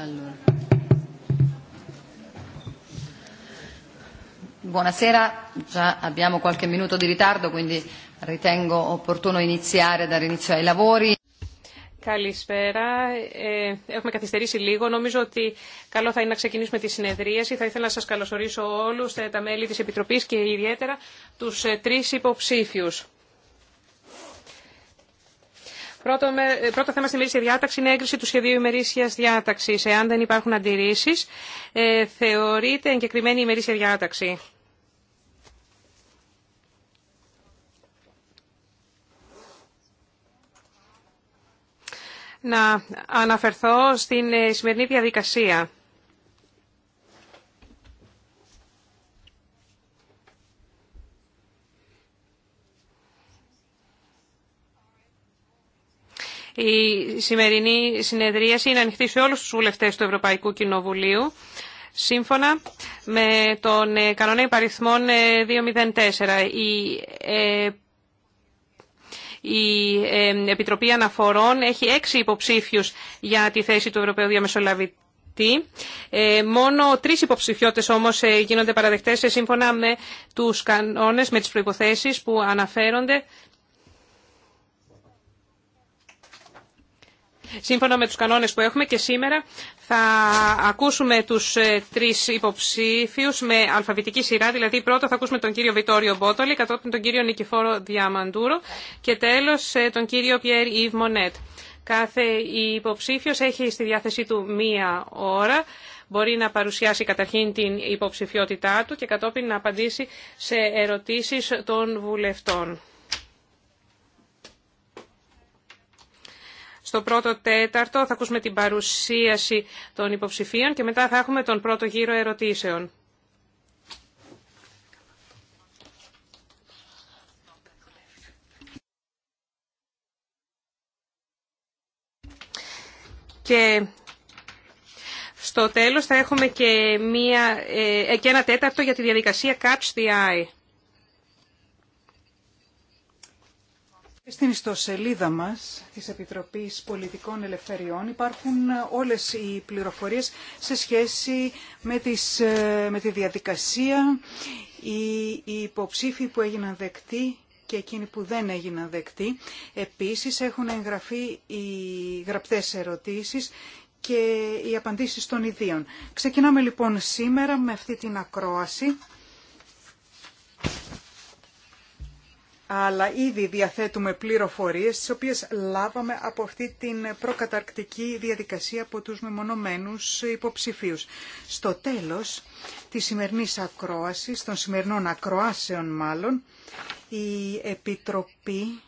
Allora. Buonasera, già abbiamo qualche minuto di ritardo, quindi ritengo opportuno iniziare, dare inizio ai lavori. Καλησπέρα. Ε, έχουμε καθυστερήσει λίγο. Νομίζω ότι καλό θα είναι να ξεκινήσουμε τη συνεδρίαση. Θα ήθελα να σας καλωσορίσω όλους, ε, τα μέλη της Επιτροπής και ιδιαίτερα τους ε, τρεις υποψήφιους. Πρώτο, πρώτο θέμα στην ημερήσια διάταξη είναι έγκριση του σχεδίου ημερήσια διάταξη. Εάν δεν υπάρχουν αντιρρήσει, ε, θεωρείται εγκεκριμένη η ημερήσια διάταξη. Να αναφερθώ στην ε, σημερινή διαδικασία. Η σημερινή συνεδρίαση είναι ανοιχτή σε όλους τους βουλευτές του Ευρωπαϊκού Κοινοβουλίου σύμφωνα με τον ε, κανονά υπαριθμών 204. Ε, η, ε, η Επιτροπή Αναφορών έχει έξι υποψήφιους για τη θέση του Ευρωπαίου Διαμεσολαβητή. Μόνο τρεις υποψηφιώτε όμως γίνονται παραδεκτές σύμφωνα με τους κανόνες, με τι προποθέσει που αναφέρονται σύμφωνα με τους κανόνες που έχουμε και σήμερα θα ακούσουμε τους ε, τρεις υποψήφιους με αλφαβητική σειρά, δηλαδή πρώτα θα ακούσουμε τον κύριο Βιτόριο Μπότολη, κατόπιν τον κύριο Νικηφόρο Διαμαντούρο και τέλος ε, τον κύριο Πιέρ Ιβ Μονέτ. Κάθε υποψήφιος έχει στη διάθεσή του μία ώρα. Μπορεί να παρουσιάσει καταρχήν την υποψηφιότητά του και κατόπιν να απαντήσει σε ερωτήσεις των βουλευτών. Στο πρώτο τέταρτο θα ακούσουμε την παρουσίαση των υποψηφίων και μετά θα έχουμε τον πρώτο γύρο ερωτήσεων. Και στο τέλος θα έχουμε και, μία, ε, ε, και ένα τέταρτο για τη διαδικασία Catch the Eye. Στην ιστοσελίδα μας της Επιτροπής Πολιτικών Ελευθεριών υπάρχουν όλες οι πληροφορίες σε σχέση με, τις, με τη διαδικασία, οι, οι υποψήφοι που έγιναν δεκτοί και εκείνοι που δεν έγιναν δεκτοί. Επίσης έχουν εγγραφεί οι γραπτές ερωτήσεις και οι απαντήσεις των ιδίων. Ξεκινάμε λοιπόν σήμερα με αυτή την ακρόαση. αλλά ήδη διαθέτουμε πληροφορίες τις οποίες λάβαμε από αυτή την προκαταρκτική διαδικασία από τους μεμονωμένους υποψηφίους. Στο τέλος της σημερινής ακρόασης, των σημερινών ακροάσεων μάλλον, η Επιτροπή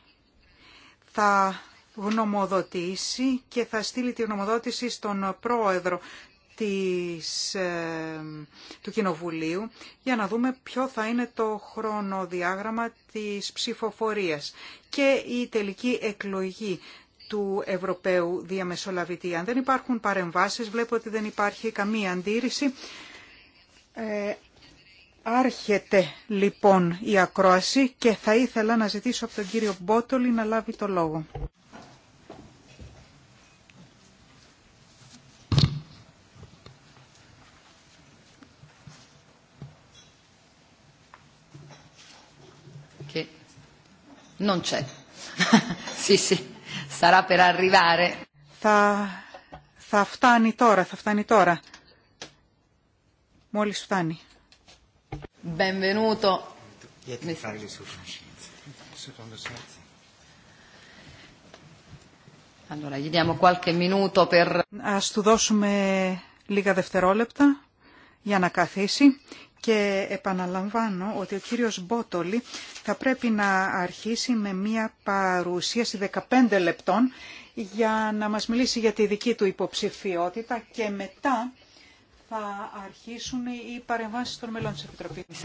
θα γνωμοδοτήσει και θα στείλει τη γνωμοδότηση στον πρόεδρο ε, του Κοινοβουλίου για να δούμε ποιο θα είναι το χρονοδιάγραμμα της ψηφοφορίας και η τελική εκλογή του Ευρωπαίου Διαμεσολαβητή. Αν δεν υπάρχουν παρεμβάσεις, βλέπω ότι δεν υπάρχει καμία αντίρρηση. Ε, άρχεται λοιπόν η ακρόαση και θα ήθελα να ζητήσω από τον κύριο Μπότολη να λάβει το λόγο. Non c'è. Sì, sì. Sarà per arrivare. Θα, θα φτάνει τώρα, θα φτάνει τώρα. Μόλις φτάνει. Benvenuto. Ναι. Allora, gli diamo qualche minuto per... Ας του δώσουμε λίγα δευτερόλεπτα για να καθίσει και επαναλαμβάνω ότι ο κύριος Μπότολη θα πρέπει να αρχίσει με μία παρουσίαση 15 λεπτών για να μας μιλήσει για τη δική του υποψηφιότητα και μετά θα αρχίσουν οι παρεμβάσεις των μελών της Επιτροπής.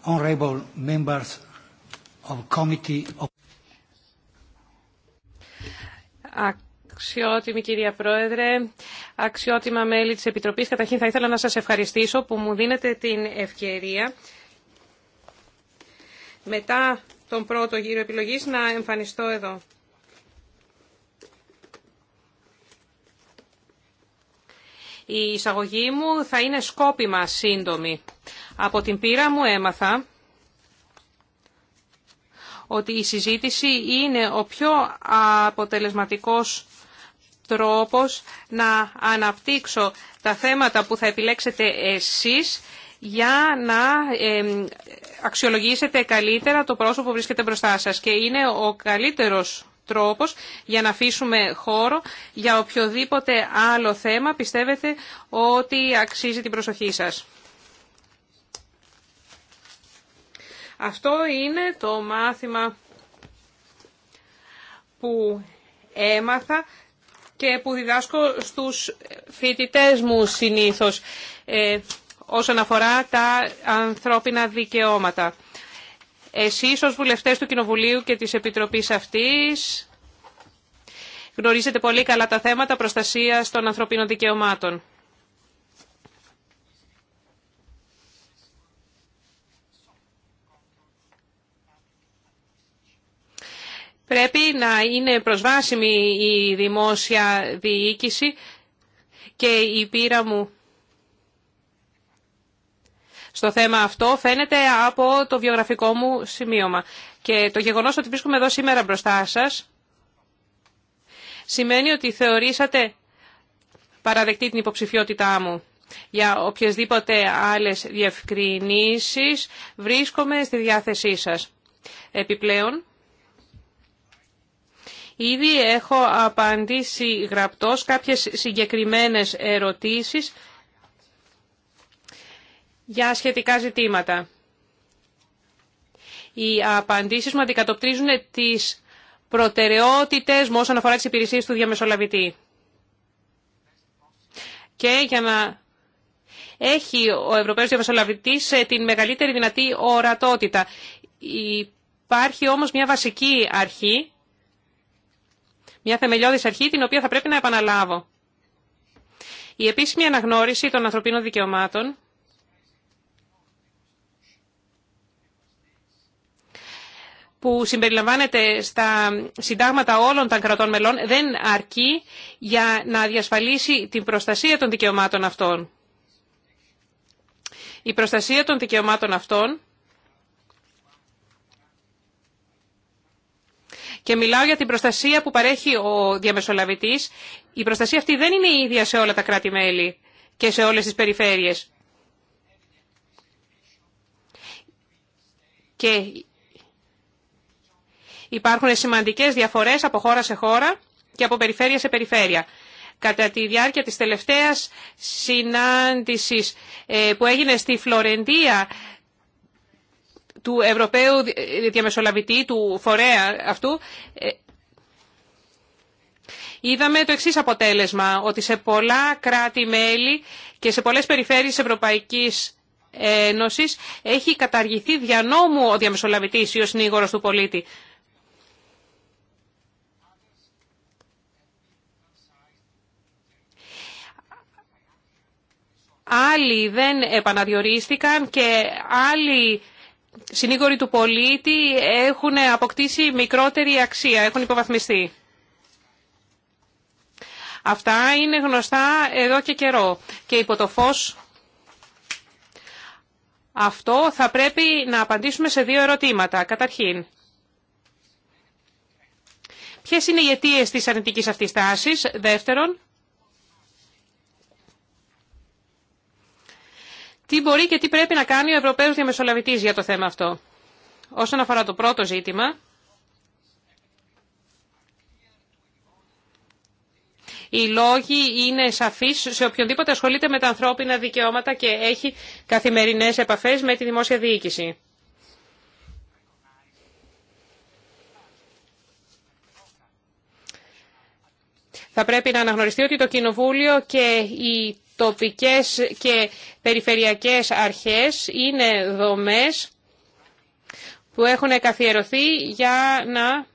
Honorable of Αξιότιμη κυρία Πρόεδρε, αξιότιμα μέλη της Επιτροπής, καταρχήν θα ήθελα να σας ευχαριστήσω που μου δίνετε την ευκαιρία μετά τον πρώτο γύρο επιλογής να εμφανιστώ εδώ. Η εισαγωγή μου θα είναι σκόπιμα σύντομη. Από την πείρα μου έμαθα ότι η συζήτηση είναι ο πιο αποτελεσματικός τρόπος να αναπτύξω τα θέματα που θα επιλέξετε εσείς για να αξιολογήσετε καλύτερα το πρόσωπο που βρίσκεται μπροστά σας. Και είναι ο καλύτερος τρόπος για να αφήσουμε χώρο για οποιοδήποτε άλλο θέμα πιστεύετε ότι αξίζει την προσοχή σας. Αυτό είναι το μάθημα που έμαθα και που διδάσκω στους φοιτητές μου συνήθως ε, όσον αφορά τα ανθρώπινα δικαιώματα. Εσείς ως βουλευτές του Κοινοβουλίου και της Επιτροπής αυτής γνωρίζετε πολύ καλά τα θέματα προστασίας των ανθρωπίνων δικαιωμάτων. Πρέπει να είναι προσβάσιμη η δημόσια διοίκηση και η πείρα μου στο θέμα αυτό φαίνεται από το βιογραφικό μου σημείωμα. Και το γεγονός ότι βρίσκομαι εδώ σήμερα μπροστά σας σημαίνει ότι θεωρήσατε παραδεκτή την υποψηφιότητά μου. Για οποιασδήποτε άλλες διευκρινήσεις βρίσκομαι στη διάθεσή σας. Επιπλέον, Ήδη έχω απαντήσει γραπτός κάποιες συγκεκριμένες ερωτήσεις για σχετικά ζητήματα. Οι απαντήσεις μου αντικατοπτρίζουν τις προτεραιότητες μου όσον αφορά τις υπηρεσίες του διαμεσολαβητή. Και για να έχει ο Ευρωπαίος Διαμεσολαβητής ε, την μεγαλύτερη δυνατή ορατότητα. Υπάρχει όμως μια βασική αρχή μια θεμελιώδης αρχή την οποία θα πρέπει να επαναλάβω. Η επίσημη αναγνώριση των ανθρωπίνων δικαιωμάτων που συμπεριλαμβάνεται στα συντάγματα όλων των κρατών μελών δεν αρκεί για να διασφαλίσει την προστασία των δικαιωμάτων αυτών. Η προστασία των δικαιωμάτων αυτών και μιλάω για την προστασία που παρέχει ο διαμεσολαβητή. Η προστασία αυτή δεν είναι η ίδια σε όλα τα κράτη-μέλη και σε όλες τις περιφέρειες. Και υπάρχουν σημαντικές διαφορές από χώρα σε χώρα και από περιφέρεια σε περιφέρεια. Κατά τη διάρκεια της τελευταίας συνάντησης ε, που έγινε στη Φλωρεντία του Ευρωπαίου Διαμεσολαβητή, του φορέα αυτού, ε, είδαμε το εξής αποτέλεσμα, ότι σε πολλά κράτη-μέλη και σε πολλές περιφέρειες Ευρωπαϊκής Ένωσης έχει καταργηθεί δια νόμου ο διαμεσολαβητής ή ο συνήγορος του πολίτη. Άλλοι δεν επαναδιορίστηκαν και άλλοι συνήγοροι του πολίτη έχουν αποκτήσει μικρότερη αξία, έχουν υποβαθμιστεί. Αυτά είναι γνωστά εδώ και καιρό και υπό το φως αυτό θα πρέπει να απαντήσουμε σε δύο ερωτήματα. Καταρχήν, ποιες είναι οι αιτίες της αρνητικής αυτής τάσης. Δεύτερον, τι μπορεί και τι πρέπει να κάνει ο Ευρωπαίος Διαμεσολαβητής για το θέμα αυτό. Όσον αφορά το πρώτο ζήτημα, οι λόγοι είναι σαφείς σε οποιονδήποτε ασχολείται με τα ανθρώπινα δικαιώματα και έχει καθημερινές επαφές με τη δημόσια διοίκηση. Θα πρέπει να αναγνωριστεί ότι το Κοινοβούλιο και η τοπικές και περιφερειακές αρχές είναι δομές που έχουν καθιερωθεί για να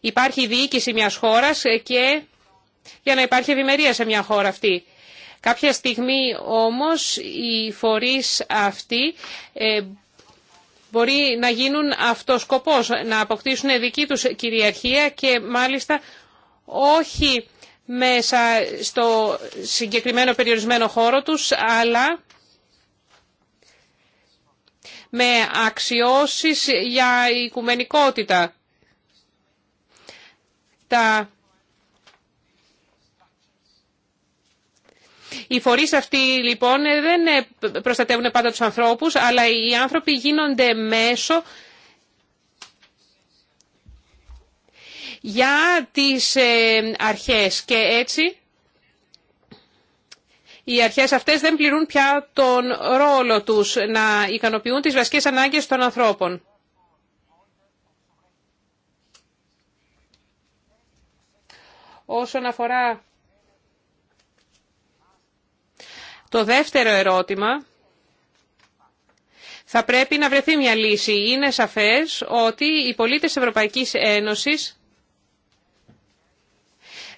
υπάρχει διοίκηση μιας χώρας και για να υπάρχει ευημερία σε μια χώρα αυτή. Κάποια στιγμή όμως οι φορείς αυτοί ε, μπορεί να γίνουν σκοπός, να αποκτήσουν δική τους κυριαρχία και μάλιστα όχι μέσα στο συγκεκριμένο περιορισμένο χώρο τους, αλλά με αξιώσεις για οικουμενικότητα. Τα... Οι φορείς αυτοί λοιπόν δεν προστατεύουν πάντα τους ανθρώπους, αλλά οι άνθρωποι γίνονται μέσω για τις ε, αρχές και έτσι οι αρχές αυτές δεν πληρούν πια τον ρόλο τους να ικανοποιούν τις βασικές ανάγκες των ανθρώπων. Όσον αφορά το δεύτερο ερώτημα, θα πρέπει να βρεθεί μια λύση. Είναι σαφές ότι οι πολίτες Ευρωπαϊκής Ένωσης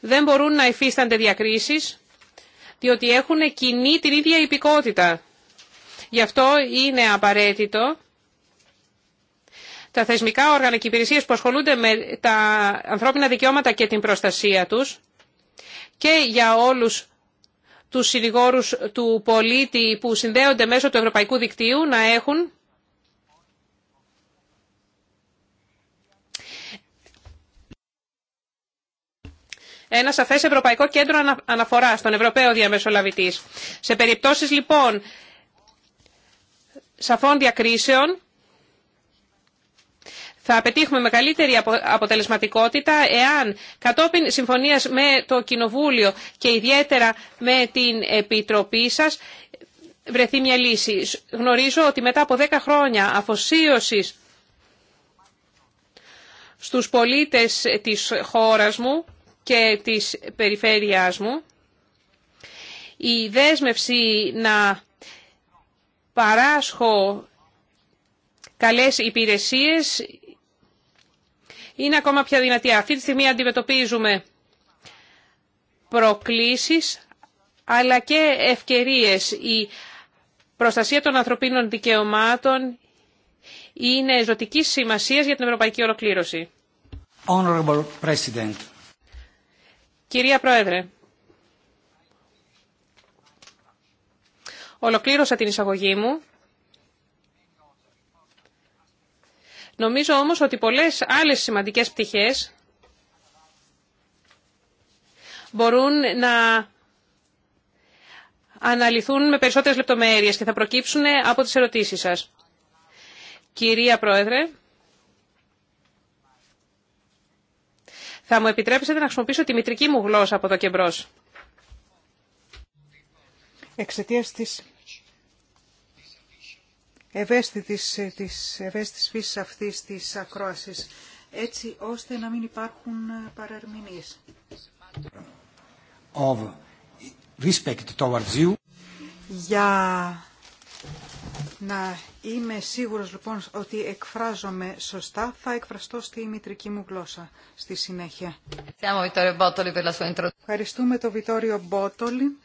δεν μπορούν να υφίστανται διακρίσεις, διότι έχουν κοινή την ίδια υπηκότητα. Γι' αυτό είναι απαραίτητο τα θεσμικά όργανα και υπηρεσίε που ασχολούνται με τα ανθρώπινα δικαιώματα και την προστασία τους και για όλους τους συνηγόρους του πολίτη που συνδέονται μέσω του Ευρωπαϊκού Δικτύου να έχουν ένα σαφέ ευρωπαϊκό κέντρο αναφοράς στον Ευρωπαίο διαμεσολαβητή. Σε περιπτώσεις λοιπόν σαφών διακρίσεων θα πετύχουμε με καλύτερη αποτελεσματικότητα εάν κατόπιν συμφωνίας με το Κοινοβούλιο και ιδιαίτερα με την Επιτροπή σας βρεθεί μια λύση. Γνωρίζω ότι μετά από 10 χρόνια αφοσίωσης στους πολίτες της χώρας μου και της περιφέρειάς μου. Η δέσμευση να παράσχω καλές υπηρεσίες είναι ακόμα πιο δυνατή. Αυτή τη στιγμή αντιμετωπίζουμε προκλήσεις αλλά και ευκαιρίες. Η προστασία των ανθρωπίνων δικαιωμάτων είναι ζωτική σημασία για την ευρωπαϊκή ολοκλήρωση. Honorable President. Κυρία Πρόεδρε, ολοκλήρωσα την εισαγωγή μου. Νομίζω όμως ότι πολλές άλλες σημαντικές πτυχές μπορούν να αναλυθούν με περισσότερες λεπτομέρειες και θα προκύψουν από τις ερωτήσεις σας. Κυρία Πρόεδρε, Θα μου επιτρέψετε να χρησιμοποιήσω τη μητρική μου γλώσσα από εδώ και μπρος. Εξαιτίας της ευαίσθητης, ε, της φύσης αυτής της ακρόασης, έτσι ώστε να μην υπάρχουν ε, παρερμηνίες. Για να είμαι σίγουρος λοιπόν ότι εκφράζομαι σωστά, θα εκφραστώ στη μητρική μου γλώσσα στη συνέχεια. Ευχαριστούμε τον Βιτόριο Μπότολη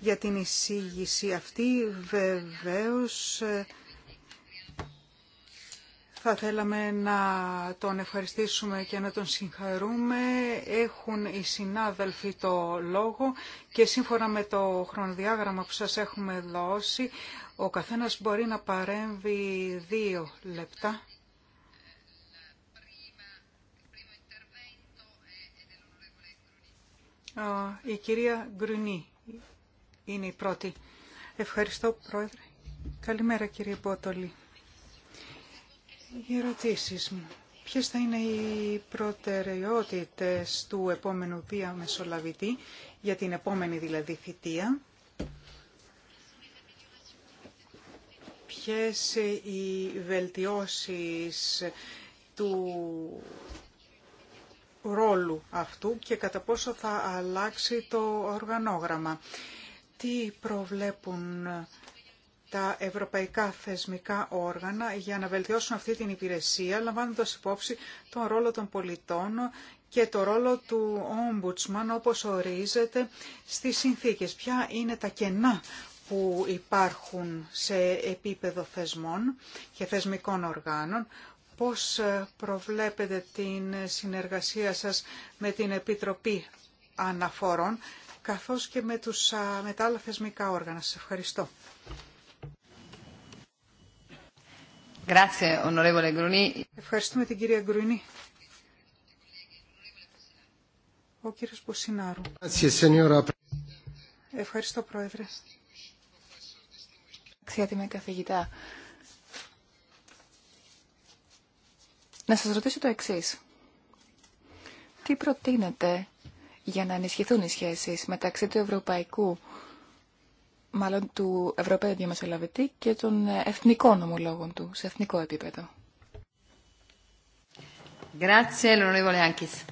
για την εισήγηση αυτή. Βεβαίως ε, θα θέλαμε να τον ευχαριστήσουμε και να τον συγχαρούμε. Έχουν οι συνάδελφοι το λόγο και σύμφωνα με το χρονοδιάγραμμα που σας έχουμε δώσει, ο καθένας μπορεί να παρέμβει δύο λεπτά. Η κυρία Γκρουνή είναι η πρώτη. Ευχαριστώ, Πρόεδρε. Καλημέρα, κύριε Πότολη. Οι ερωτήσει μου. Ποιες θα είναι οι προτεραιότητες του επόμενου διαμεσολαβητή, για την επόμενη δηλαδή θητεία, ποιες οι βελτιώσεις του ρόλου αυτού και κατά πόσο θα αλλάξει το οργανόγραμμα. Τι προβλέπουν τα ευρωπαϊκά θεσμικά όργανα για να βελτιώσουν αυτή την υπηρεσία, λαμβάνοντας υπόψη τον ρόλο των πολιτών και το ρόλο του Ombudsman όπως ορίζεται στις συνθήκες. Ποια είναι τα κενά που υπάρχουν σε επίπεδο θεσμών και θεσμικών οργάνων. Πώς ε, προβλέπετε την συνεργασία σας με την Επιτροπή Αναφορών, καθώς και με, τους, με τα άλλα θεσμικά όργανα. Σας ευχαριστώ. Ευχαριστούμε την κυρία Γκρουνή. Ο κύριος Ποσινάρου. Ευχαριστώ, Πρόεδρε με καθηγητά. Να σας ρωτήσω το εξής. Τι προτείνετε για να ενισχυθούν οι σχέσεις μεταξύ του ευρωπαϊκού, μάλλον του Ευρωπαίου Διαμεσολαβητή και των εθνικών ομολόγων του σε εθνικό επίπεδο. Ευχαριστώ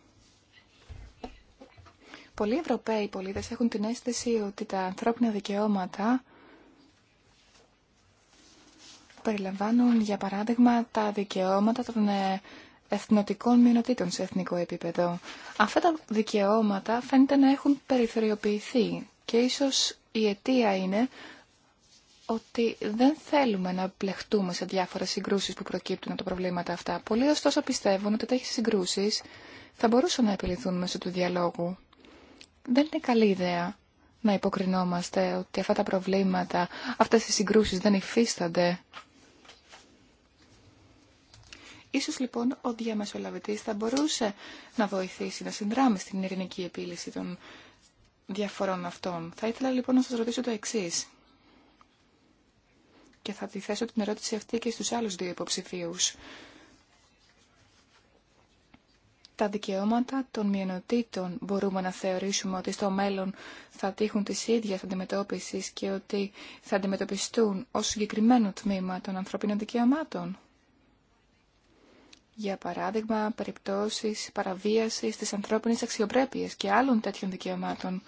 πολλοί Ευρωπαίοι πολίτες έχουν την αίσθηση ότι τα ανθρώπινα δικαιώματα περιλαμβάνουν, για παράδειγμα, τα δικαιώματα των ε, εθνοτικών μειονοτήτων σε εθνικό επίπεδο. Αυτά τα δικαιώματα φαίνεται να έχουν περιθωριοποιηθεί και ίσως η αιτία είναι ότι δεν θέλουμε να πλεχτούμε σε διάφορες συγκρούσεις που προκύπτουν από τα προβλήματα αυτά. Πολλοί ωστόσο πιστεύουν ότι τέτοιες συγκρούσεις θα μπορούσαν να επιληθούν μέσω του διαλόγου δεν είναι καλή ιδέα να υποκρινόμαστε ότι αυτά τα προβλήματα, αυτές οι συγκρούσεις δεν υφίστανται. Ίσως λοιπόν ο διαμεσολαβητής θα μπορούσε να βοηθήσει, να συνδράμει στην ειρηνική επίλυση των διαφορών αυτών. Θα ήθελα λοιπόν να σας ρωτήσω το εξής. Και θα τη θέσω την ερώτηση αυτή και στους άλλους δύο υποψηφίους τα δικαιώματα των μειονοτήτων μπορούμε να θεωρήσουμε ότι στο μέλλον θα τύχουν τις ίδιες αντιμετώπισης και ότι θα αντιμετωπιστούν ως συγκεκριμένο τμήμα των ανθρωπίνων δικαιωμάτων. Για παράδειγμα, περιπτώσεις παραβίασης της ανθρώπινης αξιοπρέπειας και άλλων τέτοιων δικαιωμάτων.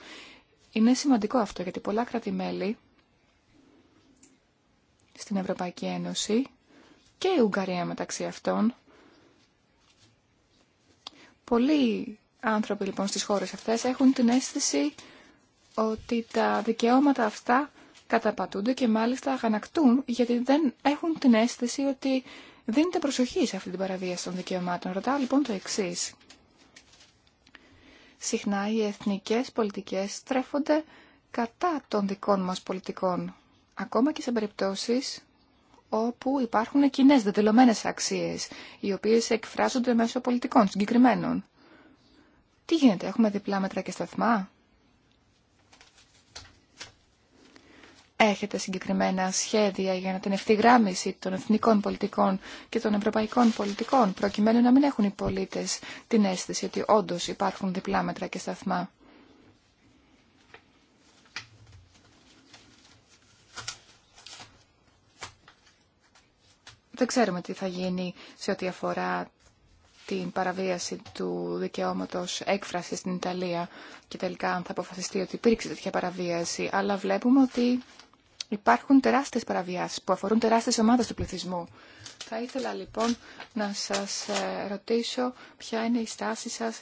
Είναι σημαντικό αυτό γιατί πολλά κράτη-μέλη στην Ευρωπαϊκή Ένωση και η Ουγγαρία μεταξύ αυτών Πολλοί άνθρωποι λοιπόν στις χώρες αυτές έχουν την αίσθηση ότι τα δικαιώματα αυτά καταπατούνται και μάλιστα αγανακτούν γιατί δεν έχουν την αίσθηση ότι δίνεται προσοχή σε αυτή την παραβίαση των δικαιωμάτων. Ρωτάω λοιπόν το εξή. Συχνά οι εθνικές πολιτικές στρέφονται κατά των δικών μας πολιτικών, ακόμα και σε περιπτώσεις όπου υπάρχουν κοινέ δεδελωμένες αξίες, οι οποίες εκφράζονται μέσω πολιτικών συγκεκριμένων. Τι γίνεται, έχουμε διπλά μέτρα και σταθμά. Έχετε συγκεκριμένα σχέδια για την ευθυγράμμιση των εθνικών πολιτικών και των ευρωπαϊκών πολιτικών, προκειμένου να μην έχουν οι πολίτες την αίσθηση ότι όντως υπάρχουν διπλά μέτρα και σταθμά. Δεν ξέρουμε τι θα γίνει σε ό,τι αφορά την παραβίαση του δικαιώματος έκφρασης στην Ιταλία και τελικά αν θα αποφασιστεί ότι υπήρξε τέτοια παραβίαση, αλλά βλέπουμε ότι υπάρχουν τεράστιες παραβιάσεις που αφορούν τεράστιες ομάδες του πληθυσμού. Θα ήθελα λοιπόν να σας ε, ρωτήσω ποια είναι η στάση σας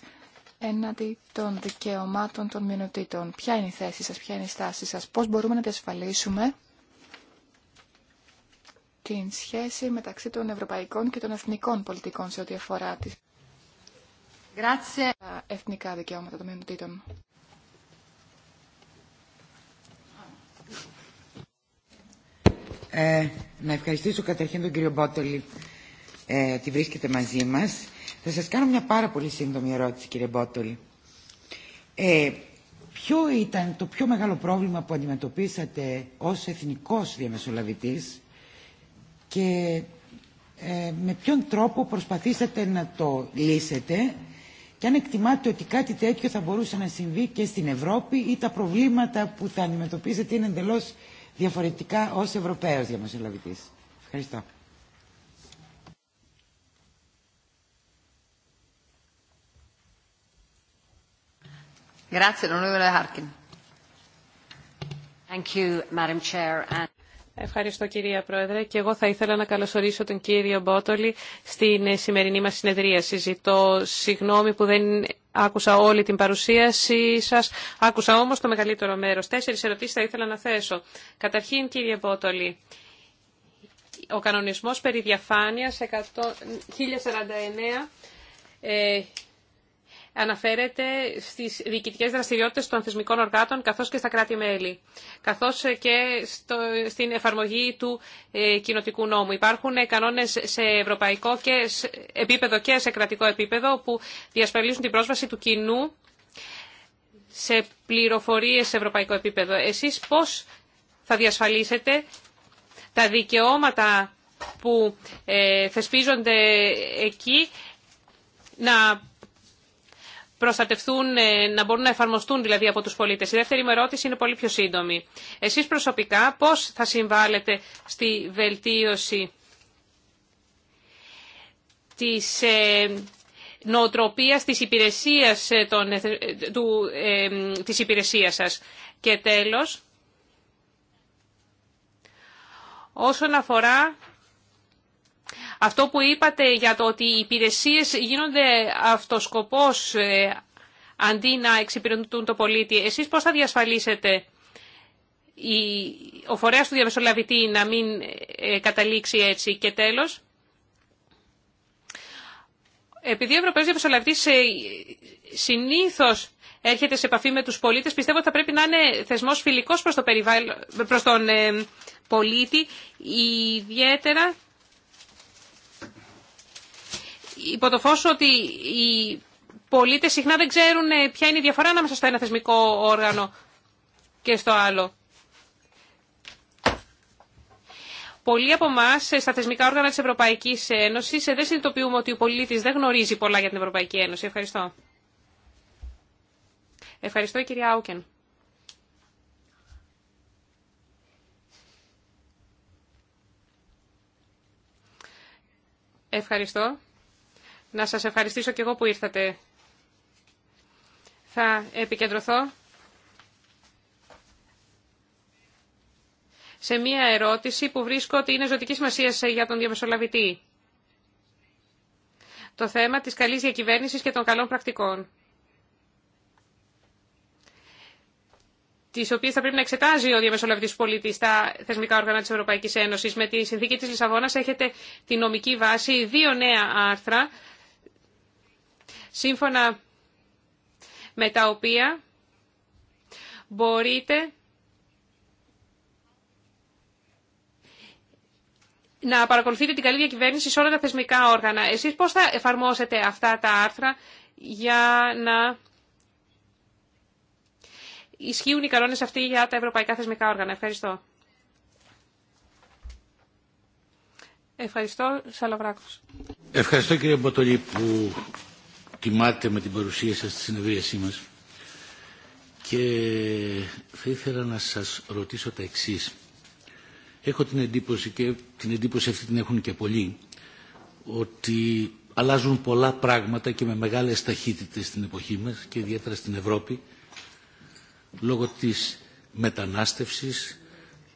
έναντι των δικαιωμάτων των μειονοτήτων. Ποια είναι η θέση σας, ποια είναι η στάση σας, πώς μπορούμε να διασφαλίσουμε την σχέση μεταξύ των ευρωπαϊκών και των εθνικών πολιτικών σε ό,τι αφορά τις εθνικά δικαιώματα των μειονοτήτων. Ε, να ευχαριστήσω καταρχήν τον κύριο Μπότολη ε, ότι βρίσκεται μαζί μας. Θα σας κάνω μια πάρα πολύ σύντομη ερώτηση κύριε Μπότολη. Ε, ποιο ήταν το πιο μεγάλο πρόβλημα που αντιμετωπίσατε ως εθνικός διαμεσολαβητής και ε, με ποιον τρόπο προσπαθήσατε να το λύσετε και αν εκτιμάτε ότι κάτι τέτοιο θα μπορούσε να συμβεί και στην Ευρώπη ή τα προβλήματα που θα αντιμετωπίζετε είναι εντελώς διαφορετικά ως Ευρωπαίος διαμεσολαβητής. Ευχαριστώ. Thank you, Madam Chair. Ευχαριστώ κυρία Πρόεδρε και εγώ θα ήθελα να καλωσορίσω τον κύριο Μπότολη στην ε, σημερινή μας συνεδρία. Συζητώ συγγνώμη που δεν άκουσα όλη την παρουσίασή σας, άκουσα όμως το μεγαλύτερο μέρος. Τέσσερις ερωτήσεις θα ήθελα να θέσω. Καταρχήν κύριε Μπότολη, ο κανονισμός περί διαφάνειας 1049 αναφέρεται στις διοικητικέ δραστηριότητες των θεσμικών οργάτων καθώ και στα κράτη-μέλη, καθώ και στο, στην εφαρμογή του ε, κοινοτικού νόμου. Υπάρχουν ε, κανόνες σε ευρωπαϊκό και επίπεδο και σε κρατικό επίπεδο που διασφαλίζουν την πρόσβαση του κοινού σε πληροφορίες σε ευρωπαϊκό επίπεδο. Εσείς πώς θα διασφαλίσετε τα δικαιώματα που ε, θεσπίζονται εκεί να προστατευτούν, ε, να μπορούν να εφαρμοστούν δηλαδή από τους πολίτες. Η δεύτερη μου ερώτηση είναι πολύ πιο σύντομη. Εσείς προσωπικά πώς θα συμβάλλετε στη βελτίωση της ε, νοοτροπίας της υπηρεσίας, ε, των, του, της υπηρεσίας σας. Και τέλος, όσον αφορά αυτό που είπατε για το ότι οι υπηρεσίες γίνονται αυτοσκοπός ε, αντί να εξυπηρετούν το πολίτη, εσείς πώς θα διασφαλίσετε ο φορέας του διαμεσολαβητή να μην ε, καταλήξει έτσι και τέλος. Επειδή ο Ευρωπαίος Διαμεσολαβητής ε, συνήθως έρχεται σε επαφή με τους πολίτες, πιστεύω ότι θα πρέπει να είναι θεσμός φιλικός προς, τον πολίτη, ιδιαίτερα υπό το φως ότι οι πολίτες συχνά δεν ξέρουν ε, ποια είναι η διαφορά ανάμεσα στο ένα θεσμικό όργανο και στο άλλο. Πολλοί από εμά ε, στα θεσμικά όργανα της Ευρωπαϊκής Ένωσης ε, δεν συνειδητοποιούμε ότι ο πολίτης δεν γνωρίζει πολλά για την Ευρωπαϊκή Ένωση. Ευχαριστώ. Ευχαριστώ, κυρία Άουκεν. Ευχαριστώ να σας ευχαριστήσω και εγώ που ήρθατε. Θα επικεντρωθώ σε μία ερώτηση που βρίσκω ότι είναι ζωτική σημασία για τον διαμεσολαβητή. Το θέμα της καλής διακυβέρνησης και των καλών πρακτικών. τις οποίες θα πρέπει να εξετάζει ο διαμεσολαβητής πολίτης στα θεσμικά όργανα της Ευρωπαϊκής Ένωσης. Με τη συνθήκη της Λισαβόνας έχετε τη νομική βάση δύο νέα άρθρα σύμφωνα με τα οποία μπορείτε να παρακολουθείτε την καλή διακυβέρνηση σε όλα τα θεσμικά όργανα. Εσείς πώς θα εφαρμόσετε αυτά τα άρθρα για να ισχύουν οι κανόνες αυτοί για τα ευρωπαϊκά θεσμικά όργανα. Ευχαριστώ. Ευχαριστώ, Σαλαβράκος. Ευχαριστώ κύριε Μποτολή που τιμάτε με την παρουσία σας στη συνεδρίασή μας και θα ήθελα να σας ρωτήσω τα εξής. Έχω την εντύπωση και την εντύπωση αυτή την έχουν και πολλοί ότι αλλάζουν πολλά πράγματα και με μεγάλες ταχύτητες στην εποχή μας και ιδιαίτερα στην Ευρώπη λόγω της μετανάστευσης,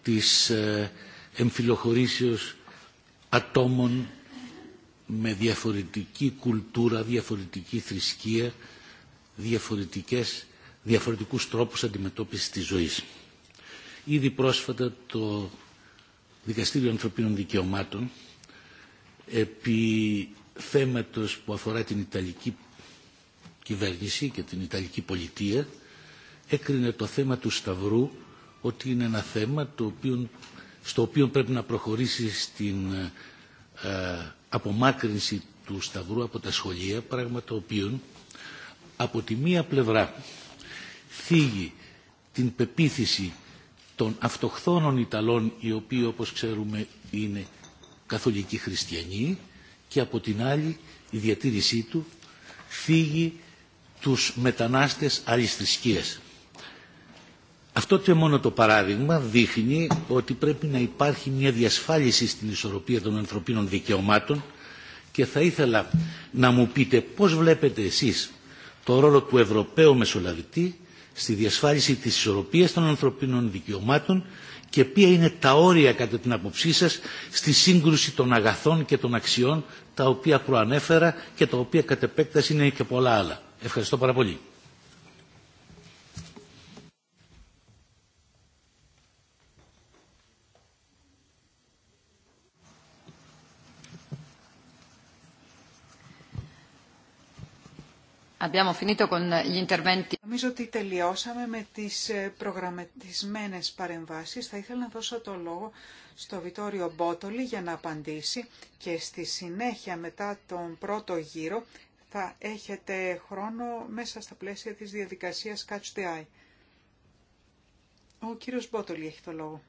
της ε, εμφυλοχωρήσεως ατόμων με διαφορετική κουλτούρα, διαφορετική θρησκεία, διαφορετικές, διαφορετικούς τρόπους αντιμετώπισης της ζωής. Ήδη πρόσφατα το Δικαστήριο Ανθρωπίνων Δικαιωμάτων επί θέματος που αφορά την Ιταλική κυβέρνηση και την Ιταλική πολιτεία έκρινε το θέμα του Σταυρού ότι είναι ένα θέμα το οποίο, στο οποίο πρέπει να προχωρήσει στην ε, απομάκρυνση του Σταυρού από τα σχολεία, πράγμα το οποίο από τη μία πλευρά θίγει την πεποίθηση των αυτοχθόνων Ιταλών, οι οποίοι όπως ξέρουμε είναι καθολικοί χριστιανοί, και από την άλλη η διατήρησή του θίγει τους μετανάστες αριστρισκίας. Αυτό και μόνο το παράδειγμα δείχνει ότι πρέπει να υπάρχει μια διασφάλιση στην ισορροπία των ανθρωπίνων δικαιωμάτων και θα ήθελα να μου πείτε πώς βλέπετε εσείς το ρόλο του Ευρωπαίου Μεσολαβητή στη διασφάλιση της ισορροπίας των ανθρωπίνων δικαιωμάτων και ποια είναι τα όρια κατά την αποψή σας στη σύγκρουση των αγαθών και των αξιών τα οποία προανέφερα και τα οποία κατ' επέκταση είναι και πολλά άλλα. Ευχαριστώ πάρα πολύ. Abbiamo finito Νομίζω ότι τελειώσαμε με τις ε, προγραμματισμένες παρεμβάσεις. Θα ήθελα να δώσω το λόγο στο Βιτόριο Μπότολη για να απαντήσει και στη συνέχεια μετά τον πρώτο γύρο θα έχετε χρόνο μέσα στα πλαίσια της διαδικασίας Catch the Eye. Ο κύριος Μπότολη έχει το λόγο.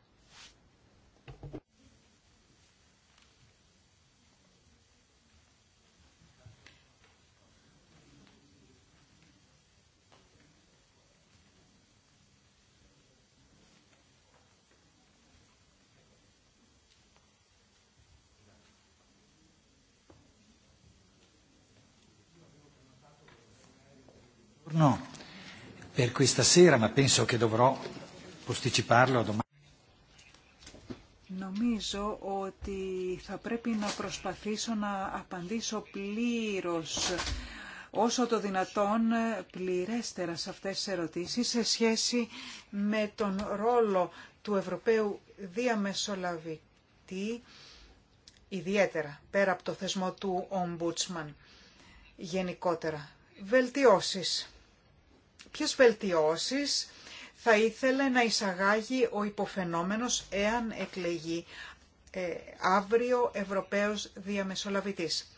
Νομίζω ότι θα πρέπει να προσπαθήσω να απαντήσω πλήρως όσο το δυνατόν πληρέστερα σε αυτές τις ερωτήσεις σε σχέση με τον ρόλο του Ευρωπαίου διαμεσολαβητή ιδιαίτερα πέρα από το θεσμό του Ομπούτσμαν γενικότερα. Βελτιώσεις. Ποιες βελτιώσεις θα ήθελε να εισαγάγει ο υποφαινόμενος εάν εκλεγεί ε, αύριο Ευρωπαίος Διαμεσολαβητής.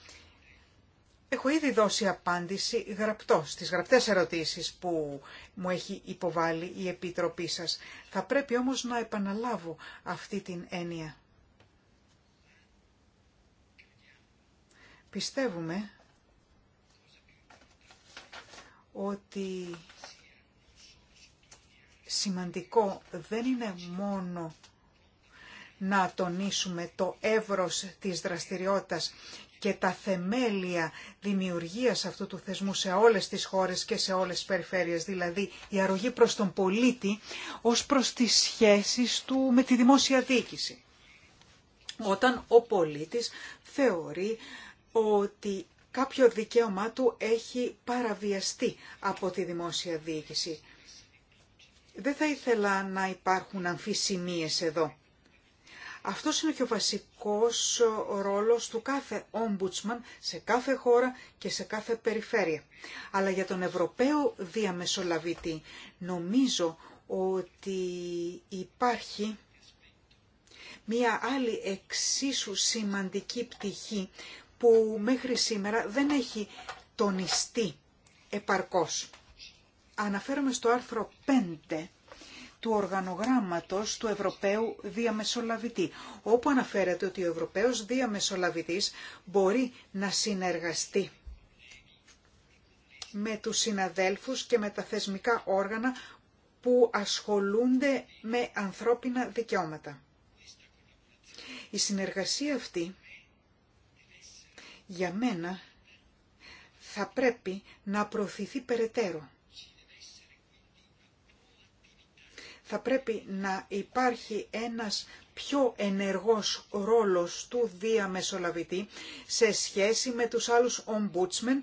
Έχω ήδη δώσει απάντηση γραπτό στις γραπτές ερωτήσεις που μου έχει υποβάλει η Επιτροπή σας. Θα πρέπει όμως να επαναλάβω αυτή την έννοια. Πιστεύουμε ότι σημαντικό δεν είναι μόνο να τονίσουμε το εύρος της δραστηριότητας και τα θεμέλια δημιουργίας αυτού του θεσμού σε όλες τις χώρες και σε όλες τις περιφέρειες, δηλαδή η αρρωγή προς τον πολίτη ως προς τις σχέσεις του με τη δημόσια διοίκηση. Όταν ο πολίτης θεωρεί ότι κάποιο δικαίωμά του έχει παραβιαστεί από τη δημόσια διοίκηση. Δεν θα ήθελα να υπάρχουν αμφισημίες εδώ. Αυτό είναι και ο βασικός ρόλος του κάθε ombudsman σε κάθε χώρα και σε κάθε περιφέρεια. Αλλά για τον Ευρωπαίο διαμεσολαβητή νομίζω ότι υπάρχει μία άλλη εξίσου σημαντική πτυχή που μέχρι σήμερα δεν έχει τονιστεί επαρκώς. Αναφέρομαι στο άρθρο 5 του οργανογράμματος του Ευρωπαίου Διαμεσολαβητή, όπου αναφέρεται ότι ο Ευρωπαίος Διαμεσολαβητής μπορεί να συνεργαστεί με τους συναδέλφους και με τα θεσμικά όργανα που ασχολούνται με ανθρώπινα δικαιώματα. Η συνεργασία αυτή για μένα θα πρέπει να προωθηθεί περαιτέρω. Θα πρέπει να υπάρχει ένας πιο ενεργός ρόλος του διαμεσολαβητή σε σχέση με τους άλλους ομπούτσμεν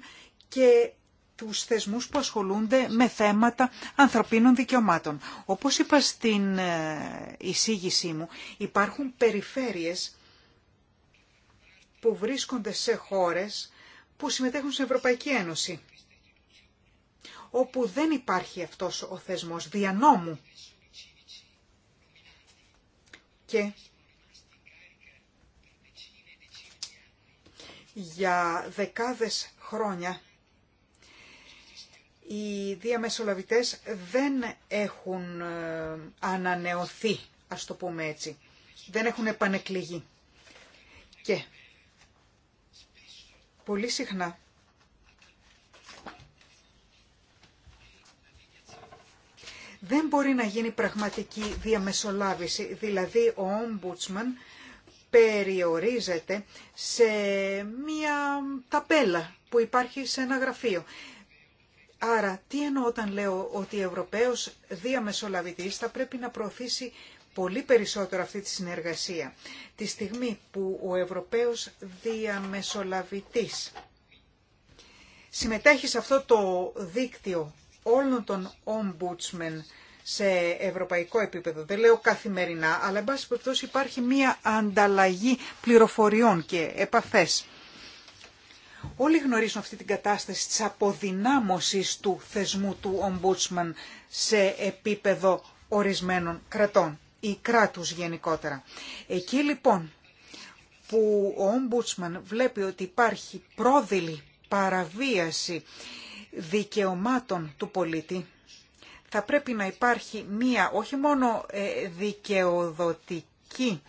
και τους θεσμούς που ασχολούνται με θέματα ανθρωπίνων δικαιωμάτων. Όπως είπα στην ε, εισήγησή μου, υπάρχουν περιφέρειες που βρίσκονται σε χώρες που συμμετέχουν στην Ευρωπαϊκή Ένωση, όπου δεν υπάρχει αυτός ο θεσμός διανόμου. Και για δεκάδες χρόνια οι διαμεσολαβητές δεν έχουν ε, ανανεωθεί, ας το πούμε έτσι. Δεν έχουν επανεκλεγεί. Και πολύ συχνά. Δεν μπορεί να γίνει πραγματική διαμεσολάβηση, δηλαδή ο Ombudsman περιορίζεται σε μία ταπέλα που υπάρχει σε ένα γραφείο. Άρα, τι εννοώ όταν λέω ότι ο Ευρωπαίος διαμεσολαβητής θα πρέπει να προωθήσει πολύ περισσότερο αυτή τη συνεργασία. Τη στιγμή που ο Ευρωπαίος διαμεσολαβητής συμμετέχει σε αυτό το δίκτυο όλων των ombudsmen σε ευρωπαϊκό επίπεδο. Δεν λέω καθημερινά, αλλά εν πάση περιπτώσει υπάρχει μία ανταλλαγή πληροφοριών και επαφές. Όλοι γνωρίζουν αυτή την κατάσταση της αποδυνάμωσης του θεσμού του Ombudsman σε επίπεδο ορισμένων κρατών ή κράτους γενικότερα. Εκεί λοιπόν που ο Ombudsman βλέπει ότι υπάρχει πρόδειλη παραβίαση δικαιωμάτων του πολίτη, θα πρέπει να υπάρχει μία όχι μόνο ε, δικαιοδοτική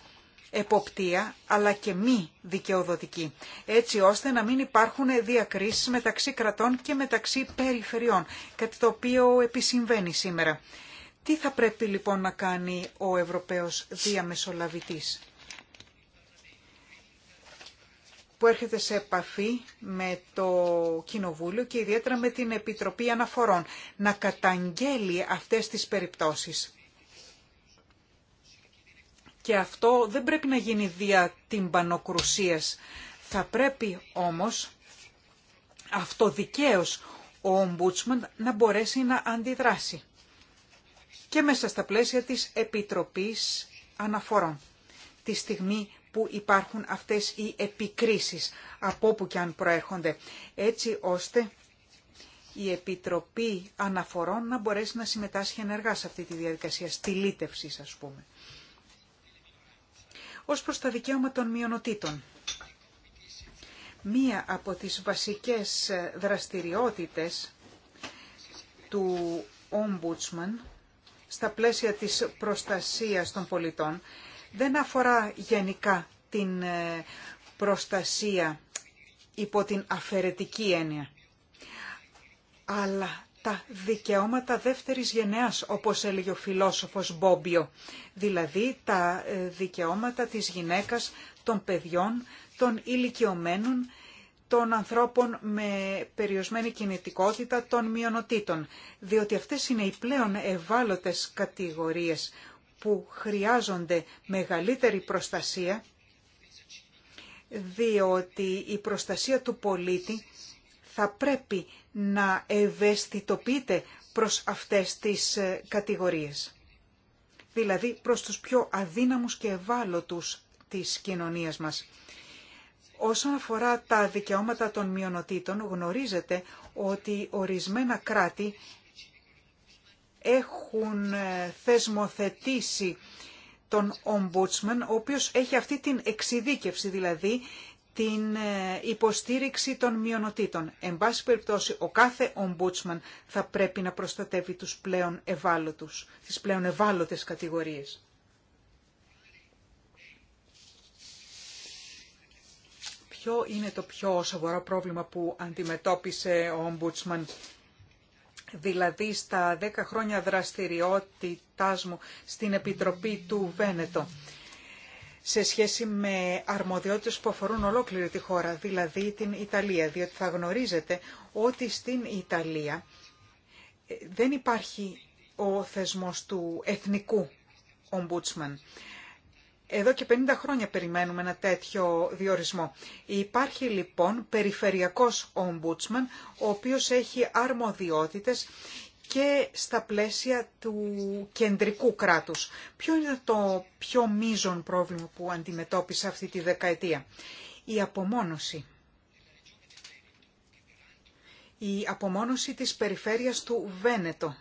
εποπτεία, αλλά και μη δικαιοδοτική, έτσι ώστε να μην υπάρχουν διακρίσεις μεταξύ κρατών και μεταξύ περιφερειών, κάτι το οποίο επισυμβαίνει σήμερα. Τι θα πρέπει λοιπόν να κάνει ο Ευρωπαίος διαμεσολαβητής που έρχεται σε επαφή με το Κοινοβούλιο και ιδιαίτερα με την Επιτροπή Αναφορών να καταγγέλει αυτές τις περιπτώσεις. Και αυτό δεν πρέπει να γίνει δια την πανοκρουσίας. Θα πρέπει όμως αυτοδικαίως ο Ομπούτσμαν να μπορέσει να αντιδράσει και μέσα στα πλαίσια της Επιτροπής Αναφορών. Τη στιγμή που υπάρχουν αυτές οι επικρίσεις, από όπου και αν προέρχονται, έτσι ώστε η Επιτροπή Αναφορών να μπορέσει να συμμετάσχει ενεργά σε αυτή τη διαδικασία λύτευση, ας πούμε. Ως προς τα δικαίωμα των μειονοτήτων. Μία από τις βασικές δραστηριότητες του Ombudsman στα πλαίσια της προστασίας των πολιτών δεν αφορά γενικά την ε, προστασία υπό την αφαιρετική έννοια, αλλά τα δικαιώματα δεύτερης γενεάς, όπως έλεγε ο φιλόσοφος Μπόμπιο, δηλαδή τα ε, δικαιώματα της γυναίκας, των παιδιών, των ηλικιωμένων των ανθρώπων με περιορισμένη κινητικότητα των μειονοτήτων, διότι αυτές είναι οι πλέον ευάλωτες κατηγορίες που χρειάζονται μεγαλύτερη προστασία, διότι η προστασία του πολίτη θα πρέπει να ευαισθητοποιείται προς αυτές τις ε, κατηγορίες, δηλαδή προς τους πιο αδύναμους και ευάλωτους της κοινωνίας μας. Όσον αφορά τα δικαιώματα των μειονοτήτων, γνωρίζετε ότι ορισμένα κράτη έχουν ε, θεσμοθετήσει τον Ombudsman, ο οποίος έχει αυτή την εξειδίκευση, δηλαδή την ε, υποστήριξη των μειονοτήτων. Εν πάση περιπτώσει, ο κάθε Ombudsman θα πρέπει να προστατεύει τους πλέον ευάλωτους, τις πλέον ευάλωτες κατηγορίες. ποιο είναι το πιο σοβαρό πρόβλημα που αντιμετώπισε ο Ομπούτσμαν, Δηλαδή στα 10 χρόνια δραστηριότητάς μου στην Επιτροπή του Βένετο σε σχέση με αρμοδιότητες που αφορούν ολόκληρη τη χώρα, δηλαδή την Ιταλία, διότι θα γνωρίζετε ότι στην Ιταλία ε, δεν υπάρχει ο θεσμός του εθνικού ομπούτσμαν. Εδώ και 50 χρόνια περιμένουμε ένα τέτοιο διορισμό. Υπάρχει λοιπόν περιφερειακός ομπούτσμαν, ο οποίος έχει αρμοδιότητες και στα πλαίσια του κεντρικού κράτους. Ποιο είναι το πιο μείζον πρόβλημα που αντιμετώπισε αυτή τη δεκαετία. Η απομόνωση. Η απομόνωση της περιφέρειας του Βένετο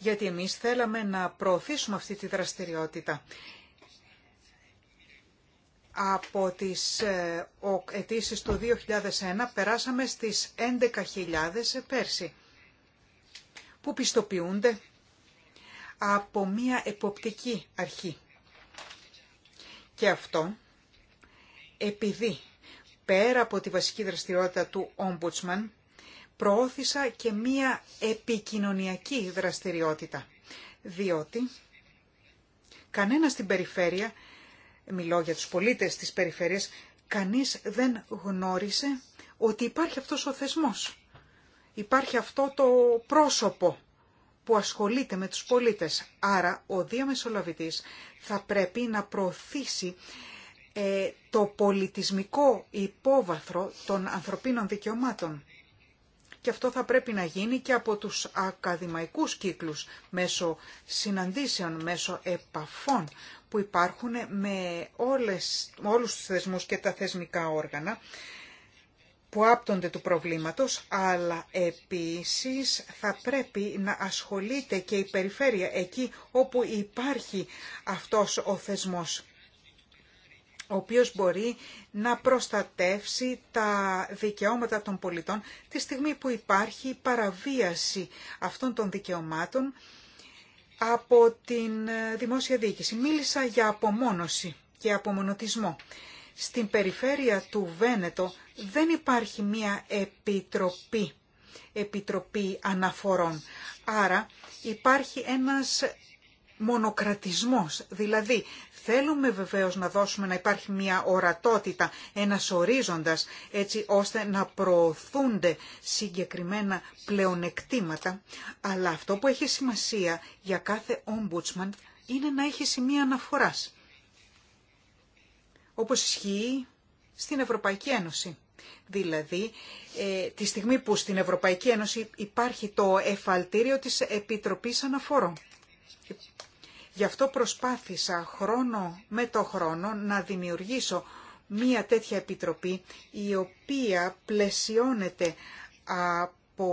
γιατί εμείς θέλαμε να προωθήσουμε αυτή τη δραστηριότητα. Από τις ε, αιτήσει το 2001 περάσαμε στις 11.000 πέρσι, που πιστοποιούνται από μία εποπτική αρχή. Και αυτό επειδή πέρα από τη βασική δραστηριότητα του Ombudsman προώθησα και μία επικοινωνιακή δραστηριότητα, διότι κανένα στην περιφέρεια, μιλώ για τους πολίτες της περιφέρειας, κανείς δεν γνώρισε ότι υπάρχει αυτός ο θεσμός. Υπάρχει αυτό το πρόσωπο που ασχολείται με τους πολίτες. Άρα ο διαμεσολαβητής θα πρέπει να προωθήσει ε, το πολιτισμικό υπόβαθρο των ανθρωπίνων δικαιωμάτων και αυτό θα πρέπει να γίνει και από τους ακαδημαϊκούς κύκλους μέσω συναντήσεων, μέσω επαφών που υπάρχουν με όλες, όλους τους θεσμούς και τα θεσμικά όργανα που άπτονται του προβλήματος, αλλά επίσης θα πρέπει να ασχολείται και η περιφέρεια εκεί όπου υπάρχει αυτός ο θεσμός ο οποίος μπορεί να προστατεύσει τα δικαιώματα των πολιτών τη στιγμή που υπάρχει παραβίαση αυτών των δικαιωμάτων από την ε, δημόσια διοίκηση. Μίλησα για απομόνωση και απομονωτισμό. Στην περιφέρεια του Βένετο δεν υπάρχει μία επιτροπή, επιτροπή αναφορών. Άρα υπάρχει ένας μονοκρατισμός. Δηλαδή, θέλουμε βεβαίως να δώσουμε να υπάρχει μια ορατότητα, ένας ορίζοντας, έτσι ώστε να προωθούνται συγκεκριμένα πλεονεκτήματα, αλλά αυτό που έχει σημασία για κάθε ombudsman είναι να έχει σημεία αναφοράς. Όπως ισχύει στην Ευρωπαϊκή Ένωση. Δηλαδή, ε, τη στιγμή που στην Ευρωπαϊκή Ένωση υπάρχει το εφαλτήριο της Επιτροπής Αναφορών. Γι' αυτό προσπάθησα χρόνο με το χρόνο να δημιουργήσω μία τέτοια επιτροπή η οποία πλαισιώνεται από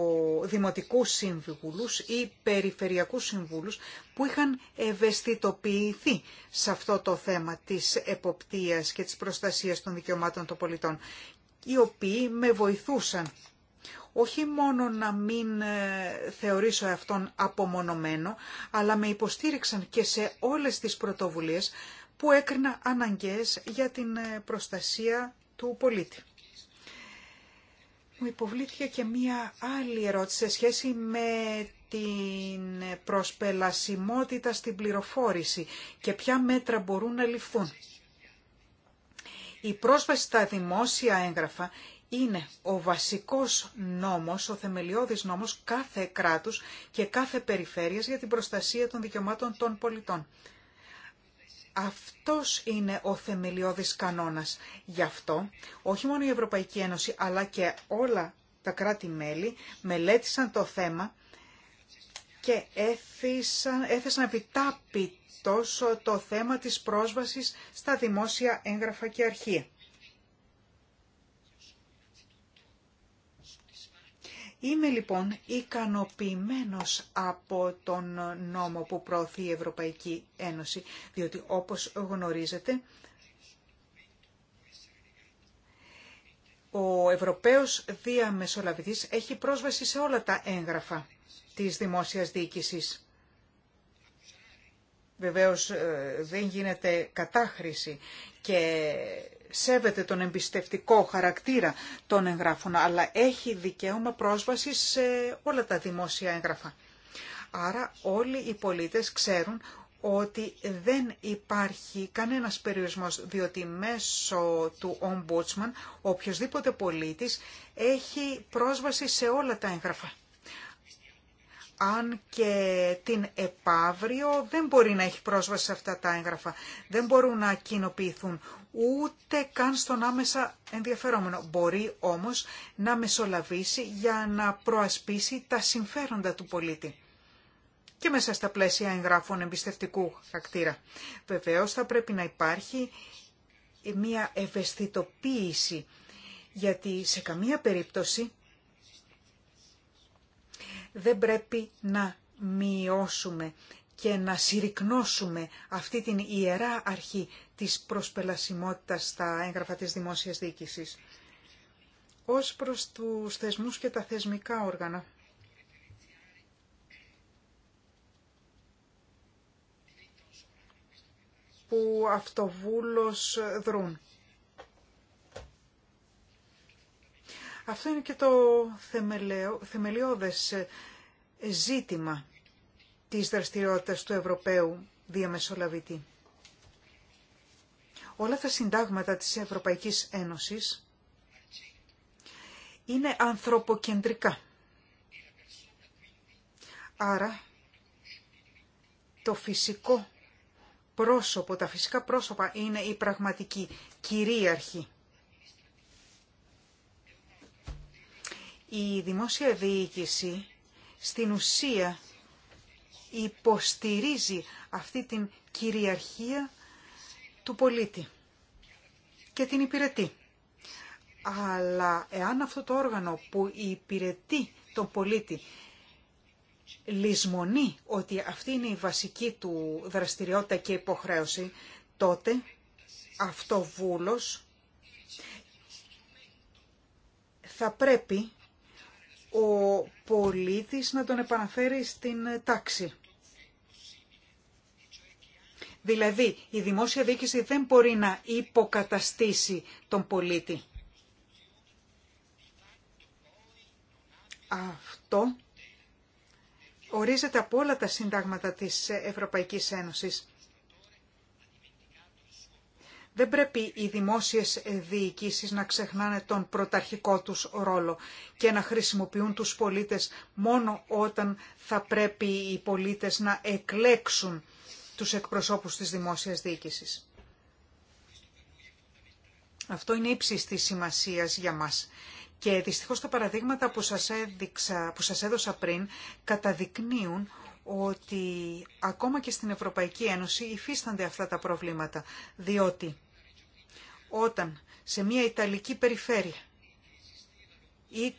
δημοτικούς συμβούλους ή περιφερειακούς συμβούλους που είχαν ευαισθητοποιηθεί σε αυτό το θέμα της εποπτείας και της προστασίας των δικαιωμάτων των πολιτών οι οποίοι με βοηθούσαν όχι μόνο να μην ε, θεωρήσω αυτόν απομονωμένο, αλλά με υποστήριξαν και σε όλες τις πρωτοβουλίες που έκρινα αναγκαίες για την ε, προστασία του πολίτη. Μου υποβλήθηκε και μία άλλη ερώτηση σε σχέση με την προσπελασιμότητα στην πληροφόρηση και ποια μέτρα μπορούν να ληφθούν. Η πρόσβαση στα δημόσια έγγραφα είναι ο βασικός νόμος, ο θεμελιώδης νόμος κάθε κράτους και κάθε περιφέρειας για την προστασία των δικαιωμάτων των πολιτών. Αυτός είναι ο θεμελιώδης κανόνας. Γι' αυτό, όχι μόνο η Ευρωπαϊκή Ένωση, αλλά και όλα τα κράτη-μέλη μελέτησαν το θέμα και έθεσαν, έθεσαν επιτάπητος το θέμα της πρόσβασης στα δημόσια έγγραφα και αρχεία. Είμαι λοιπόν ικανοποιημένος από τον νόμο που προωθεί η Ευρωπαϊκή Ένωση, διότι όπως γνωρίζετε, ο Ευρωπαίος Διαμεσολαβητής έχει πρόσβαση σε όλα τα έγγραφα της δημόσιας διοίκησης. Βεβαίως ε, δεν γίνεται κατάχρηση και σέβεται τον εμπιστευτικό χαρακτήρα των εγγράφων, αλλά έχει δικαίωμα πρόσβαση σε όλα τα δημόσια έγγραφα. Άρα όλοι οι πολίτες ξέρουν ότι δεν υπάρχει κανένας περιορισμός, διότι μέσω του Ombudsman οποιοδήποτε πολίτης έχει πρόσβαση σε όλα τα έγγραφα αν και την επαύριο δεν μπορεί να έχει πρόσβαση σε αυτά τα έγγραφα. Δεν μπορούν να κοινοποιηθούν ούτε καν στον άμεσα ενδιαφερόμενο. Μπορεί όμως να μεσολαβήσει για να προασπίσει τα συμφέροντα του πολίτη και μέσα στα πλαίσια εγγράφων εμπιστευτικού χαρακτήρα. Βεβαίως θα πρέπει να υπάρχει μια ευαισθητοποίηση γιατί σε καμία περίπτωση δεν πρέπει να μειώσουμε και να συρρυκνώσουμε αυτή την ιερά αρχή της προσπελασιμότητας στα έγγραφα της δημόσιας διοίκησης. Ως προς τους θεσμούς και τα θεσμικά όργανα. που αυτοβούλος δρούν. Αυτό είναι και το θεμελιώδες ε, ζήτημα της δραστηριότητας του Ευρωπαίου διαμεσολαβητή. Όλα τα συντάγματα της Ευρωπαϊκής Ένωσης είναι ανθρωποκεντρικά. Άρα το φυσικό πρόσωπο, τα φυσικά πρόσωπα είναι η πραγματική κυρίαρχη Η δημόσια διοίκηση στην ουσία υποστηρίζει αυτή την κυριαρχία του πολίτη και την υπηρετεί. Αλλά εάν αυτό το όργανο που υπηρετεί τον πολίτη λησμονεί ότι αυτή είναι η βασική του δραστηριότητα και υποχρέωση, τότε αυτό βούλος θα πρέπει ο πολίτης να τον επαναφέρει στην τάξη. Δηλαδή, η δημόσια διοίκηση δεν μπορεί να υποκαταστήσει τον πολίτη. Αυτό ορίζεται από όλα τα συντάγματα της Ευρωπαϊκής Ένωσης. Δεν πρέπει οι δημόσιες διοικήσεις να ξεχνάνε τον πρωταρχικό τους ρόλο και να χρησιμοποιούν τους πολίτες μόνο όταν θα πρέπει οι πολίτες να εκλέξουν τους εκπροσώπους της δημόσιας διοίκησης. Αυτό είναι ύψης της σημασίας για μας. Και δυστυχώς τα παραδείγματα που σας, έδειξα, που σας έδωσα πριν καταδεικνύουν ότι ακόμα και στην Ευρωπαϊκή Ένωση υφίστανται αυτά τα προβλήματα, διότι όταν σε μια Ιταλική περιφέρεια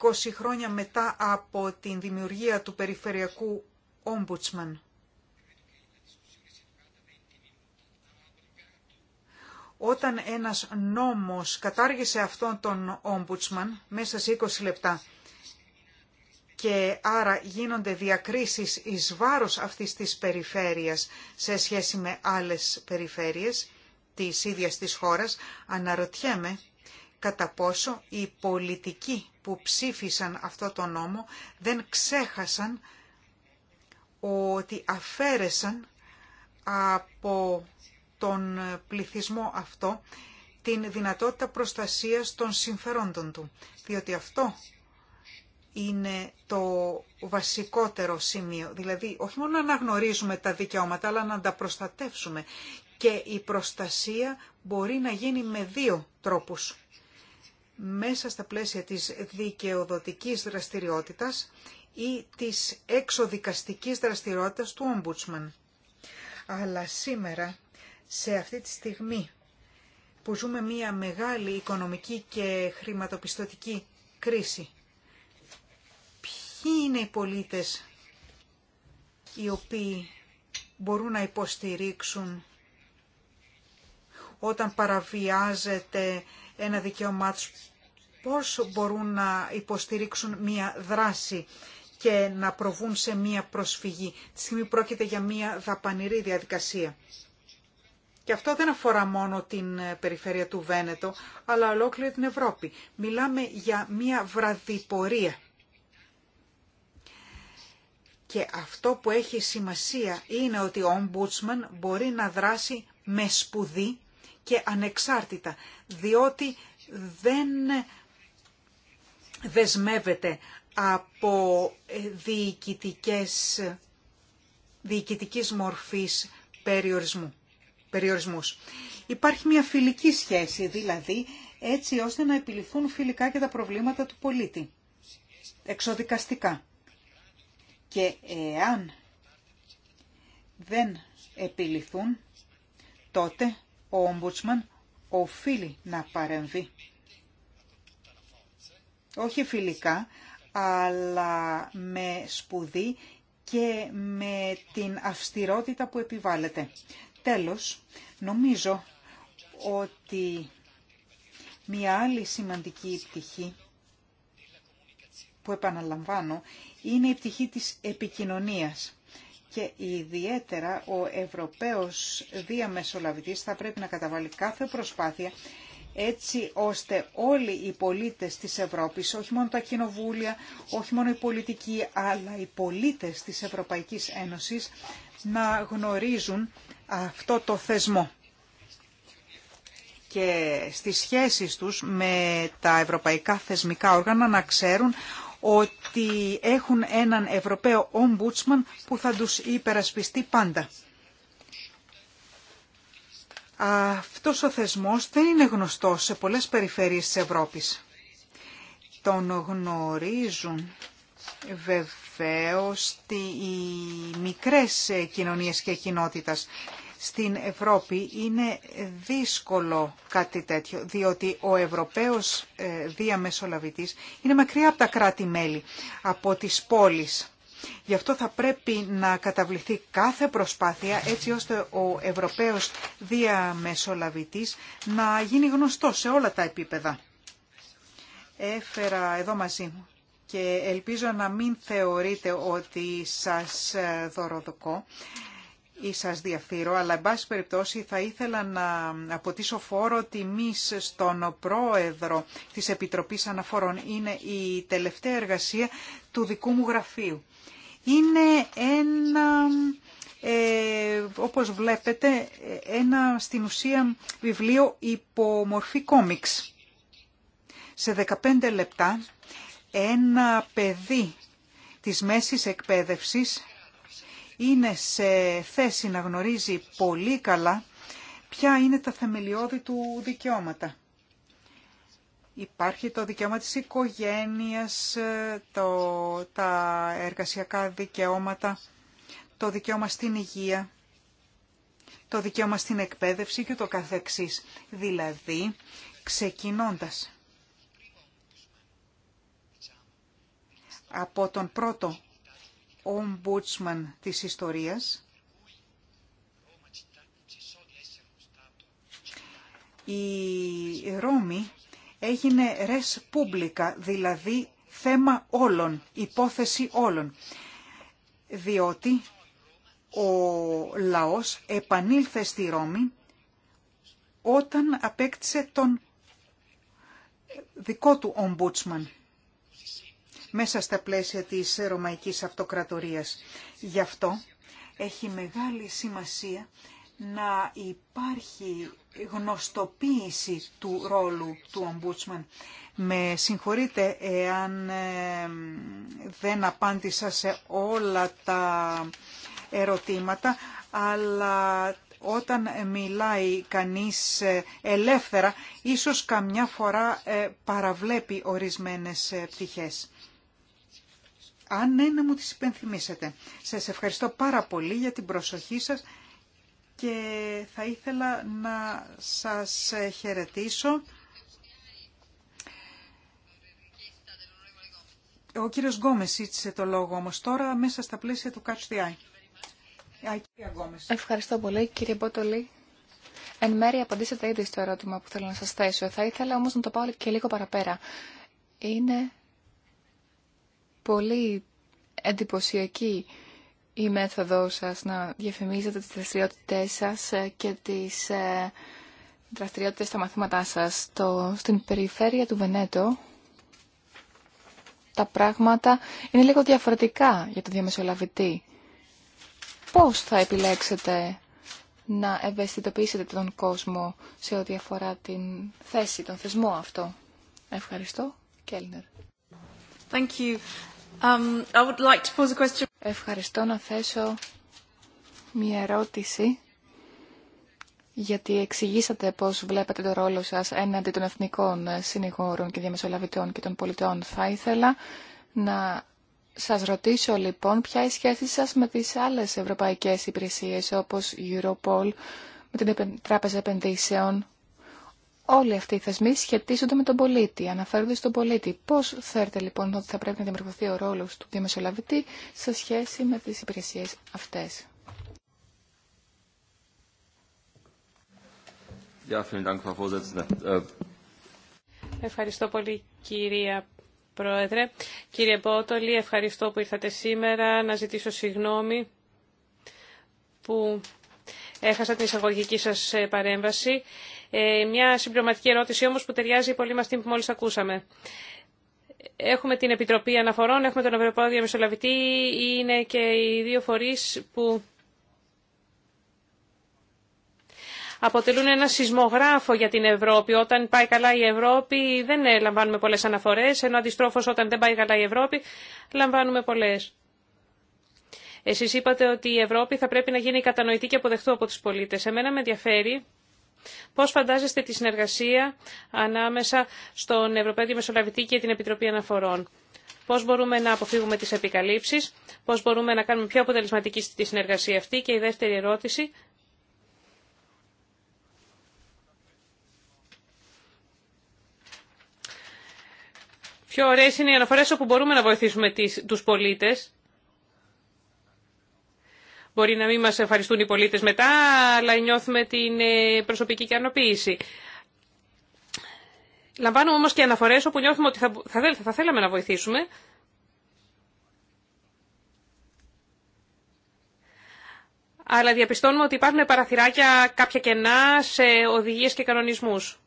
20 χρόνια μετά από την δημιουργία του περιφερειακού ομπούτσμαν, όταν ένας νόμος κατάργησε αυτόν τον ομπούτσμαν μέσα σε 20 λεπτά και άρα γίνονται διακρίσεις εις βάρος αυτής της περιφέρειας σε σχέση με άλλες περιφέρειες της ίδιας της χώρας, αναρωτιέμαι κατά πόσο οι πολιτικοί που ψήφισαν αυτό το νόμο δεν ξέχασαν ότι αφαίρεσαν από τον πληθυσμό αυτό την δυνατότητα προστασίας των συμφερόντων του. Διότι αυτό είναι το βασικότερο σημείο. Δηλαδή, όχι μόνο να αναγνωρίζουμε τα δικαιώματα, αλλά να τα προστατεύσουμε και η προστασία μπορεί να γίνει με δύο τρόπους. Μέσα στα πλαίσια της δικαιοδοτικής δραστηριότητας ή της εξοδικαστικής δραστηριότητας του Ombudsman. Αλλά σήμερα, σε αυτή τη στιγμή που ζούμε μια μεγάλη οικονομική και χρηματοπιστωτική κρίση, ποιοι είναι οι πολίτες οι οποίοι μπορούν να υποστηρίξουν όταν παραβιάζεται ένα δικαίωμά τους, πώς μπορούν να υποστηρίξουν μία δράση και να προβούν σε μία προσφυγή. Τη στιγμή πρόκειται για μία δαπανηρή διαδικασία. Και αυτό δεν αφορά μόνο την ε, περιφέρεια του Βένετο, αλλά ολόκληρη την Ευρώπη. Μιλάμε για μία βραδιπορία. Και αυτό που έχει σημασία είναι ότι ο Ombudsman μπορεί να δράσει με σπουδή και ανεξάρτητα, διότι δεν δεσμεύεται από ε, διοικητικές, διοικητικής μορφής περιορισμού, περιορισμούς. Υπάρχει μια φιλική σχέση, δηλαδή, έτσι ώστε να επιληθούν φιλικά και τα προβλήματα του πολίτη, εξοδικαστικά. Και εάν δεν επιληθούν, τότε ο Ομπούτσμαν οφείλει να παρεμβεί. Όχι φιλικά, αλλά με σπουδή και με την αυστηρότητα που επιβάλλεται. Τέλος, νομίζω ότι μια άλλη σημαντική πτυχή που επαναλαμβάνω είναι η πτυχή της επικοινωνίας και ιδιαίτερα ο Ευρωπαίος διαμεσολαβητής θα πρέπει να καταβάλει κάθε προσπάθεια έτσι ώστε όλοι οι πολίτες της Ευρώπης, όχι μόνο τα κοινοβούλια, όχι μόνο οι πολιτικοί, αλλά οι πολίτες της Ευρωπαϊκής Ένωσης να γνωρίζουν αυτό το θεσμό και στις σχέσεις τους με τα ευρωπαϊκά θεσμικά όργανα να ξέρουν ότι έχουν έναν Ευρωπαίο Ομπούτσμαν που θα τους υπερασπιστεί πάντα. Αυτός ο θεσμός δεν είναι γνωστός σε πολλές περιφέρειες της Ευρώπης. Τον γνωρίζουν βεβαίως οι μικρές κοινωνίες και κοινότητας στην Ευρώπη είναι δύσκολο κάτι τέτοιο, διότι ο Ευρωπαίος ε, διαμεσολαβητής είναι μακριά από τα κράτη-μέλη, από τις πόλεις. Γι' αυτό θα πρέπει να καταβληθεί κάθε προσπάθεια έτσι ώστε ο Ευρωπαίος διαμεσολαβητής να γίνει γνωστός σε όλα τα επίπεδα. Έφερα εδώ μαζί μου και ελπίζω να μην θεωρείτε ότι σας ε, δωροδοκώ ή σας διαφύρω, αλλά εν πάση περιπτώσει θα ήθελα να αποτίσω φόρο τιμής στον πρόεδρο της Επιτροπής Αναφορών. Είναι η τελευταία εργασία του δικού μου γραφείου. Είναι ένα, ε, όπως βλέπετε, ένα στην ουσία βιβλίο υπό μορφή κόμιξ. Σε 15 λεπτά ένα παιδί της μέσης εκπαίδευσης είναι σε θέση να γνωρίζει πολύ καλά ποια είναι τα θεμελιώδη του δικαιώματα. Υπάρχει το δικαίωμα της οικογένειας, το, τα εργασιακά δικαιώματα, το δικαίωμα στην υγεία, το δικαίωμα στην εκπαίδευση και το καθεξής. Δηλαδή, ξεκινώντας από τον πρώτο ομπουτσμαν της ιστορίας. Η Ρώμη έγινε res publica, δηλαδή θέμα όλων, υπόθεση όλων, διότι ο λαός επανήλθε στη Ρώμη όταν απέκτησε τον δικό του ομπούτσμαν μέσα στα πλαίσια της Ρωμαϊκής Αυτοκρατορίας. Γι' αυτό έχει μεγάλη σημασία να υπάρχει γνωστοποίηση του ρόλου του ομπούτσμαν. Με συγχωρείτε εάν ε, δεν απάντησα σε όλα τα ερωτήματα, αλλά όταν μιλάει κανείς ε, ελεύθερα, ίσως καμιά φορά ε, παραβλέπει ορισμένες πτυχές. Αν ναι, να μου τις υπενθυμίσετε. Σας ευχαριστώ πάρα πολύ για την προσοχή σας και θα ήθελα να σας χαιρετήσω. Ο κύριος Γκόμες ζήτησε το λόγο όμως τώρα μέσα στα πλαίσια του Catch the Ευχαριστώ πολύ κύριε Μπότολη. Εν μέρει απαντήσατε ήδη στο ερώτημα που θέλω να σας θέσω. Θα ήθελα όμως να το πάω και λίγο παραπέρα. Είναι πολύ εντυπωσιακή η μέθοδό σας να διαφημίζετε τις δραστηριότητε σας ε, και τις ε, δραστηριότητε στα μαθήματά σας. Το, στην περιφέρεια του Βενέτο τα πράγματα είναι λίγο διαφορετικά για το διαμεσολαβητή. Πώς θα επιλέξετε να ευαισθητοποιήσετε τον κόσμο σε ό,τι αφορά την θέση, τον θεσμό αυτό. Ευχαριστώ. Κέλνερ. Thank Um, Ευχαριστώ να θέσω μία ερώτηση γιατί εξηγήσατε πώς βλέπετε το ρόλο σας έναντι των εθνικών συνηγόρων και διαμεσολαβητών και των πολιτών. Θα ήθελα να σας ρωτήσω λοιπόν ποια είναι η σχέση σας με τις άλλες ευρωπαϊκές υπηρεσίες όπως Europol, με την Τράπεζα Επενδύσεων Όλοι αυτοί οι θεσμοί σχετίζονται με τον πολίτη, αναφέρονται στον πολίτη. Πώ θέλετε λοιπόν ότι θα πρέπει να δημιουργηθεί ο ρόλο του διαμεσολαβητή σε σχέση με τι υπηρεσίε αυτέ. Ευχαριστώ πολύ κυρία Πρόεδρε. Κύριε Μπότολη, ευχαριστώ που ήρθατε σήμερα. Να ζητήσω συγγνώμη που έχασα την εισαγωγική σας ε, παρέμβαση. Ε, μια συμπληρωματική ερώτηση όμως που ταιριάζει πολύ με αυτή που μόλις ακούσαμε. Έχουμε την Επιτροπή Αναφορών, έχουμε τον Ευρωπαϊκό Διαμεσολαβητή, είναι και οι δύο φορείς που αποτελούν ένα σεισμογράφο για την Ευρώπη. Όταν πάει καλά η Ευρώπη δεν ε, λαμβάνουμε πολλές αναφορές, ενώ αντιστρόφως όταν δεν πάει καλά η Ευρώπη λαμβάνουμε πολλές. Εσείς είπατε ότι η Ευρώπη θα πρέπει να γίνει κατανοητή και αποδεχτού από τους πολίτες. Εμένα με ενδιαφέρει Πώς φαντάζεστε τη συνεργασία ανάμεσα στον Ευρωπαϊκό Μεσολαβητή και την Επιτροπή Αναφορών. Πώς μπορούμε να αποφύγουμε τις επικαλύψεις, πώς μπορούμε να κάνουμε πιο αποτελεσματική τη συνεργασία αυτή και η δεύτερη ερώτηση, Πιο ωραίες είναι οι αναφορές όπου μπορούμε να βοηθήσουμε τις, τους πολίτες. Μπορεί να μην μας ευχαριστούν οι πολίτες μετά, αλλά νιώθουμε την ε, προσωπική ικανοποίηση. Λαμβάνουμε όμως και αναφορές όπου νιώθουμε ότι θα, θα, θα θέλαμε να βοηθήσουμε. Αλλά διαπιστώνουμε ότι υπάρχουν παραθυράκια, κάποια κενά σε οδηγίες και κανονισμούς.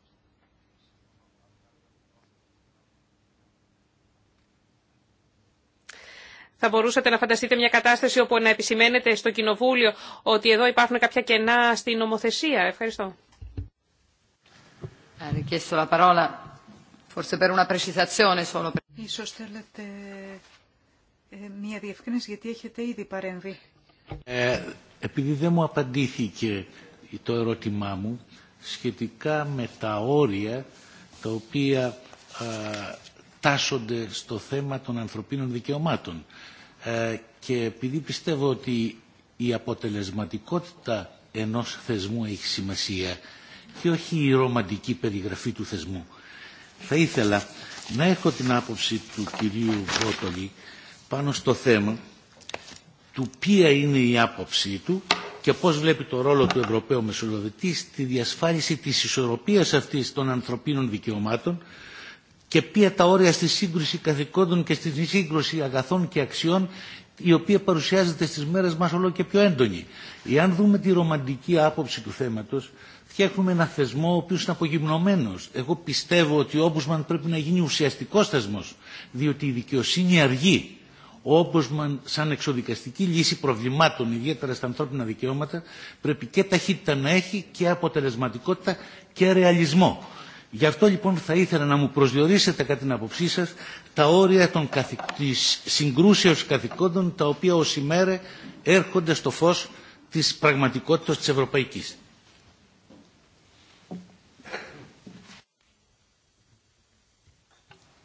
Θα μπορούσατε να φανταστείτε μια κατάσταση όπου να επισημαίνετε στο Κοινοβούλιο ότι εδώ υπάρχουν κάποια κενά στην νομοθεσία. Ευχαριστώ. Ε, Ίσως θέλετε ε, μια διευκρίνηση γιατί έχετε ήδη παρέμβει. Ε, επειδή δεν μου απαντήθηκε το ερώτημά μου σχετικά με τα όρια τα οποία ε, τάσσονται στο θέμα των ανθρωπίνων δικαιωμάτων. Ε, και επειδή πιστεύω ότι η αποτελεσματικότητα ενός θεσμού έχει σημασία και όχι η ρομαντική περιγραφή του θεσμού. Θα ήθελα να έχω την άποψη του κυρίου Βότολη πάνω στο θέμα του ποια είναι η άποψή του και πώς βλέπει το ρόλο του Ευρωπαίου Μεσολαβητή στη διασφάλιση της ισορροπίας αυτής των ανθρωπίνων δικαιωμάτων και ποια τα όρια στη σύγκρουση καθηκόντων και στη σύγκρουση αγαθών και αξιών η οποία παρουσιάζεται στις μέρες μας όλο και πιο έντονη. Εάν δούμε τη ρομαντική άποψη του θέματος, φτιάχνουμε ένα θεσμό ο οποίος είναι απογυμνωμένος. Εγώ πιστεύω ότι ο Όμπουσμαν πρέπει να γίνει ουσιαστικός θεσμός, διότι η δικαιοσύνη αργεί. Ο Όμπουσμαν σαν εξοδικαστική λύση προβλημάτων, ιδιαίτερα στα ανθρώπινα δικαιώματα, πρέπει και ταχύτητα να έχει και αποτελεσματικότητα και ρεαλισμό. Γι' αυτό λοιπόν θα ήθελα να μου προσδιορίσετε κατά την άποψή σας τα όρια των καθη... της συγκρούσεως καθηκόντων τα οποία ως ημέρα έρχονται στο φως της πραγματικότητας της ευρωπαϊκής.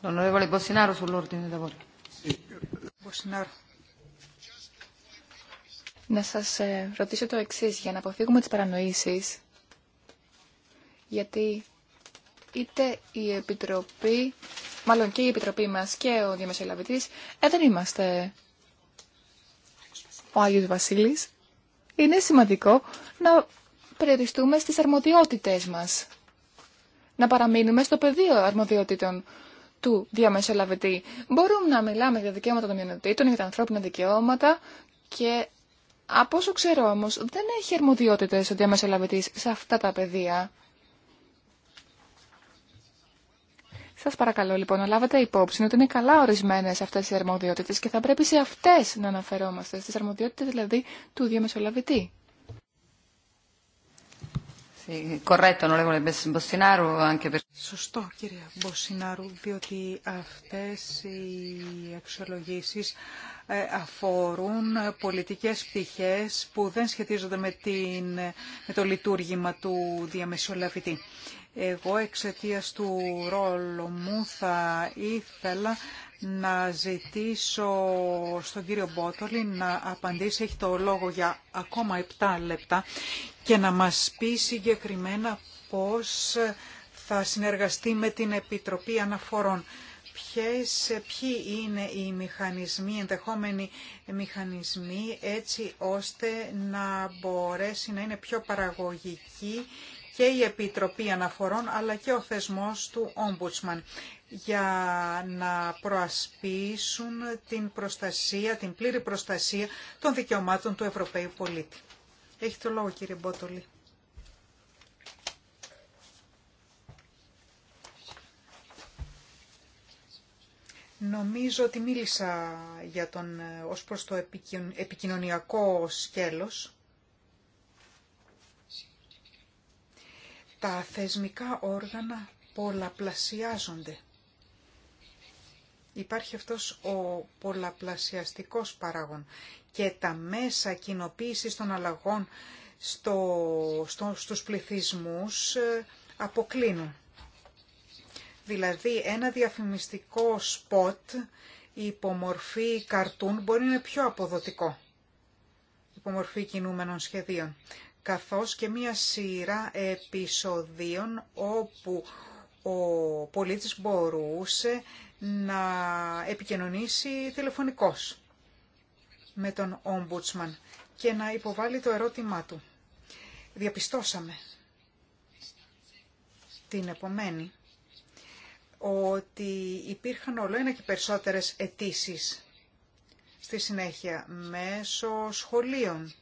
Λοιπόν, να σας ε, ρωτήσω το εξής για να αποφύγουμε τις παρανοήσεις γιατί είτε η Επιτροπή, μάλλον και η Επιτροπή μας και ο Διαμεσολαβητής, ε, δεν είμαστε ο Άγιος Βασίλης. Είναι σημαντικό να περιοριστούμε στις αρμοδιότητες μας. Να παραμείνουμε στο πεδίο αρμοδιότητων του διαμεσολαβητή. Μπορούμε να μιλάμε για δικαιώματα των μειονοτήτων, για τα ανθρώπινα δικαιώματα και από όσο ξέρω όμως δεν έχει αρμοδιότητες ο διαμεσολαβητής σε αυτά τα πεδία. Σα παρακαλώ λοιπόν να λάβετε υπόψη ότι είναι καλά ορισμένε αυτέ οι αρμοδιότητε και θα πρέπει σε αυτέ να αναφερόμαστε, στις αρμοδιότητε δηλαδή του διαμεσολαβητή. Σωστό κύριε Μποσινάρου, διότι αυτές οι αξιολογήσεις ε, αφορούν πολιτικές πτυχές που δεν σχετίζονται με, με το λειτουργήμα του διαμεσολαβητή. Εγώ εξαιτία του ρόλου μου θα ήθελα να ζητήσω στον κύριο Μπότολη να απαντήσει, έχει το λόγο για ακόμα 7 λεπτά και να μας πει συγκεκριμένα πώς θα συνεργαστεί με την Επιτροπή Αναφορών. Ποιες, ποιοι είναι οι μηχανισμοί, ενδεχόμενοι μηχανισμοί, έτσι ώστε να μπορέσει να είναι πιο παραγωγική και η Επιτροπή Αναφορών αλλά και ο θεσμός του Ombudsman για να προασπίσουν την προστασία, την πλήρη προστασία των δικαιωμάτων του Ευρωπαίου πολίτη. Έχει το λόγο κύριε Μπότολη. Νομίζω ότι μίλησα για τον, ως προς το επικοινωνιακό σκέλος. Τα θεσμικά όργανα πολλαπλασιάζονται. Υπάρχει αυτός ο πολλαπλασιαστικός παράγων και τα μέσα κοινοποίησης των αλλαγών στο, στο, στους πληθυσμούς ε, αποκλίνουν. Δηλαδή ένα διαφημιστικό σποτ υπομορφή καρτούν μπορεί να είναι πιο αποδοτικό υπομορφή κινούμενων σχεδίων καθώς και μία σειρά επεισοδίων όπου ο πολίτης μπορούσε να επικοινωνήσει τηλεφωνικός με τον ομπούτσμαν και να υποβάλει το ερώτημά του. Διαπιστώσαμε την επομένη ότι υπήρχαν όλο ένα και περισσότερες αιτήσει στη συνέχεια μέσω σχολείων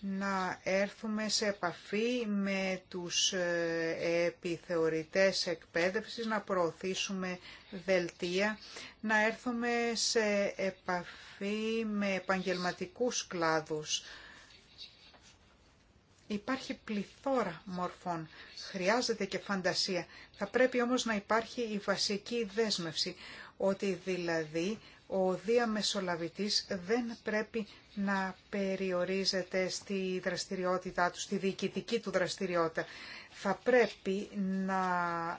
να έρθουμε σε επαφή με τους ε, επιθεωρητές εκπαίδευσης, να προωθήσουμε δελτία, να έρθουμε σε επαφή με επαγγελματικούς κλάδους. Υπάρχει πληθώρα μορφών, χρειάζεται και φαντασία. Θα πρέπει όμως να υπάρχει η βασική δέσμευση, ότι δηλαδή ο διαμεσολαβητής δεν πρέπει να περιορίζεται στη δραστηριότητά του, στη διοικητική του δραστηριότητα. Θα πρέπει να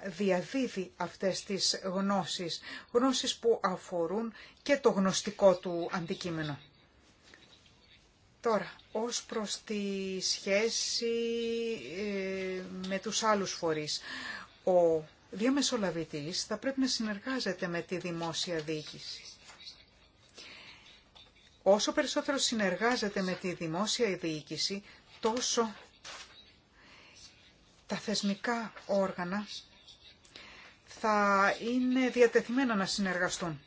διαδίδει αυτές τις γνώσεις, γνώσεις που αφορούν και το γνωστικό του αντικείμενο. Τώρα, ως προς τη σχέση ε, με τους άλλους φορείς. Ο διαμεσολαβητής θα πρέπει να συνεργάζεται με τη δημόσια διοίκηση Όσο περισσότερο συνεργάζεται με τη δημόσια διοίκηση, τόσο τα θεσμικά όργανα θα είναι διατεθειμένα να συνεργαστούν.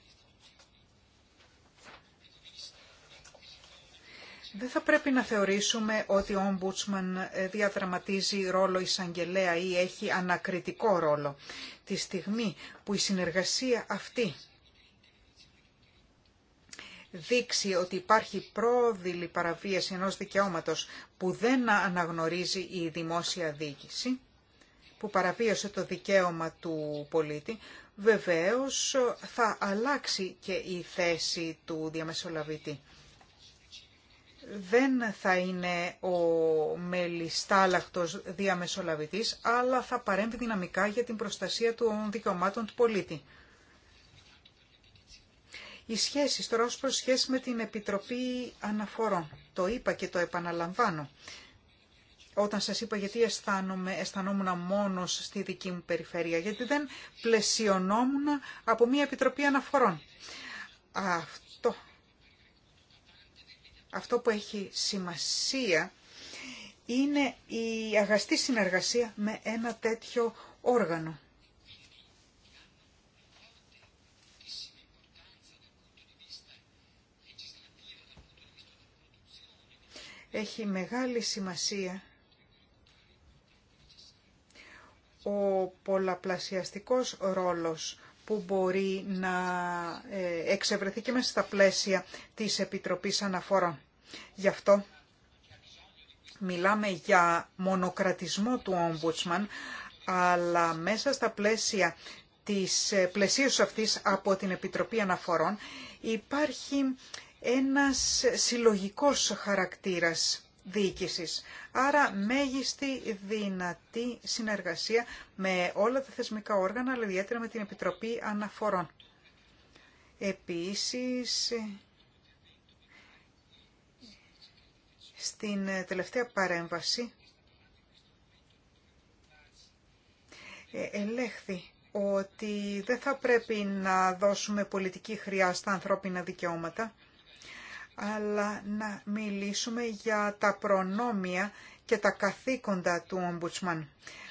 Δεν θα πρέπει να θεωρήσουμε ότι ο Ombudsman διαδραματίζει ρόλο εισαγγελέα ή έχει ανακριτικό ρόλο. Τη στιγμή που η συνεργασία αυτή δείξει ότι υπάρχει πρόδειλη παραβίαση ενός δικαιώματος που δεν αναγνωρίζει η δημόσια διοίκηση, που παραβίασε το δικαίωμα του πολίτη, βεβαίως θα αλλάξει και η θέση του διαμεσολαβητή. Δεν θα είναι ο μελιστάλαχτος διαμεσολαβητής, αλλά θα παρέμβει δυναμικά για την προστασία των δικαιωμάτων του πολίτη οι σχέσεις τώρα ως προς σχέση με την Επιτροπή Αναφορών. Το είπα και το επαναλαμβάνω. Όταν σας είπα γιατί αισθάνομαι, αισθανόμουν μόνος στη δική μου περιφέρεια, γιατί δεν πλαισιωνόμουν από μια Επιτροπή Αναφορών. Αυτό, αυτό που έχει σημασία είναι η αγαστή συνεργασία με ένα τέτοιο όργανο. έχει μεγάλη σημασία ο πολλαπλασιαστικός ρόλος που μπορεί να ε, εξευρεθεί και μέσα στα πλαίσια της Επιτροπής Αναφορών. Γι' αυτό μιλάμε για μονοκρατισμό του Ombudsman, αλλά μέσα στα πλαίσια της ε, πλαισίου αυτής από την Επιτροπή Αναφορών υπάρχει ένας συλλογικός χαρακτήρας διοίκησης. Άρα μέγιστη δυνατή συνεργασία με όλα τα θεσμικά όργανα, αλλά ιδιαίτερα με την Επιτροπή Αναφορών. Επίσης, στην τελευταία παρέμβαση ε, ελέγχθη ότι δεν θα πρέπει να δώσουμε πολιτική χρειά στα ανθρώπινα δικαιώματα αλλά να μιλήσουμε για τα προνόμια και τα καθήκοντα του ομπουτσμαν.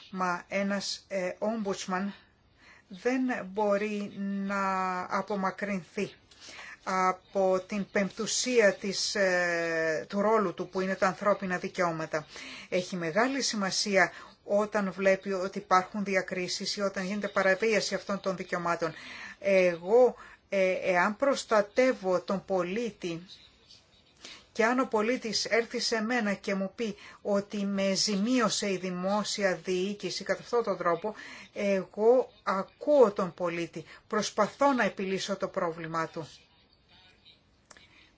Μα ένας ε, ομπουτσμαν δεν μπορεί να απομακρυνθεί από την πεμπτουσία της, ε, του ρόλου του που είναι τα ανθρώπινα δικαιώματα. Έχει μεγάλη σημασία όταν βλέπει ότι υπάρχουν διακρίσεις ή όταν γίνεται παραβίαση αυτών των δικαιωμάτων. Εγώ, ε, εάν προστατεύω τον πολίτη και αν ο πολίτης έρθει σε μένα και μου πει ότι με ζημίωσε η δημόσια διοίκηση κατά αυτόν τον τρόπο, εγώ ακούω τον πολίτη, προσπαθώ να επιλύσω το πρόβλημά του.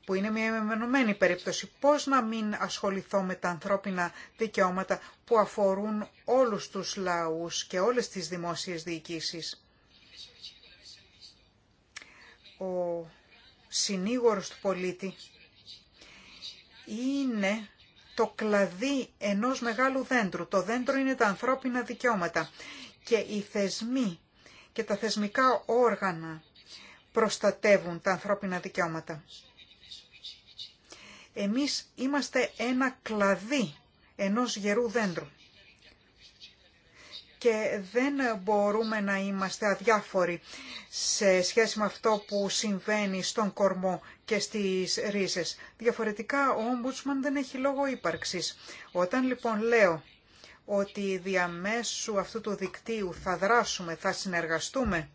Που είναι μια μεμονωμένη περίπτωση. Πώς να μην ασχοληθώ με τα ανθρώπινα δικαιώματα που αφορούν όλους τους λαούς και όλες τις δημόσιες διοικήσεις. Ο συνήγορος του πολίτη είναι το κλαδί ενός μεγάλου δέντρου. Το δέντρο είναι τα ανθρώπινα δικαιώματα και οι θεσμοί και τα θεσμικά όργανα προστατεύουν τα ανθρώπινα δικαιώματα. Εμείς είμαστε ένα κλαδί ενός γερού δέντρου και δεν μπορούμε να είμαστε αδιάφοροι σε σχέση με αυτό που συμβαίνει στον κορμό και στις ρίζες. Διαφορετικά ο Ombudsman δεν έχει λόγο ύπαρξης. Όταν λοιπόν λέω ότι διαμέσου αυτού του δικτύου θα δράσουμε, θα συνεργαστούμε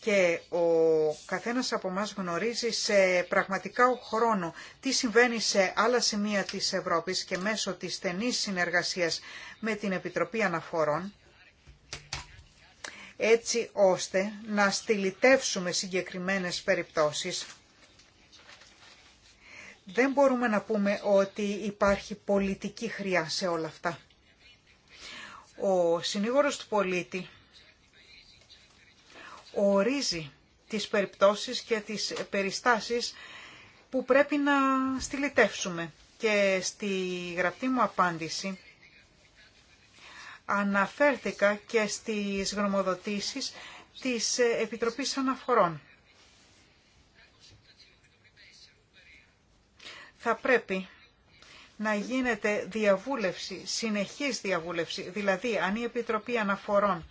και ο καθένας από μας γνωρίζει σε πραγματικά χρόνο τι συμβαίνει σε άλλα σημεία της Ευρώπης και μέσω της στενής συνεργασίας με την Επιτροπή Αναφορών έτσι ώστε να στυλιτεύσουμε συγκεκριμένες περιπτώσεις. Δεν μπορούμε να πούμε ότι υπάρχει πολιτική χρειά σε όλα αυτά. Ο συνήγορος του πολίτη ορίζει τις περιπτώσεις και τις περιστάσεις που πρέπει να στυλιτεύσουμε. Και στη γραπτή μου απάντηση αναφέρθηκα και στις γνωμοδοτήσεις της Επιτροπής Αναφορών. Θα πρέπει να γίνεται διαβούλευση, συνεχής διαβούλευση, δηλαδή αν η Επιτροπή Αναφορών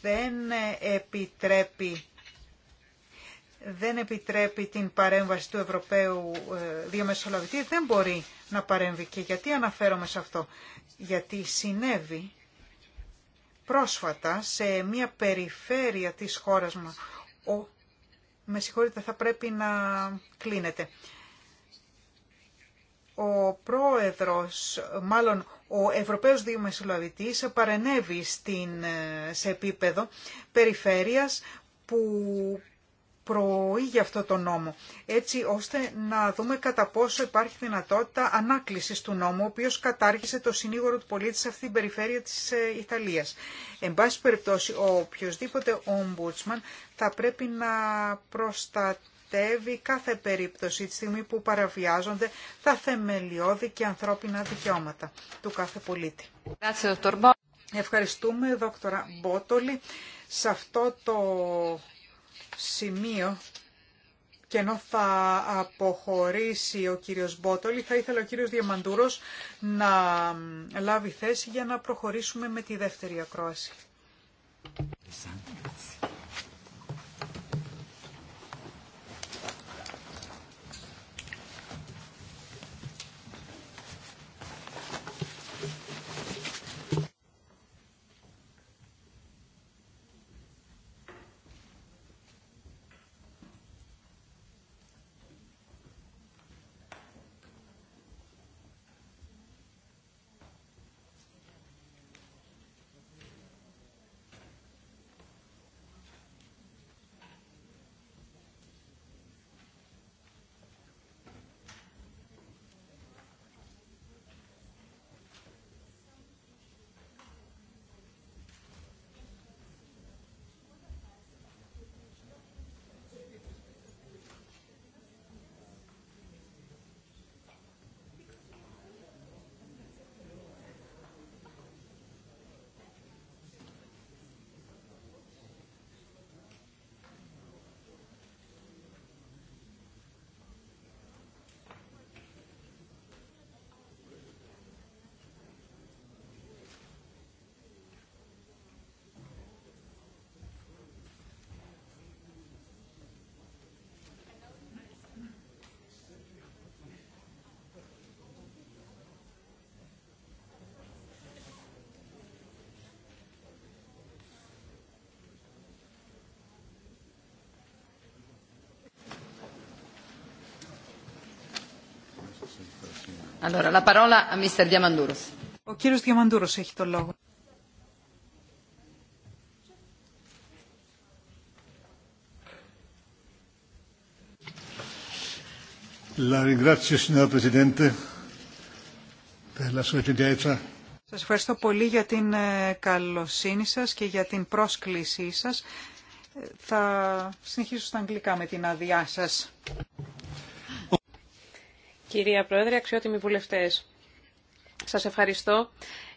δεν επιτρέπει δεν επιτρέπει την παρέμβαση του Ευρωπαίου ε, Διαμεσολαβητή, δεν μπορεί να παρέμβει. Και γιατί αναφέρομαι σε αυτό. Γιατί συνέβη πρόσφατα σε μια περιφέρεια της χώρας μας. Ο, με συγχωρείτε, θα πρέπει να κλείνετε ο πρόεδρος, μάλλον ο Ευρωπαίος Διομεσολαβητής παρενέβη στην, ε, σε επίπεδο περιφέρειας που προήγει αυτό το νόμο, έτσι ώστε να δούμε κατά πόσο υπάρχει δυνατότητα ανάκλησης του νόμου, ο οποίος κατάργησε το συνήγορο του πολίτη σε αυτή την περιφέρεια της ε, Ιταλίας. Εν πάση περιπτώσει, ο οποιοδήποτε ομπούτσμαν θα πρέπει να προστατεύει κάθε περίπτωση τη στιγμή που παραβιάζονται τα θεμελιώδη και ανθρώπινα δικαιώματα του κάθε πολίτη. Ευχαριστούμε, δόκτωρα Μπότολη. Σε αυτό το σημείο και ενώ θα αποχωρήσει ο κύριος Μπότολη, θα ήθελα ο κύριος Διαμαντούρος να λάβει θέση για να προχωρήσουμε με τη δεύτερη ακρόαση. Allora, Σας ευχαριστώ πολύ για την ε, καλοσύνη σας και για την πρόσκλησή σας. Ε, θα συνεχίσω στα αγγλικά με την άδειά σας. Κυρία Πρόεδρε, αξιότιμοι βουλευτές, σας ευχαριστώ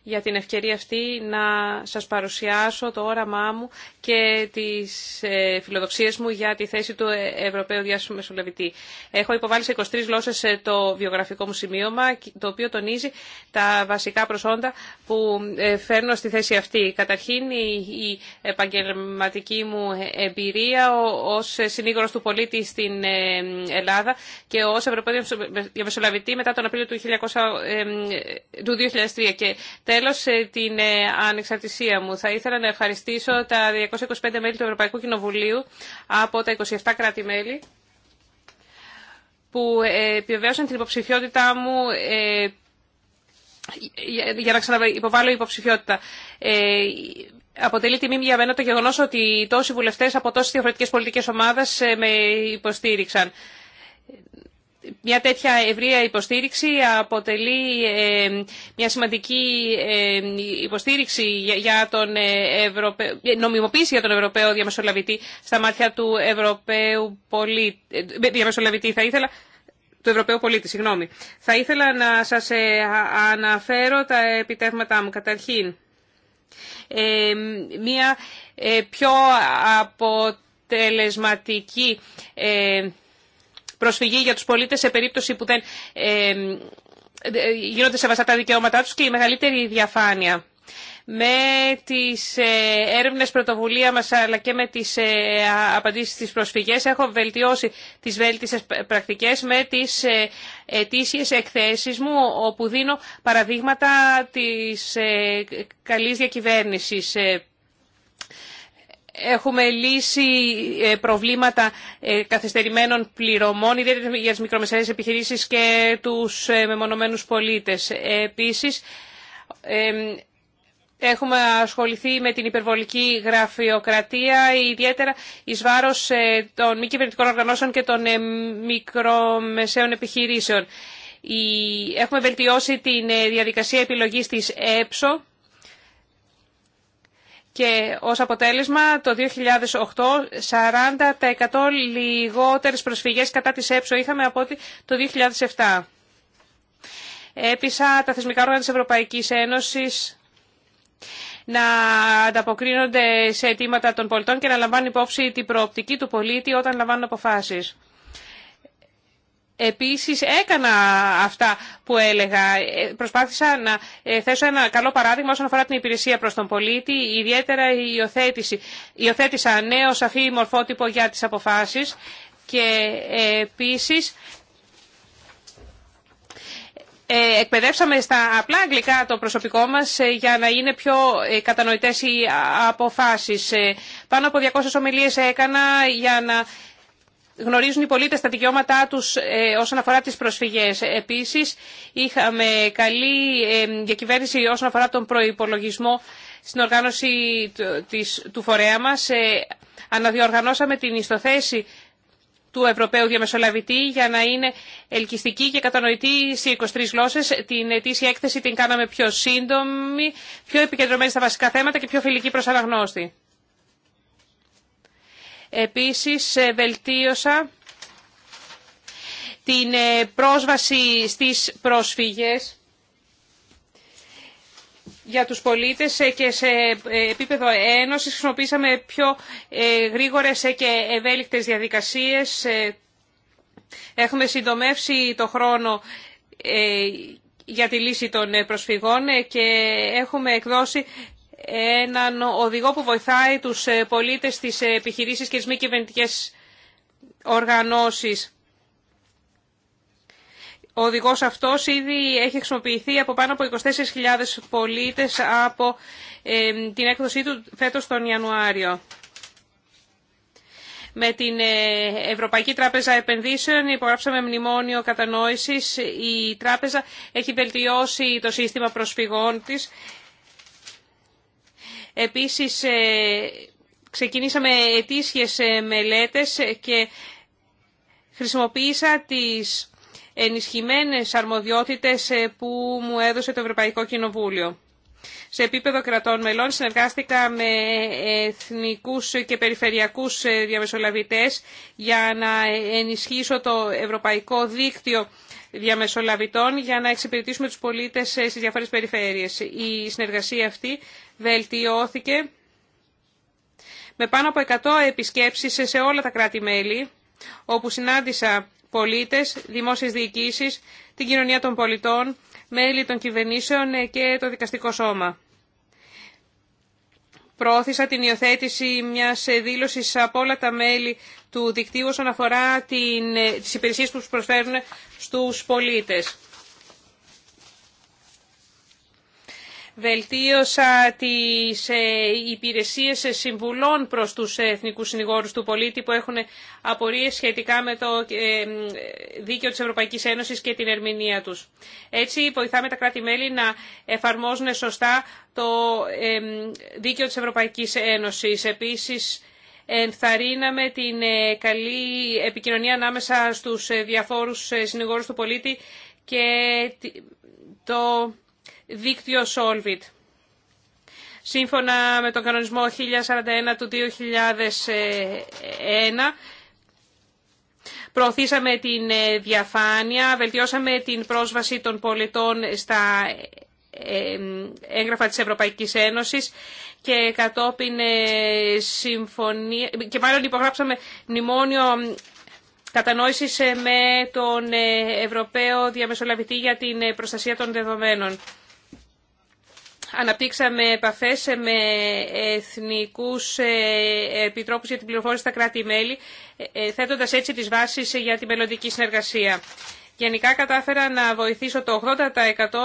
για την ευκαιρία αυτή να σας παρουσιάσω το όραμά μου και τις ε, φιλοδοξίες μου για τη θέση του ε, Ευρωπαίου Διάσημου Μεσολαβητή. Έχω υποβάλει σε 23 γλώσσες ε, το βιογραφικό μου σημείωμα, το οποίο τονίζει τα βασικά προσόντα που φέρνω στη θέση αυτή. Καταρχήν η επαγγελματική μου εμπειρία ως συνήγορος του πολίτη στην Ελλάδα και ως Ευρωπαίο Μεσολαβητή μετά τον Απρίλιο του 2003 Τέλος, ε, την ε, ανεξαρτησία μου. Θα ήθελα να ευχαριστήσω τα 225 μέλη του Ευρωπαϊκού Κοινοβουλίου από τα 27 κράτη-μέλη που ε, επιβεβαίωσαν την υποψηφιότητά μου για να ξαναυποβάλω υποψηφιότητα. Αποτελεί τιμή για μένα το γεγονός ότι τόσοι βουλευτές από τόσες διαφορετικές πολιτικές ομάδες με υποστήριξαν μια τέτοια ευρεία υποστήριξη αποτελεί ε, μια σημαντική ε, υποστήριξη για τον ε, νομιμοποίηση για τον Ευρωπαίο διαμεσολαβητή στα μάτια του Ευρωπαίου πολίτη. Διαμεσολαβητή θα ήθελα του Ευρωπαίου πολίτη, συγγνώμη. Θα ήθελα να σας αναφέρω τα επιτεύγματά μου. Καταρχήν, μια πιο αποτελεσματική προσφυγή για τους πολίτες σε περίπτωση που δεν γίνονται σεβαστά τα δικαιώματά τους και η μεγαλύτερη διαφάνεια. Με τις ε, έρευνες πρωτοβουλία μας αλλά και με τις ε, απαντήσεις στις προσφυγές έχω βελτιώσει τις βέλτιστες πρακτικές με τις ετήσιες εκθέσεις μου όπου δίνω παραδείγματα της ε, καλής διακυβέρνησης Έχουμε λύσει ε, προβλήματα ε, καθυστερημένων πληρωμών, ιδιαίτερα για τις μικρομεσαίες επιχειρήσεις και τους ε, μεμονωμένους πολίτες. Επίσης, έχουμε ασχοληθεί με την υπερβολική γραφειοκρατία, ιδιαίτερα εις βάρος των μη κυβερνητικών οργανώσεων και των μικρομεσαίων επιχειρήσεων. Έχουμε βελτιώσει την διαδικασία επιλογής της ΕΠΣΟ, και ως αποτέλεσμα το 2008 40% λιγότερες προσφυγές κατά της έπσο είχαμε από ότι το 2007. Έπεισα τα θεσμικά όργανα της Ευρωπαϊκής Ένωσης να ανταποκρίνονται σε αιτήματα των πολιτών και να λαμβάνουν υπόψη την προοπτική του πολίτη όταν λαμβάνουν αποφάσεις. Επίσης έκανα αυτά που έλεγα. Ε, προσπάθησα να ε, θέσω ένα καλό παράδειγμα όσον αφορά την υπηρεσία προς τον πολίτη, ιδιαίτερα η υιοθέτηση. Υιοθέτησα νέο σαφή μορφότυπο για τις αποφάσεις και ε, επίσης εκπαιδεύσαμε στα απλά αγγλικά το προσωπικό μας για να είναι πιο κατανοητές οι αποφάσεις. Πάνω από 200 ομιλίες έκανα για να γνωρίζουν οι πολίτες τα δικαιώματά τους ε, όσον αφορά τις προσφυγές. Επίσης, είχαμε καλή ε, διακυβέρνηση όσον αφορά τον προϋπολογισμό στην οργάνωση του φορέα μας. Ε, αναδιοργανώσαμε την ιστοθέση του Ευρωπαίου Διαμεσολαβητή για να είναι ελκυστική και κατανοητή σε 23 γλώσσες. Την ετήσια έκθεση την κάναμε πιο σύντομη, πιο επικεντρωμένη στα βασικά θέματα και πιο φιλική προς αναγνώστη. Επίσης, ε, βελτίωσα την ε, πρόσβαση στις πρόσφυγες για τους πολίτες ε, και σε επίπεδο ένωσης χρησιμοποίησαμε πιο γρήγορες και ευέλικτες διαδικασίες. Έχουμε συντομεύσει το χρόνο για τη λύση των προσφυγών και έχουμε εκδώσει έναν οδηγό που βοηθάει τους ε, πολίτες, στις ε, επιχειρήσεις και τις μη κυβερνητικέ οργανώσεις. Ο οδηγός αυτός ήδη έχει χρησιμοποιηθεί από πάνω από 24.000 πολίτες από ε, την έκδοσή του φέτος τον Ιανουάριο. Με την Ευρωπαϊκή Τράπεζα Επενδύσεων υπογράψαμε μνημόνιο κατανόησης. Η τράπεζα έχει βελτιώσει το σύστημα προσφυγών της Επίσης, ε, ξεκινήσαμε ετήσιες ε, μελέτες ε, και χρησιμοποίησα τις ενισχυμένες αρμοδιότητες που μου έδωσε το Ευρωπαϊκό Κοινοβούλιο. Σε επίπεδο κρατών μελών συνεργάστηκα με εθνικούς και περιφερειακούς διαμεσολαβητές για να ενισχύσω το ευρωπαϊκό δίκτυο διαμεσολαβητών για να εξυπηρετήσουμε τους πολίτες στις διάφορες περιφέρειες. Η συνεργασία αυτή βελτιώθηκε με πάνω από 100 επισκέψεις σε όλα τα κράτη-μέλη, όπου συνάντησα πολίτες, δημόσιες διοικήσεις, την κοινωνία των πολιτών, μέλη των κυβερνήσεων και το δικαστικό σώμα. Πρόθεσα την υιοθέτηση μιας δήλωσης από όλα τα μέλη του δικτύου όσον αφορά την, τις υπηρεσίες που προσφέρουν στους πολίτες. Βελτίωσα τις ε, υπηρεσίες συμβουλών προς τους εθνικούς συνηγόρους του πολίτη που έχουν απορίες σχετικά με το ε, δίκαιο της Ευρωπαϊκής Ένωσης και την ερμηνεία τους. Έτσι βοηθάμε τα κράτη-μέλη να εφαρμόζουν σωστά το ε, δίκαιο της Ευρωπαϊκής Ένωσης. Επίσης, ενθαρρύναμε την καλή επικοινωνία ανάμεσα στους διαφόρους συνηγόρους του πολίτη και το δίκτυο Solvit. Σύμφωνα με τον κανονισμό 1041 του 2001, προωθήσαμε την ε, διαφάνεια, βελτιώσαμε την πρόσβαση των πολιτών στα ε, έγγραφα της Ευρωπαϊκής Ένωσης και κατόπιν ε, συμφωνία και μάλλον υπογράψαμε μνημόνιο κατανόησης με τον Ευρωπαίο Διαμεσολαβητή για την προστασία των δεδομένων αναπτύξαμε επαφές με εθνικούς ε, επιτρόπους για την πληροφόρηση στα κράτη-μέλη, ε, ε, θέτοντας έτσι τις βάσεις για τη μελλοντική συνεργασία. Γενικά κατάφερα να βοηθήσω το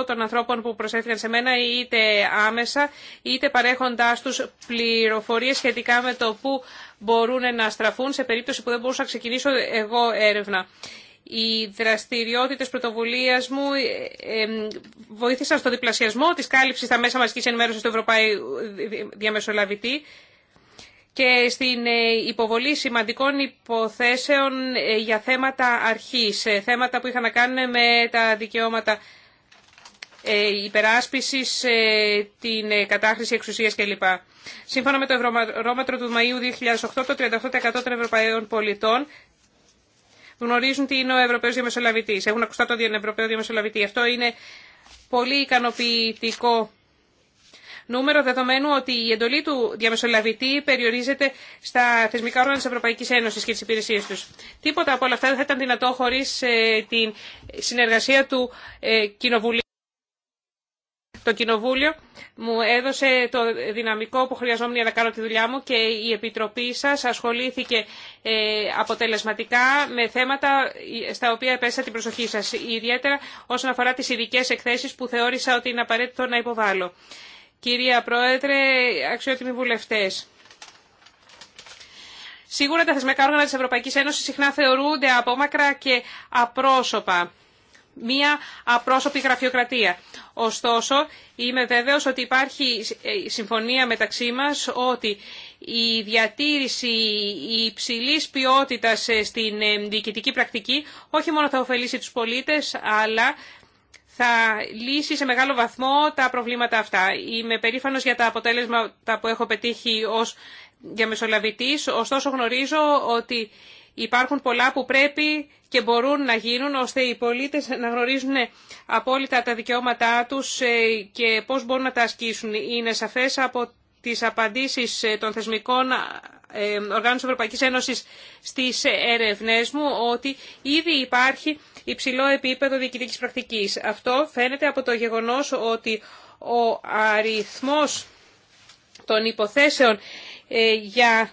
80% των ανθρώπων που προσέφηκαν σε μένα είτε άμεσα είτε παρέχοντάς τους πληροφορίες σχετικά με το που μπορούν να στραφούν σε περίπτωση που δεν μπορούσα να ξεκινήσω εγώ έρευνα οι δραστηριότητες πρωτοβουλίας μου ε, ε, ε, βοήθησαν στο διπλασιασμό της κάλυψης στα μέσα μαζικής ενημέρωσης του Ευρωπαϊκού Διαμεσολαβητή και στην υποβολή σημαντικών υποθέσεων για θέματα αρχής, θέματα που είχαν να κάνουν με τα δικαιώματα υπεράσπισης, την κατάχρηση εξουσίας κλπ. Σύμφωνα με το Ευρωμάτρο του Μαΐου 2008, το 38% των Ευρωπαϊκών πολιτών γνωρίζουν τι είναι ο Ευρωπαίος Διαμεσολαβητής. Έχουν ακουστά το Ευρωπαίο Διαμεσολαβητή. Αυτό είναι πολύ ικανοποιητικό νούμερο, δεδομένου ότι η εντολή του διαμεσολαβητή περιορίζεται στα θεσμικά όργανα τη Ευρωπαϊκή Ένωση και τι υπηρεσίε του. Τίποτα από όλα αυτά δεν θα ήταν δυνατό χωρί ε, την συνεργασία του ε, Κοινοβουλίου. Το Κοινοβούλιο μου έδωσε το δυναμικό που χρειαζόμουν για να κάνω τη δουλειά μου και η Επιτροπή σας ασχολήθηκε ε, αποτελεσματικά με θέματα στα οποία επέστρεψα την προσοχή σας, ιδιαίτερα όσον αφορά τις ειδικέ εκθέσεις που θεώρησα ότι είναι απαραίτητο να υποβάλω. Κυρία Πρόεδρε, αξιότιμοι βουλευτές. Σίγουρα τα θεσμικά όργανα της Ευρωπαϊκής Ένωσης συχνά θεωρούνται απόμακρα και απρόσωπα μία απρόσωπη γραφειοκρατία. Ωστόσο, είμαι βέβαιος ότι υπάρχει ε, συμφωνία μεταξύ μας ότι η διατήρηση υψηλής ποιότητας ε, στην ε, διοικητική πρακτική όχι μόνο θα ωφελήσει τους πολίτες, αλλά θα λύσει σε μεγάλο βαθμό τα προβλήματα αυτά. Είμαι περήφανος για τα αποτέλεσματα που έχω πετύχει ως διαμεσολαβητής, ωστόσο γνωρίζω ότι Υπάρχουν πολλά που πρέπει και μπορούν να γίνουν ώστε οι πολίτες να γνωρίζουν απόλυτα τα δικαιώματά τους ε, και πώς μπορούν να τα ασκήσουν. Είναι σαφές από τις απαντήσεις ε, των θεσμικών ε, οργάνων Ευρωπαϊκής Ένωσης στις έρευνές μου ότι ήδη υπάρχει υψηλό επίπεδο διοικητικής πρακτικής. Αυτό φαίνεται από το γεγονός ότι ο αριθμός των υποθέσεων για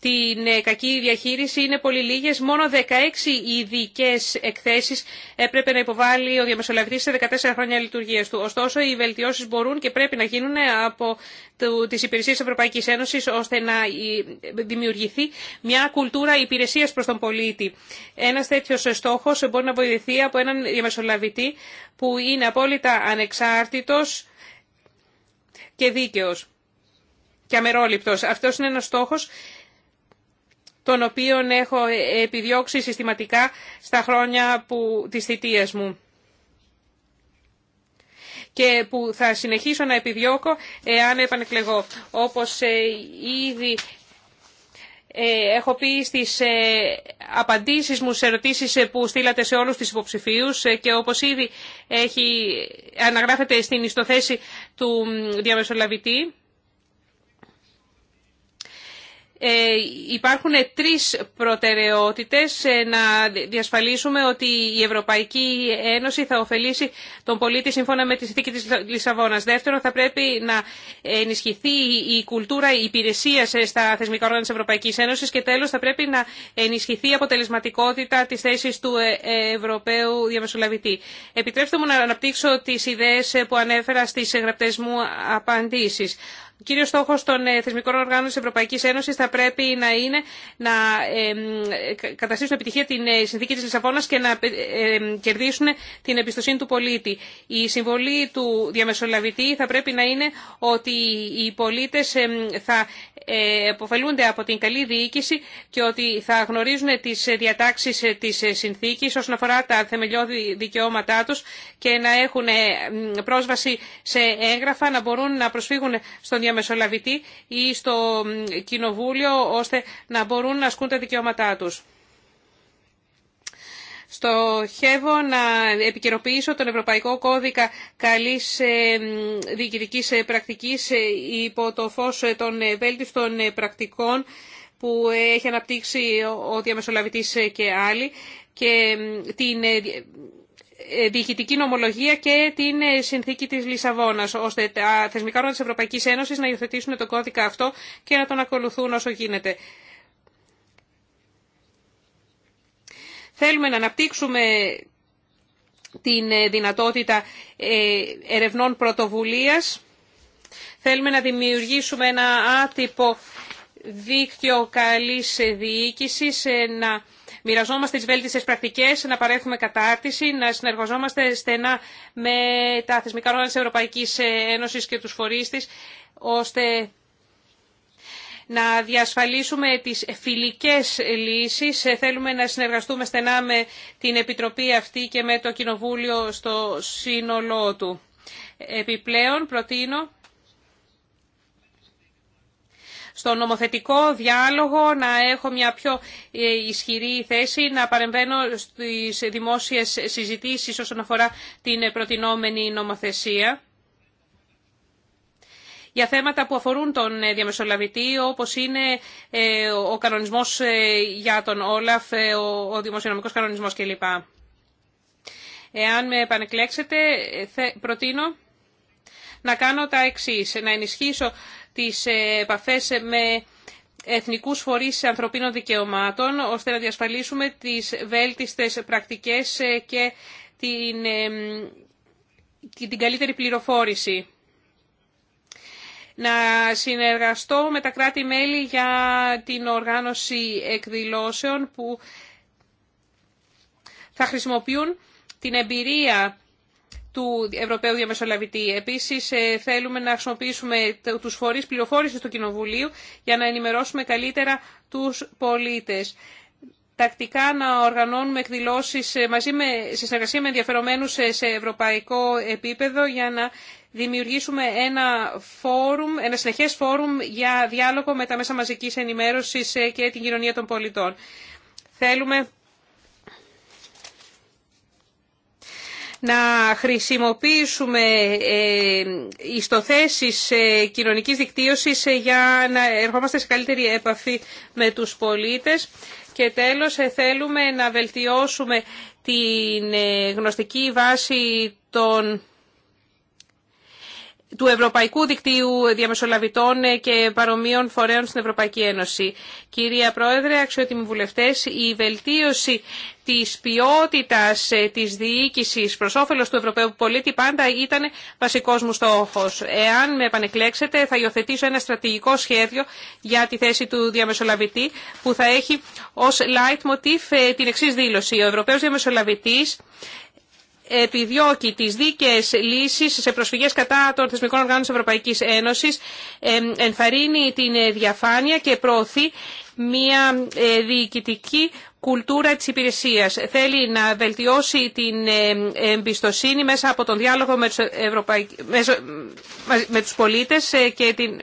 την ε, κακή διαχείριση είναι πολύ λίγε. Μόνο 16 ειδικέ εκθέσεις έπρεπε να υποβάλει ο διαμεσολαβητής σε 14 χρόνια λειτουργία του. Ωστόσο, οι βελτιώσει μπορούν και πρέπει να γίνουν από τι υπηρεσίε της Ευρωπαϊκής Ένωσης ώστε να ε, δημιουργηθεί μια κουλτούρα υπηρεσίας προς τον πολίτη. Ένας τέτοιο στόχο μπορεί να βοηθηθεί από έναν διαμεσολαβητή που είναι απόλυτα ανεξάρτητο και δίκαιο και αμερόληπτος. Αυτός είναι ένας στόχος τον οποίο έχω επιδιώξει συστηματικά στα χρόνια που, της θητείας μου και που θα συνεχίσω να επιδιώκω εάν επανεκλεγώ. Όπως ε, ήδη ε, έχω πει στις ε, απαντήσεις μου σε ερωτήσεις που στείλατε σε όλους τους υποψηφίους και όπως ήδη έχει, αναγράφεται στην ιστοθέση του διαμεσολαβητή, ε, υπάρχουν τρεις προτεραιότητες ε, να διασφαλίσουμε ότι η Ευρωπαϊκή Ένωση θα ωφελήσει τον πολίτη σύμφωνα με τη συνθήκη της Λισαβόνας. Δεύτερον, θα πρέπει να ενισχυθεί η κουλτούρα υπηρεσία στα θεσμικά όργανα της Ευρωπαϊκής Ένωσης και τέλος θα πρέπει να ενισχυθεί η αποτελεσματικότητα της θέσης του ε, Ευρωπαίου Διαμεσολαβητή. Επιτρέψτε μου να αναπτύξω τις ιδέες που ανέφερα στις γραπτές μου απαντήσεις. Κύριο στόχο των ε, θεσμικών οργάνων τη Ευρωπαϊκή Ένωση, θα πρέπει να είναι να καταστήσουν επιτυχία την ε, συνθήκη τη Λισαβόνα και να ε, κερδίσουν την εμπιστοσύνη του πολίτη. Η συμβολή του διαμεσολαβητή θα πρέπει να είναι ότι οι πολίτες θα αποφελούνται από την καλή διοίκηση και ότι θα γνωρίζουν τις διατάξεις της συνθήκη όσον αφορά τα θεμελιώδη δικαιώματά του και να έχουν πρόσβαση σε έγγραφα, να μπορούν να προσφύγουν στον διαμεσολαβητή μεσολαβητή ή στο κοινοβούλιο ώστε να μπορούν να ασκούν τα δικαιώματά τους. Στοχεύω να επικαιροποιήσω τον Ευρωπαϊκό Κώδικα Καλής ε, Διοικητικής ε, Πρακτικής ε, υπό το φως των βέλτιστων πρακτικών που έχει αναπτύξει ο διαμεσολαβητής και άλλοι και την ε, διοικητική νομολογία και την ε, συνθήκη της Λισαβόνας, ώστε τα θεσμικά όργανα της Ευρωπαϊκής Ένωσης να υιοθετήσουν τον κώδικα αυτό και να τον ακολουθούν όσο γίνεται. Θέλουμε να αναπτύξουμε την ε, δυνατότητα ερευνών πρωτοβουλίας. Θέλουμε να δημιουργήσουμε ένα άτυπο δίκτυο καλής διοίκησης, να μοιραζόμαστε τις βέλτιστες πρακτικές, να παρέχουμε κατάρτιση, να συνεργαζόμαστε στενά με τα θεσμικά όργανα της Ευρωπαϊκής Ένωσης και τους φορείς της, ώστε να διασφαλίσουμε τις φιλικές λύσεις. Θέλουμε να συνεργαστούμε στενά με την Επιτροπή αυτή και με το Κοινοβούλιο στο σύνολό του. Επιπλέον, προτείνω στο νομοθετικό διάλογο να έχω μια πιο ε, ισχυρή θέση, να παρεμβαίνω στις δημόσιες συζητήσεις όσον αφορά την προτινόμενη νομοθεσία για θέματα που αφορούν τον ε, διαμεσολαβητή, όπως είναι ε, ο κανονισμός για τον Όλαφ, ο δημοσιονομικός κανονισμός κλπ. Εάν με επανεκλέξετε, προτείνω να κάνω τα εξής. Να ενισχύσω τις ε, επαφές με εθνικούς φορείς ανθρωπίνων δικαιωμάτων, ώστε να διασφαλίσουμε τις βέλτιστες πρακτικές ε, και την, ε, και την καλύτερη πληροφόρηση. Να συνεργαστώ με τα κράτη-μέλη για την οργάνωση εκδηλώσεων που θα χρησιμοποιούν την εμπειρία του Ευρωπαίου Διαμεσολαβητή. Επίσης, ε, θέλουμε να χρησιμοποιήσουμε τους φορείς πληροφόρηση του Κοινοβουλίου για να ενημερώσουμε καλύτερα τους πολίτες. Τακτικά να οργανώνουμε εκδηλώσεις ε, μαζί με, σε συνεργασία με ενδιαφερομένους ε, σε ευρωπαϊκό επίπεδο για να δημιουργήσουμε ένα, φόρουμ, ένα συνεχές φόρουμ για διάλογο με τα μέσα μαζικής ενημέρωσης και την κοινωνία των πολιτών. Θέλουμε να χρησιμοποιήσουμε ε, ιστοθέσεις ε, κοινωνικής δικτύωσης ε, για να ερχόμαστε σε καλύτερη επαφή με τους πολίτες. Και τέλος θέλουμε να βελτιώσουμε την γνωστική βάση των του Ευρωπαϊκού Δικτύου Διαμεσολαβητών ε, και Παρομοίων Φορέων στην Ευρωπαϊκή Ένωση. Κυρία Πρόεδρε, αξιότιμοι βουλευτές, η βελτίωση της ποιότητας ε, της διοίκησης προς όφελος του Ευρωπαίου πολίτη πάντα ήταν βασικός μου στόχος. Εάν με επανεκλέξετε θα υιοθετήσω ένα στρατηγικό σχέδιο για τη θέση του διαμεσολαβητή που θα έχει ως light motif ε, την εξή δήλωση. Ο Ευρωπαίος Διαμεσολαβητής επιδιώκει τις δίκαιες λύσεις σε προσφυγές κατά των θεσμικών οργάνων της Ευρωπαϊκής Ένωσης, ενθαρρύνει την διαφάνεια και προωθεί μια ε, διοικητική κουλτούρα της υπηρεσίας. Θέλει να βελτιώσει την ε, εμπιστοσύνη μέσα από τον διάλογο με τους, με πολίτες ε, και την...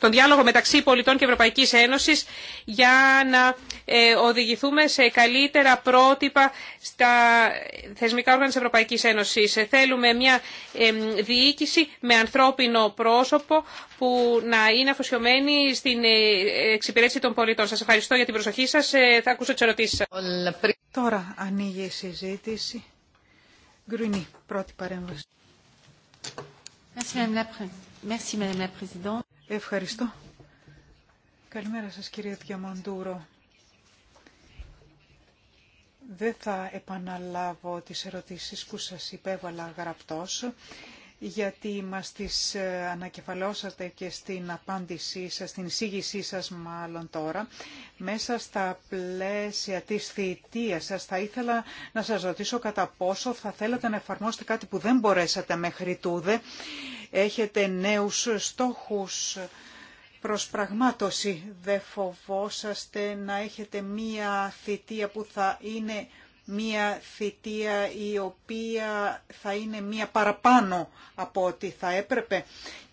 τον διάλογο μεταξύ πολιτών και Ευρωπαϊκής Ένωσης για να ε, οδηγηθούμε σε καλύτερα πρότυπα στα θεσμικά όργανα της Ευρωπαϊκής Ένωσης. Ε, θέλουμε μια διοίκηση με ανθρώπινο πρόσωπο που να είναι αφοσιωμένη στην ε, εξυπηρέτηση των πολιτών. Σας ευχαριστώ για την προσοχή σας. Θα ακούσω τις ερωτήσεις σας. Τώρα ανοίγει η συζήτηση. Γκρουνή, πρώτη παρέμβαση. Ευχαριστώ. Καλημέρα σας κύριε Διαμαντούρο. Δεν θα επαναλάβω τις ερωτήσεις που σας υπέβαλα γραπτός, γιατί μας τις ε, ανακεφαλώσατε και στην απάντησή σας, στην εισήγησή σας μάλλον τώρα. Μέσα στα πλαίσια της θητείας σας θα ήθελα να σας ρωτήσω κατά πόσο θα θέλατε να εφαρμόσετε κάτι που δεν μπορέσατε μέχρι τούδε. Έχετε νέους στόχους πραγμάτωση. Δεν φοβόσαστε να έχετε μία θητεία που θα είναι μία θητεία η οποία θα είναι μία παραπάνω από ό,τι θα έπρεπε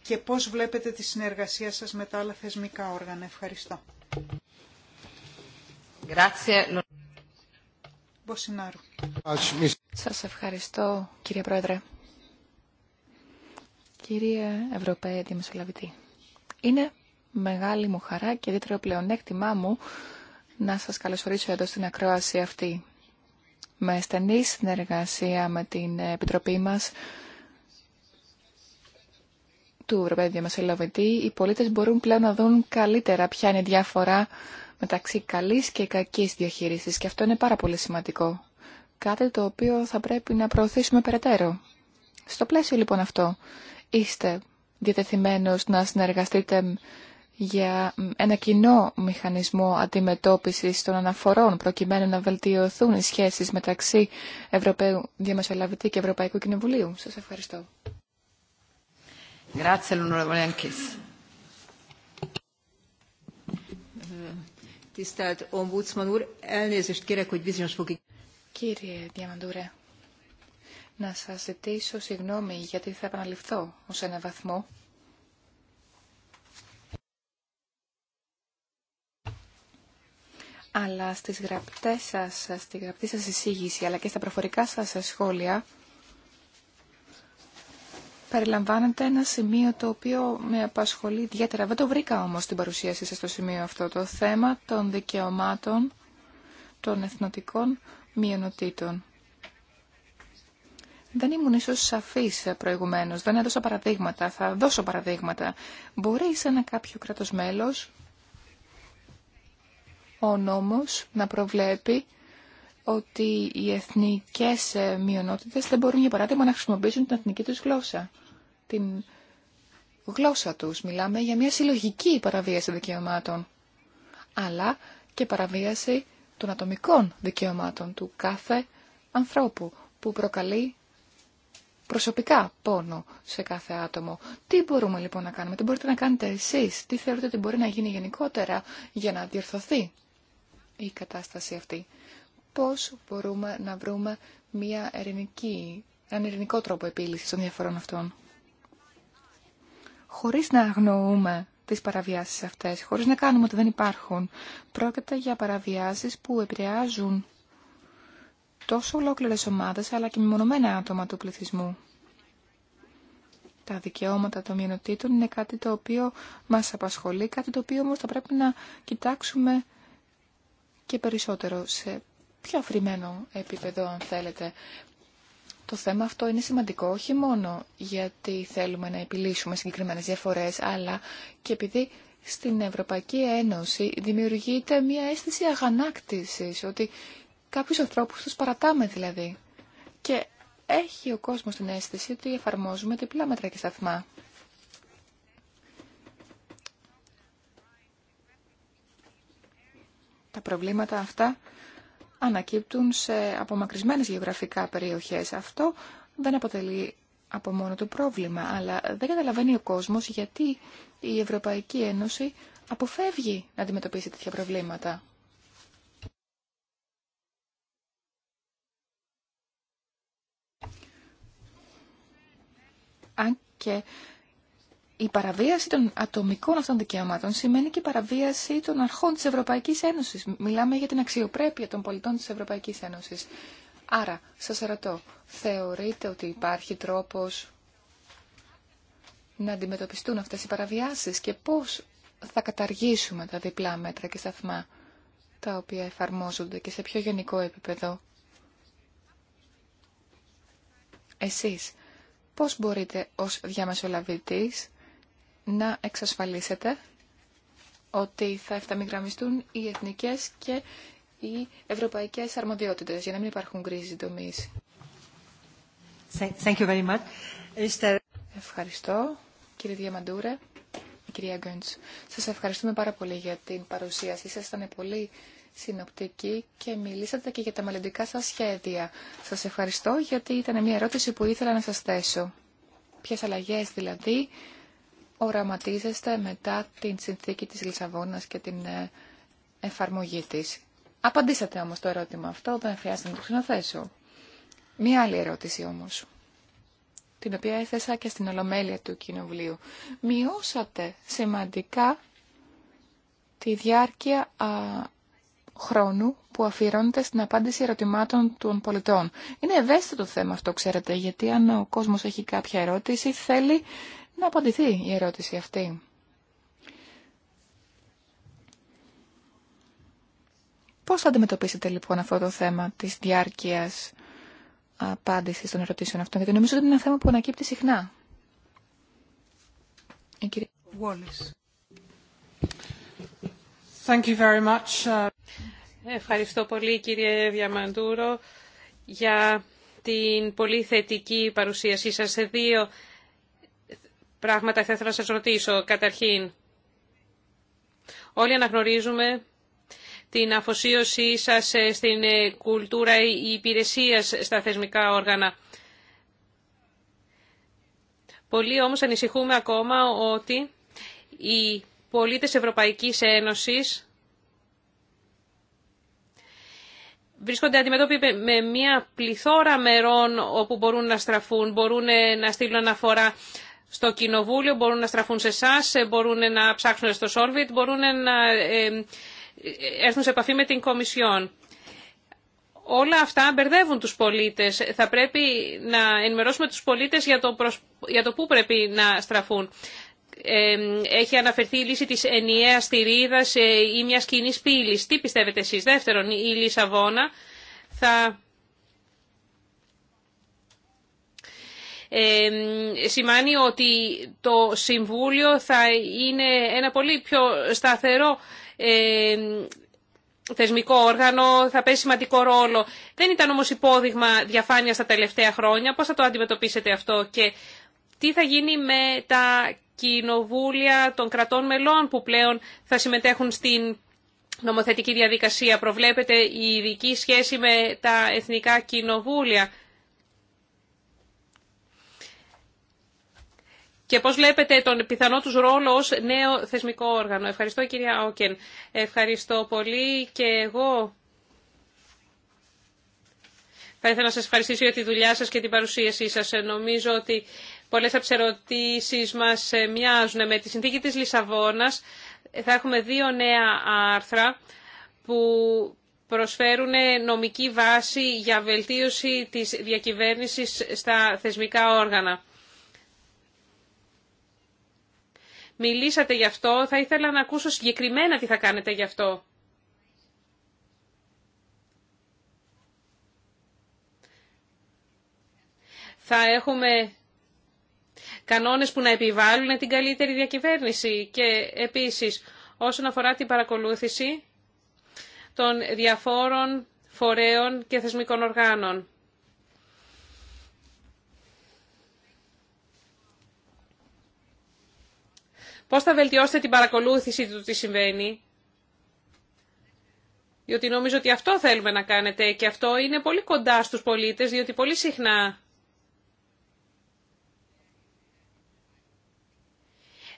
και πώς βλέπετε τη συνεργασία σας με τα άλλα θεσμικά όργανα. Ευχαριστώ. Σας ευχαριστώ κύριε Πρόεδρε. Κύριε Ευρωπαίη Δημοσιολάβητη. είναι μεγάλη μου χαρά και ιδιαίτερο πλεονέκτημά μου να σας καλωσορίσω εδώ στην ακρόαση αυτή. Με στενή συνεργασία με την Επιτροπή μας του Ευρωπαϊκού Διαμεσολαβητή, οι πολίτες μπορούν πλέον να δουν καλύτερα ποια είναι η διαφορά μεταξύ καλής και κακής διαχείρισης και αυτό είναι πάρα πολύ σημαντικό. Κάτι το οποίο θα πρέπει να προωθήσουμε περαιτέρω. Στο πλαίσιο λοιπόν αυτό, είστε διατεθειμένος να συνεργαστείτε για ένα κοινό μηχανισμό αντιμετώπισης των αναφορών προκειμένου να βελτιωθούν οι σχέσεις μεταξύ Ευρωπαίου Διαμεσολαβητή και Ευρωπαϊκού Κοινοβουλίου. Σας ευχαριστώ. Κύριε Διαμαντούρε, να σας ζητήσω συγγνώμη γιατί θα επαναληφθώ ως ένα βαθμό αλλά στις γραπτές σας, στη γραπτή σας εισήγηση, αλλά και στα προφορικά σας σχόλια, περιλαμβάνεται ένα σημείο το οποίο με απασχολεί ιδιαίτερα. Δεν το βρήκα όμως την παρουσίασή σας στο σημείο αυτό, το θέμα των δικαιωμάτων των εθνοτικών μειονοτήτων. Δεν ήμουν ίσως σαφής προηγουμένως, δεν έδωσα παραδείγματα, θα δώσω παραδείγματα. Μπορεί σε ένα κάποιο κράτος μέλος ο νόμος να προβλέπει ότι οι εθνικές ε, μειονότητες δεν μπορούν για παράδειγμα να χρησιμοποιήσουν την εθνική τους γλώσσα. Την γλώσσα τους. Μιλάμε για μια συλλογική παραβίαση δικαιωμάτων. Αλλά και παραβίαση των ατομικών δικαιωμάτων του κάθε ανθρώπου που προκαλεί προσωπικά πόνο σε κάθε άτομο. Τι μπορούμε λοιπόν να κάνουμε, τι μπορείτε να κάνετε εσείς, τι θεωρείτε ότι μπορεί να γίνει γενικότερα για να διορθωθεί η κατάσταση αυτή. Πώς μπορούμε να βρούμε μια έναν ειρηνικό τρόπο επίλυσης των διαφορών αυτών. Χωρίς να αγνοούμε τις παραβιάσεις αυτές, χωρίς να κάνουμε ότι δεν υπάρχουν, πρόκειται για παραβιάσεις που επηρεάζουν τόσο ολόκληρες ομάδες, αλλά και μεμονωμένα άτομα του πληθυσμού. Τα δικαιώματα των μειονοτήτων είναι κάτι το οποίο μας απασχολεί, κάτι το οποίο όμως θα πρέπει να κοιτάξουμε και περισσότερο σε πιο αφρημένο επίπεδο, αν θέλετε. Το θέμα αυτό είναι σημαντικό όχι μόνο γιατί θέλουμε να επιλύσουμε συγκεκριμένες διαφορές, αλλά και επειδή στην Ευρωπαϊκή Ένωση δημιουργείται μια αίσθηση αγανάκτησης, ότι κάποιους ανθρώπους τους παρατάμε δηλαδή. Και έχει ο κόσμος την αίσθηση ότι εφαρμόζουμε διπλά μέτρα και σταθμά. Τα προβλήματα αυτά ανακύπτουν σε απομακρυσμένες γεωγραφικά περιοχές. Αυτό δεν αποτελεί από μόνο του πρόβλημα, αλλά δεν καταλαβαίνει ο κόσμος γιατί η Ευρωπαϊκή Ένωση αποφεύγει να αντιμετωπίσει τέτοια προβλήματα. Αν και η παραβίαση των ατομικών αυτών δικαιωμάτων σημαίνει και η παραβίαση των αρχών της Ευρωπαϊκής Ένωσης. Μιλάμε για την αξιοπρέπεια των πολιτών της Ευρωπαϊκής Ένωσης. Άρα, σας ρωτώ, θεωρείτε ότι υπάρχει τρόπος να αντιμετωπιστούν αυτές οι παραβιάσεις και πώς θα καταργήσουμε τα διπλά μέτρα και σταθμά τα οποία εφαρμόζονται και σε πιο γενικό επίπεδο. Εσείς, πώς μπορείτε ως διαμεσολαβητής να εξασφαλίσετε ότι θα εφταμιγραμμιστούν οι εθνικές και οι ευρωπαϊκές αρμοδιότητες για να μην υπάρχουν κρίσεις δομής. Thank you very much. Ευχαριστώ, κύριε Διαμαντούρε, κυρία Γκέντς. Σας ευχαριστούμε πάρα πολύ για την παρουσίασή σας. Ήταν πολύ συνοπτική και μιλήσατε και για τα μελλοντικά σας σχέδια. Σας ευχαριστώ γιατί ήταν μια ερώτηση που ήθελα να σας θέσω. Ποιες αλλαγές δηλαδή οραματίζεστε μετά την συνθήκη της Λισαβόνας και την ε, εφαρμογή της. Απαντήσατε όμως το ερώτημα αυτό, δεν χρειάζεται να το ξαναθέσω. Μία άλλη ερώτηση όμως, την οποία έθεσα και στην Ολομέλεια του Κοινοβουλίου. Μειώσατε σημαντικά τη διάρκεια χρόνου που αφιερώνεται στην απάντηση ερωτημάτων των πολιτών. Είναι ευαίσθητο θέμα αυτό, ξέρετε, γιατί αν ο κόσμος έχει κάποια ερώτηση, θέλει να απαντηθεί η ερώτηση αυτή. Πώς θα αντιμετωπίσετε λοιπόν αυτό το θέμα της διάρκειας απάντησης των ερωτήσεων αυτών, γιατί νομίζω ότι είναι ένα θέμα που ανακύπτει συχνά. Η κυρία... Wallace. Thank you very much. Uh, Ευχαριστώ πολύ κύριε Διαμαντούρο για την πολύ θετική παρουσίασή σας σε δύο πράγματα θα ήθελα να σας ρωτήσω. Καταρχήν, όλοι αναγνωρίζουμε την αφοσίωσή σας ε, στην ε, κουλτούρα υπηρεσία στα θεσμικά όργανα. Πολλοί όμως ανησυχούμε ακόμα ότι οι πολίτες Ευρωπαϊκής Ένωσης βρίσκονται αντιμετώπιοι με μια πληθώρα μερών όπου μπορούν να στραφούν, μπορούν ε, να στείλουν αναφορά στο κοινοβούλιο, μπορούν να στραφούν σε εσά, ε, μπορούν να ψάξουν στο Solvit, μπορούν να ε, έρθουν σε επαφή με την Κομισιόν. Όλα αυτά μπερδεύουν τους πολίτες. Θα πρέπει να ενημερώσουμε τους πολίτες για το, πού πρέπει να στραφούν. Ε, έχει αναφερθεί η λύση της ενιαίας στηρίδας ή μιας κοινή πύλης. Τι πιστεύετε εσείς. Δεύτερον, η μιας κοινης πυλης τι πιστευετε εσεις δευτερον η λισαβονα θα σημαίνει ότι το Συμβούλιο θα είναι ένα πολύ πιο σταθερό θεσμικό όργανο, θα παίζει σημαντικό ρόλο. Δεν ήταν όμως υπόδειγμα διαφάνεια τα τελευταία χρόνια. Πώς θα το αντιμετωπίσετε αυτό και τι θα γίνει με τα κοινοβούλια των κρατών μελών που πλέον θα συμμετέχουν στην νομοθετική διαδικασία. Προβλέπετε η ειδική σχέση με τα εθνικά κοινοβούλια. και πώς βλέπετε τον πιθανό τους ρόλο ως νέο θεσμικό όργανο. Ευχαριστώ κυρία Όκεν. Ευχαριστώ πολύ και εγώ. Θα ήθελα να σας ευχαριστήσω για τη δουλειά σας και την παρουσίασή σας. Νομίζω ότι πολλές από τις ερωτήσεις μας μοιάζουν με τη συνθήκη της Λισαβόνας. Θα έχουμε δύο νέα άρθρα που προσφέρουν νομική βάση για βελτίωση της διακυβέρνησης στα θεσμικά όργανα. Μιλήσατε γι' αυτό. Θα ήθελα να ακούσω συγκεκριμένα τι θα κάνετε γι' αυτό. Θα έχουμε κανόνες που να επιβάλλουν την καλύτερη διακυβέρνηση και επίσης όσον αφορά την παρακολούθηση των διαφόρων φορέων και θεσμικών οργάνων. Πώς θα βελτιώσετε την παρακολούθηση του τι συμβαίνει. Διότι νομίζω ότι αυτό θέλουμε να κάνετε και αυτό είναι πολύ κοντά στους πολίτες, διότι πολύ συχνά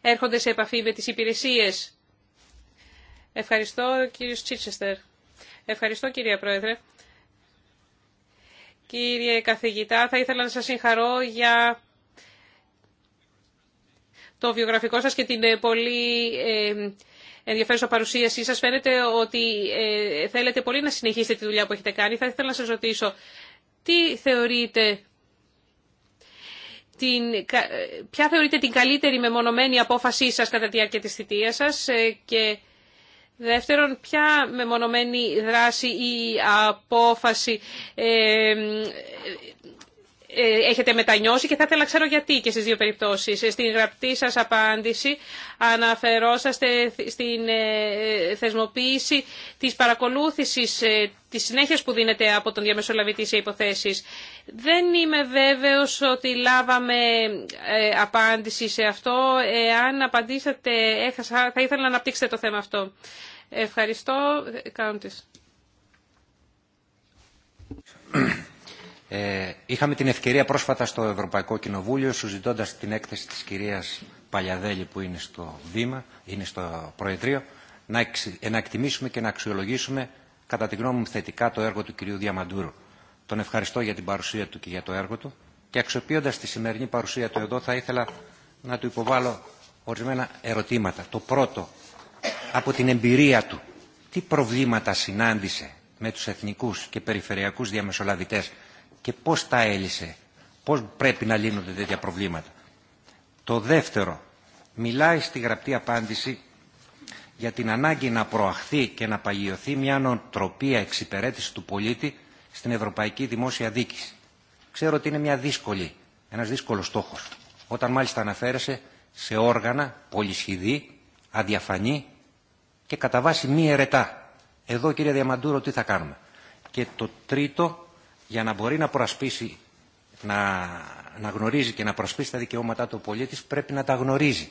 έρχονται σε επαφή με τις υπηρεσίες. Ευχαριστώ κύριο Τσίτσεστερ. Ευχαριστώ κυρία Πρόεδρε. Κύριε καθηγητά, θα ήθελα να σας συγχαρώ για το βιογραφικό σας και την ε, πολύ ε, ενδιαφέρουσα παρουσίασή σας. Φαίνεται ότι ε, θέλετε πολύ να συνεχίσετε τη δουλειά που έχετε κάνει. Θα ήθελα να σας ρωτήσω, τι θεωρείτε την, ποια θεωρείτε την καλύτερη μεμονωμένη απόφασή σας κατά τη διάρκεια της θητείας σας και δεύτερον ποια μεμονωμένη δράση ή απόφαση ε, έχετε μετανιώσει και θα ήθελα να ξέρω γιατί και στις δύο περιπτώσεις. Ε, στην γραπτή σας απάντηση αναφερόσαστε στην ε, θεσμοποίηση της παρακολούθησης της συνέχειας που δίνεται από τον διαμεσολαβητή σε υποθέσεις. Δεν είμαι βέβαιος ότι λάβαμε απάντηση σε αυτό. Αν απαντήσατε, έχασα, θα ήθελα να αναπτύξετε το θέμα αυτό. Ευχαριστώ. Ε, είχαμε την ευκαιρία πρόσφατα στο Ευρωπαϊκό Κοινοβούλιο, συζητώντα την έκθεση της κυρίας Παλιαδέλη που είναι στο Βήμα, είναι στο Προεδρείο, ε, να, εκτιμήσουμε και να αξιολογήσουμε κατά τη γνώμη μου θετικά το έργο του κυρίου Διαμαντούρου. Τον ευχαριστώ για την παρουσία του και για το έργο του και αξιοποιώντα τη σημερινή παρουσία του εδώ θα ήθελα να του υποβάλω ορισμένα ερωτήματα. Το πρώτο, από την εμπειρία του, τι προβλήματα συνάντησε με τους εθνικούς και περιφερειακούς διαμεσολαβητές και πώς τα έλυσε. Πώς πρέπει να λύνονται τέτοια προβλήματα. Το δεύτερο, μιλάει στη γραπτή απάντηση για την ανάγκη να προαχθεί και να παγιωθεί μια νοοτροπία εξυπηρέτηση του πολίτη στην Ευρωπαϊκή Δημόσια Δίκηση. Ξέρω ότι είναι μια δύσκολη, ένας δύσκολος στόχος. Όταν μάλιστα αναφέρεσαι σε όργανα πολυσχηδή, αδιαφανή και κατά βάση μη ερετά. Εδώ κύριε Διαμαντούρο τι θα κάνουμε. Και το τρίτο για να μπορεί να προασπίσει, να, να γνωρίζει και να προασπίσει τα δικαιώματά του ο πολίτης, πρέπει να τα γνωρίζει.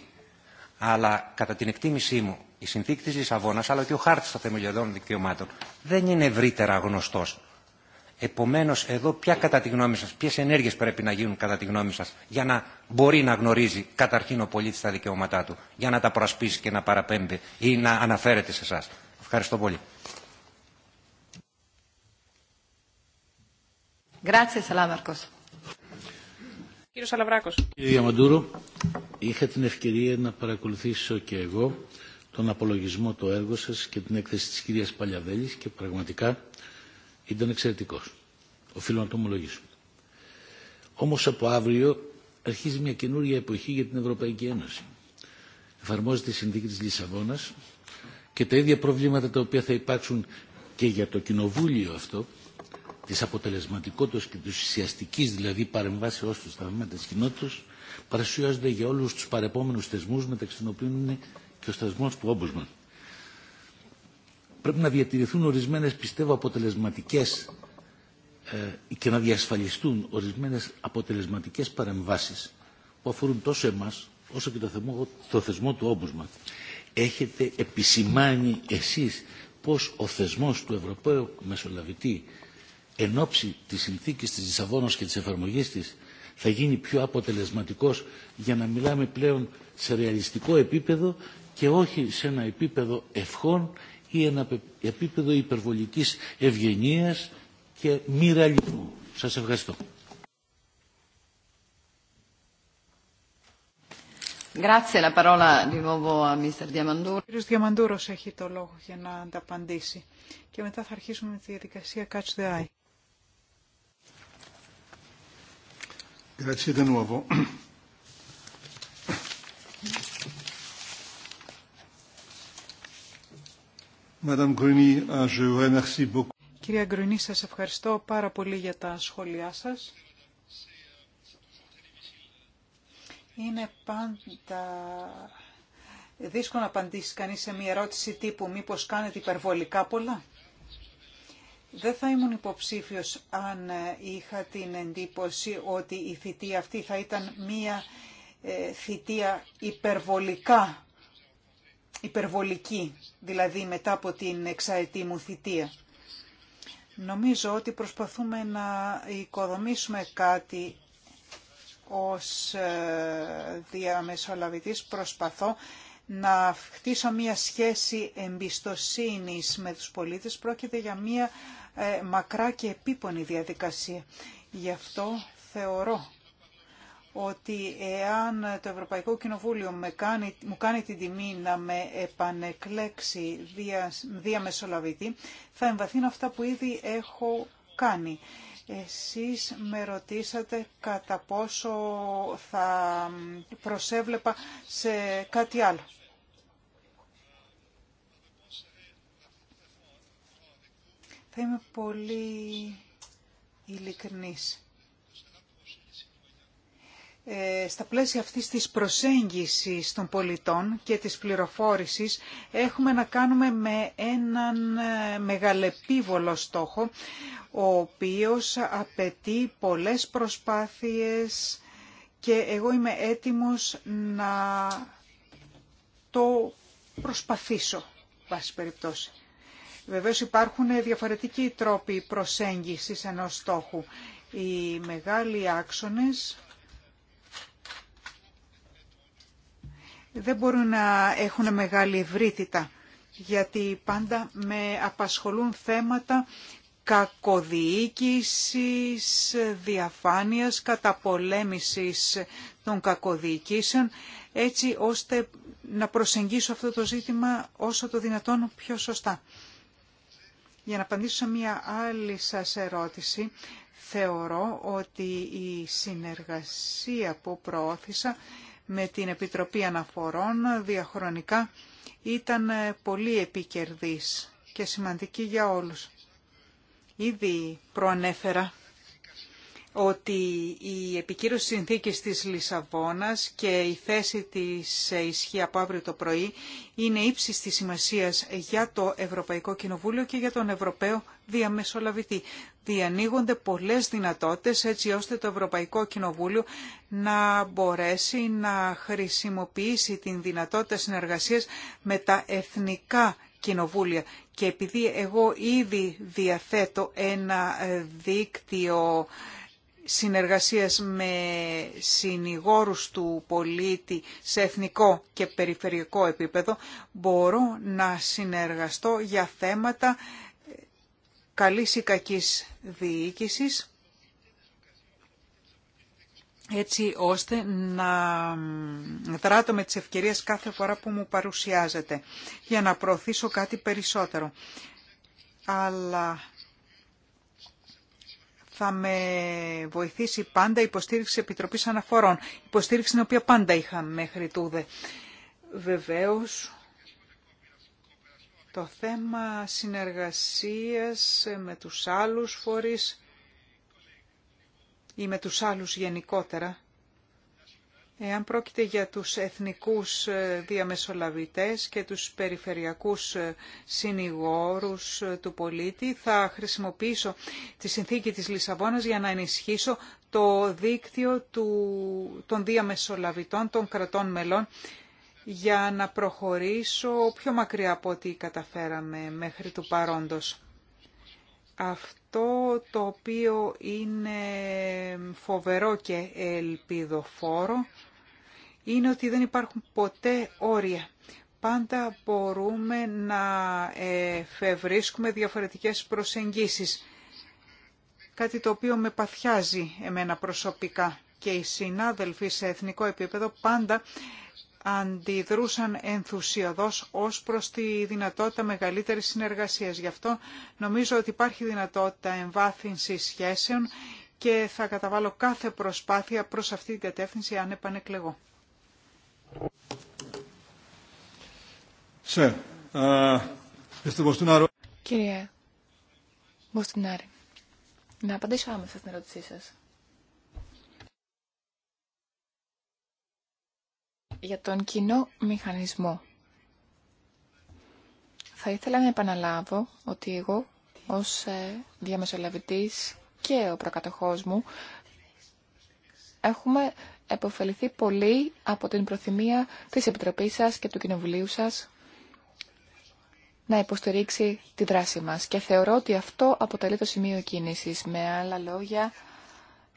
Αλλά κατά την εκτίμησή μου, η συνθήκη τη Λισαβόνα, αλλά και ο χάρτη των θεμελιωδών δικαιωμάτων, δεν είναι ευρύτερα γνωστό. Επομένω, εδώ ποια κατά τη γνώμη σα, ποιε ενέργειες πρέπει να γίνουν κατά τη γνώμη σα, για να μπορεί να γνωρίζει καταρχήν ο πολίτη τα δικαιώματά του, για να τα προασπίσει και να παραπέμπει ή να αναφέρεται σε εσά. Ευχαριστώ πολύ. Κύριε Σαλαβράκο. Κύριε Διαμαντούρο, είχα την ευκαιρία να παρακολουθήσω και εγώ τον απολογισμό του έργου σα και την έκθεση τη κυρία Παλιάδέλη, και πραγματικά ήταν εξαιρετικό. Οφείλω να το ομολογήσω. Όμω από αύριο αρχίζει μια καινούρια εποχή για την Ευρωπαϊκή Ένωση. Εφαρμόζεται η συνθήκη τη Λισαβόνα και τα ίδια προβλήματα τα οποία θα υπάρξουν και για το κοινοβούλιο αυτό Τη αποτελεσματικότητα και τη ουσιαστική δηλαδή παρεμβάσεω του στα βήματα τη κοινότητα, παρουσιάζονται για όλου του παρεπόμενου θεσμού μεταξύ των οποίων είναι και ο θεσμό του Όμπουσμαν. Πρέπει να διατηρηθούν ορισμένε, πιστεύω αποτελεσματικέ ε, και να διασφαλιστούν ορισμένε αποτελεσματικέ παρεμβάσει που αφορούν τόσο εμά όσο και το θεσμό, του Όμπουσμαν. Έχετε επισημάνει εσεί πως ο θεσμός του Ευρωπαίου Μεσολαβητή εν ώψη της συνθήκης της Λισαβόνας και της εφαρμογής της θα γίνει πιο αποτελεσματικός για να μιλάμε πλέον σε ρεαλιστικό επίπεδο και όχι σε ένα επίπεδο ευχών ή ένα επίπεδο υπερβολικής ευγενίας και μη ρεαλισμού. Σας ευχαριστώ. Grazie, la parola di nuovo a Mr. Ο κ. Διαμαντούρος έχει το λόγο για να ανταπαντήσει. Και μετά θα αρχίσουμε με τη διαδικασία Catch the Eye. Grazie di nuovo. Euh, Κυρία Γκρουνή, σας ευχαριστώ πάρα πολύ για τα σχόλιά σας. Είναι πάντα δύσκολο να απαντήσει κανείς σε μια ερώτηση τύπου μήπως κάνετε υπερβολικά πολλά. Δεν θα ήμουν υποψήφιος αν ε, είχα την εντύπωση ότι η θητεία αυτή θα ήταν μία ε, θητεία υπερβολικά, υπερβολική, δηλαδή μετά από την εξαετή μου θητεία. Νομίζω ότι προσπαθούμε να οικοδομήσουμε κάτι ως ε, διαμεσολαβητής προσπαθώ να χτίσω μια σχέση εμπιστοσύνης με τους πολίτες. Πρόκειται για μια ε, μακρά και επίπονη διαδικασία. Γι' αυτό θεωρώ ότι εάν το Ευρωπαϊκό Κοινοβούλιο μου κάνει την τιμή να με επανεκλέξει δια, διαμεσολαβητή, θα εμβαθύνω αυτά που ήδη έχω κάνει. Εσείς με ρωτήσατε κατά πόσο θα προσέβλεπα σε κάτι άλλο. Θα είμαι πολύ ειλικρινής. Ε, στα πλαίσια αυτής της προσέγγισης των πολιτών και της πληροφόρησης έχουμε να κάνουμε με έναν ε, μεγαλεπίβολο στόχο ο οποίος απαιτεί πολλές προσπάθειες και εγώ είμαι έτοιμος να το προσπαθήσω, βάση περιπτώσει. Βεβαίως υπάρχουν διαφορετικοί τρόποι προσέγγισης ενός στόχου. Οι μεγάλοι άξονες δεν μπορούν να έχουν μεγάλη ευρύτητα, γιατί πάντα με απασχολούν θέματα κακοδιοίκησης, διαφάνειας, καταπολέμησης των κακοδιοίκησεων, έτσι ώστε να προσεγγίσω αυτό το ζήτημα όσο το δυνατόν πιο σωστά. Για να απαντήσω σε μια άλλη σας ερώτηση, θεωρώ ότι η συνεργασία που προώθησα με την Επιτροπή Αναφορών διαχρονικά ήταν πολύ επικερδής και σημαντική για όλους. Ήδη προανέφερα ότι η επικύρωση συνθήκης της Λισαβόνας και η θέση της ισχύ από αύριο το πρωί είναι ύψης της σημασίας για το Ευρωπαϊκό Κοινοβούλιο και για τον Ευρωπαίο Διαμεσολαβητή. Διανοίγονται πολλές δυνατότητες έτσι ώστε το Ευρωπαϊκό Κοινοβούλιο να μπορέσει να χρησιμοποιήσει την δυνατότητα συνεργασίας με τα εθνικά κοινοβούλια. Και επειδή εγώ ήδη διαθέτω ένα δίκτυο συνεργασίας με συνηγόρους του πολίτη σε εθνικό και περιφερειακό επίπεδο μπορώ να συνεργαστώ για θέματα καλής ή κακής διοίκησης έτσι ώστε να δράτω με τις ευκαιρίες κάθε φορά που μου παρουσιάζεται για να προωθήσω κάτι περισσότερο. Αλλά θα με βοηθήσει πάντα η υποστήριξη της Επιτροπής Αναφορών, υποστήριξη την οποία πάντα είχα μέχρι τούδε. Βεβαίως, το θέμα συνεργασίας με τους άλλους φορείς ή με τους άλλους γενικότερα Εάν πρόκειται για τους εθνικούς ε, διαμεσολαβητές και τους περιφερειακούς ε, συνηγόρους ε, του πολίτη, θα χρησιμοποιήσω τη συνθήκη της Λισαβόνας για να ενισχύσω το δίκτυο του, των διαμεσολαβητών των κρατών μελών για να προχωρήσω πιο μακριά από ό,τι καταφέραμε μέχρι του παρόντος. Αυτό το οποίο είναι φοβερό και ελπιδοφόρο είναι ότι δεν υπάρχουν ποτέ όρια. Πάντα μπορούμε να ε, φευρίσκουμε διαφορετικές προσεγγίσεις. Κάτι το οποίο με παθιάζει εμένα προσωπικά και οι συνάδελφοι σε εθνικό επίπεδο πάντα αντιδρούσαν ενθουσιοδός ως προς τη δυνατότητα μεγαλύτερης συνεργασίας. Γι' αυτό νομίζω ότι υπάρχει δυνατότητα εμβάθυνσης σχέσεων και θα καταβάλω κάθε προσπάθεια προς αυτή την κατεύθυνση αν επανεκλεγώ. Ε, Κύριε Μποστινάρη, να απαντήσω άμεσα στην ερώτησή σας. Για τον κοινό μηχανισμό. Θα ήθελα να επαναλάβω ότι εγώ ως ε, διαμεσολαβητής και ο προκατοχός μου έχουμε επωφεληθεί πολύ από την προθυμία της Επιτροπής σας και του Κοινοβουλίου σας να υποστηρίξει τη δράση μας. Και θεωρώ ότι αυτό αποτελεί το σημείο κίνησης. Με άλλα λόγια,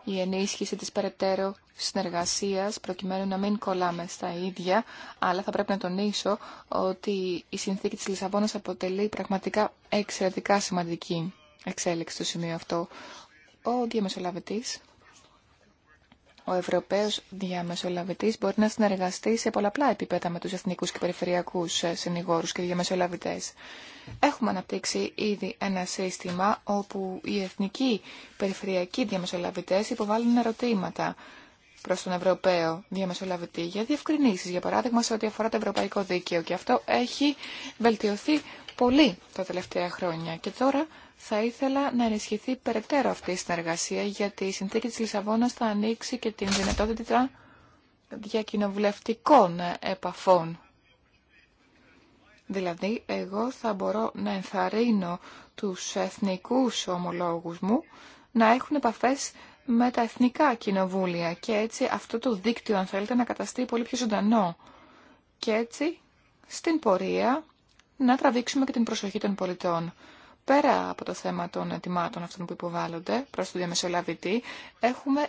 η ενίσχυση της περαιτέρω συνεργασίας, προκειμένου να μην κολλάμε στα ίδια, αλλά θα πρέπει να τονίσω ότι η συνθήκη της Λισαβόνας αποτελεί πραγματικά εξαιρετικά σημαντική εξέλιξη στο σημείο αυτό. Ο διαμεσολαβητής ο Ευρωπαίος διαμεσολαβητής μπορεί να συνεργαστεί σε πολλαπλά επίπεδα με τους εθνικούς και περιφερειακούς ε, συνηγόρους και διαμεσολαβητές. Έχουμε αναπτύξει ήδη ένα σύστημα όπου οι εθνικοί περιφερειακοί διαμεσολαβητές υποβάλλουν ερωτήματα προς τον Ευρωπαίο διαμεσολαβητή για διευκρινήσει, για παράδειγμα σε ό,τι αφορά το ευρωπαϊκό δίκαιο και αυτό έχει βελτιωθεί πολύ τα τελευταία χρόνια και τώρα θα ήθελα να ενισχυθεί περαιτέρω αυτή η συνεργασία, γιατί η συνθήκη της Λισαβόνας θα ανοίξει και την δυνατότητα διακοινοβουλευτικών επαφών. Δηλαδή, εγώ θα μπορώ να ενθαρρύνω τους εθνικούς ομολόγους μου να έχουν επαφές με τα εθνικά κοινοβούλια και έτσι αυτό το δίκτυο, αν θέλετε, να καταστεί πολύ πιο ζωντανό. Και έτσι, στην πορεία, να τραβήξουμε και την προσοχή των πολιτών πέρα από το θέμα των ετοιμάτων αυτών που υποβάλλονται προς το διαμεσολαβητή, έχουμε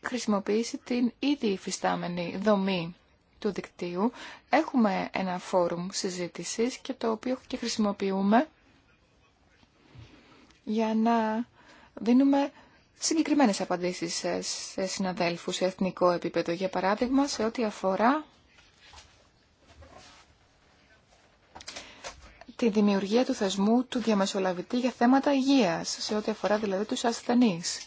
χρησιμοποιήσει την ήδη υφιστάμενη δομή του δικτύου. Έχουμε ένα φόρουμ συζήτησης και το οποίο και χρησιμοποιούμε για να δίνουμε συγκεκριμένες απαντήσεις σε συναδέλφους σε εθνικό επίπεδο. Για παράδειγμα, σε ό,τι αφορά τη δημιουργία του θεσμού του διαμεσολαβητή για θέματα υγείας, σε ό,τι αφορά δηλαδή τους ασθενείς.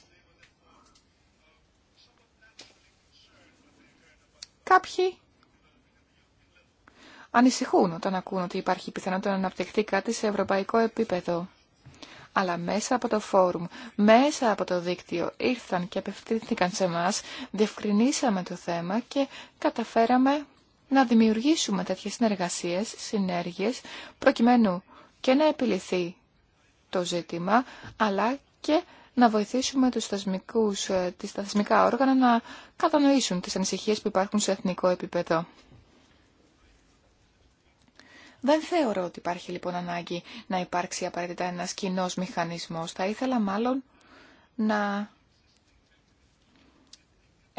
Κάποιοι ανησυχούν όταν ακούν ότι υπάρχει πιθανότητα να αναπτυχθεί κάτι σε ευρωπαϊκό επίπεδο. Αλλά μέσα από το φόρουμ, μέσα από το δίκτυο ήρθαν και απευθύνθηκαν σε μας, διευκρινίσαμε το θέμα και καταφέραμε να δημιουργήσουμε τέτοιες συνεργασίες, συνέργειες, προκειμένου και να επιληθεί το ζήτημα, αλλά και να βοηθήσουμε τους θεσμικούς, ε, τις θεσμικά όργανα να κατανοήσουν τις ανησυχίες που υπάρχουν σε εθνικό επίπεδο. Δεν θεωρώ ότι υπάρχει λοιπόν ανάγκη να υπάρξει απαραίτητα ένας κοινό μηχανισμός. Θα ήθελα μάλλον να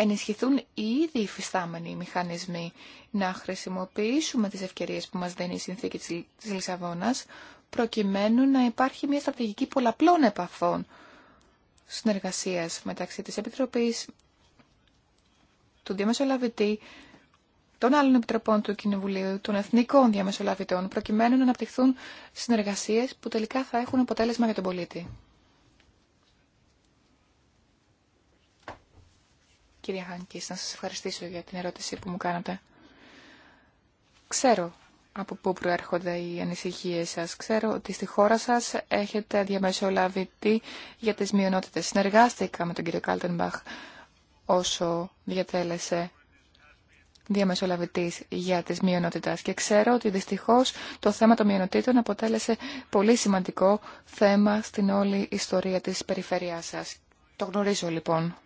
ενισχυθούν οι ήδη υφιστάμενοι μηχανισμοί, να χρησιμοποιήσουμε τις ευκαιρίες που μας δίνει η συνθήκη της Λισαβόνας, προκειμένου να υπάρχει μια στρατηγική πολλαπλών επαφών συνεργασίας μεταξύ της Επιτροπής, του Διαμεσολαβητή, των άλλων επιτροπών του Κοινοβουλίου, των εθνικών διαμεσολαβητών, προκειμένου να αναπτυχθούν συνεργασίες που τελικά θα έχουν αποτέλεσμα για τον πολίτη. Κύριε Χάνκη, να σα ευχαριστήσω για την ερώτηση που μου κάνατε. Ξέρω από πού προέρχονται οι ανησυχίες σας. Ξέρω ότι στη χώρα σας έχετε διαμεσολαβητή για τις μειονότητες. Συνεργάστηκα με τον κύριο Κάλτενμπαχ όσο διατέλεσε διαμεσολαβητής για τις μειονότητες και ξέρω ότι δυστυχώς το θέμα των μειονοτήτων αποτέλεσε πολύ σημαντικό θέμα στην όλη ιστορία της περιφερειάς σας. Το γνωρίζω λοιπόν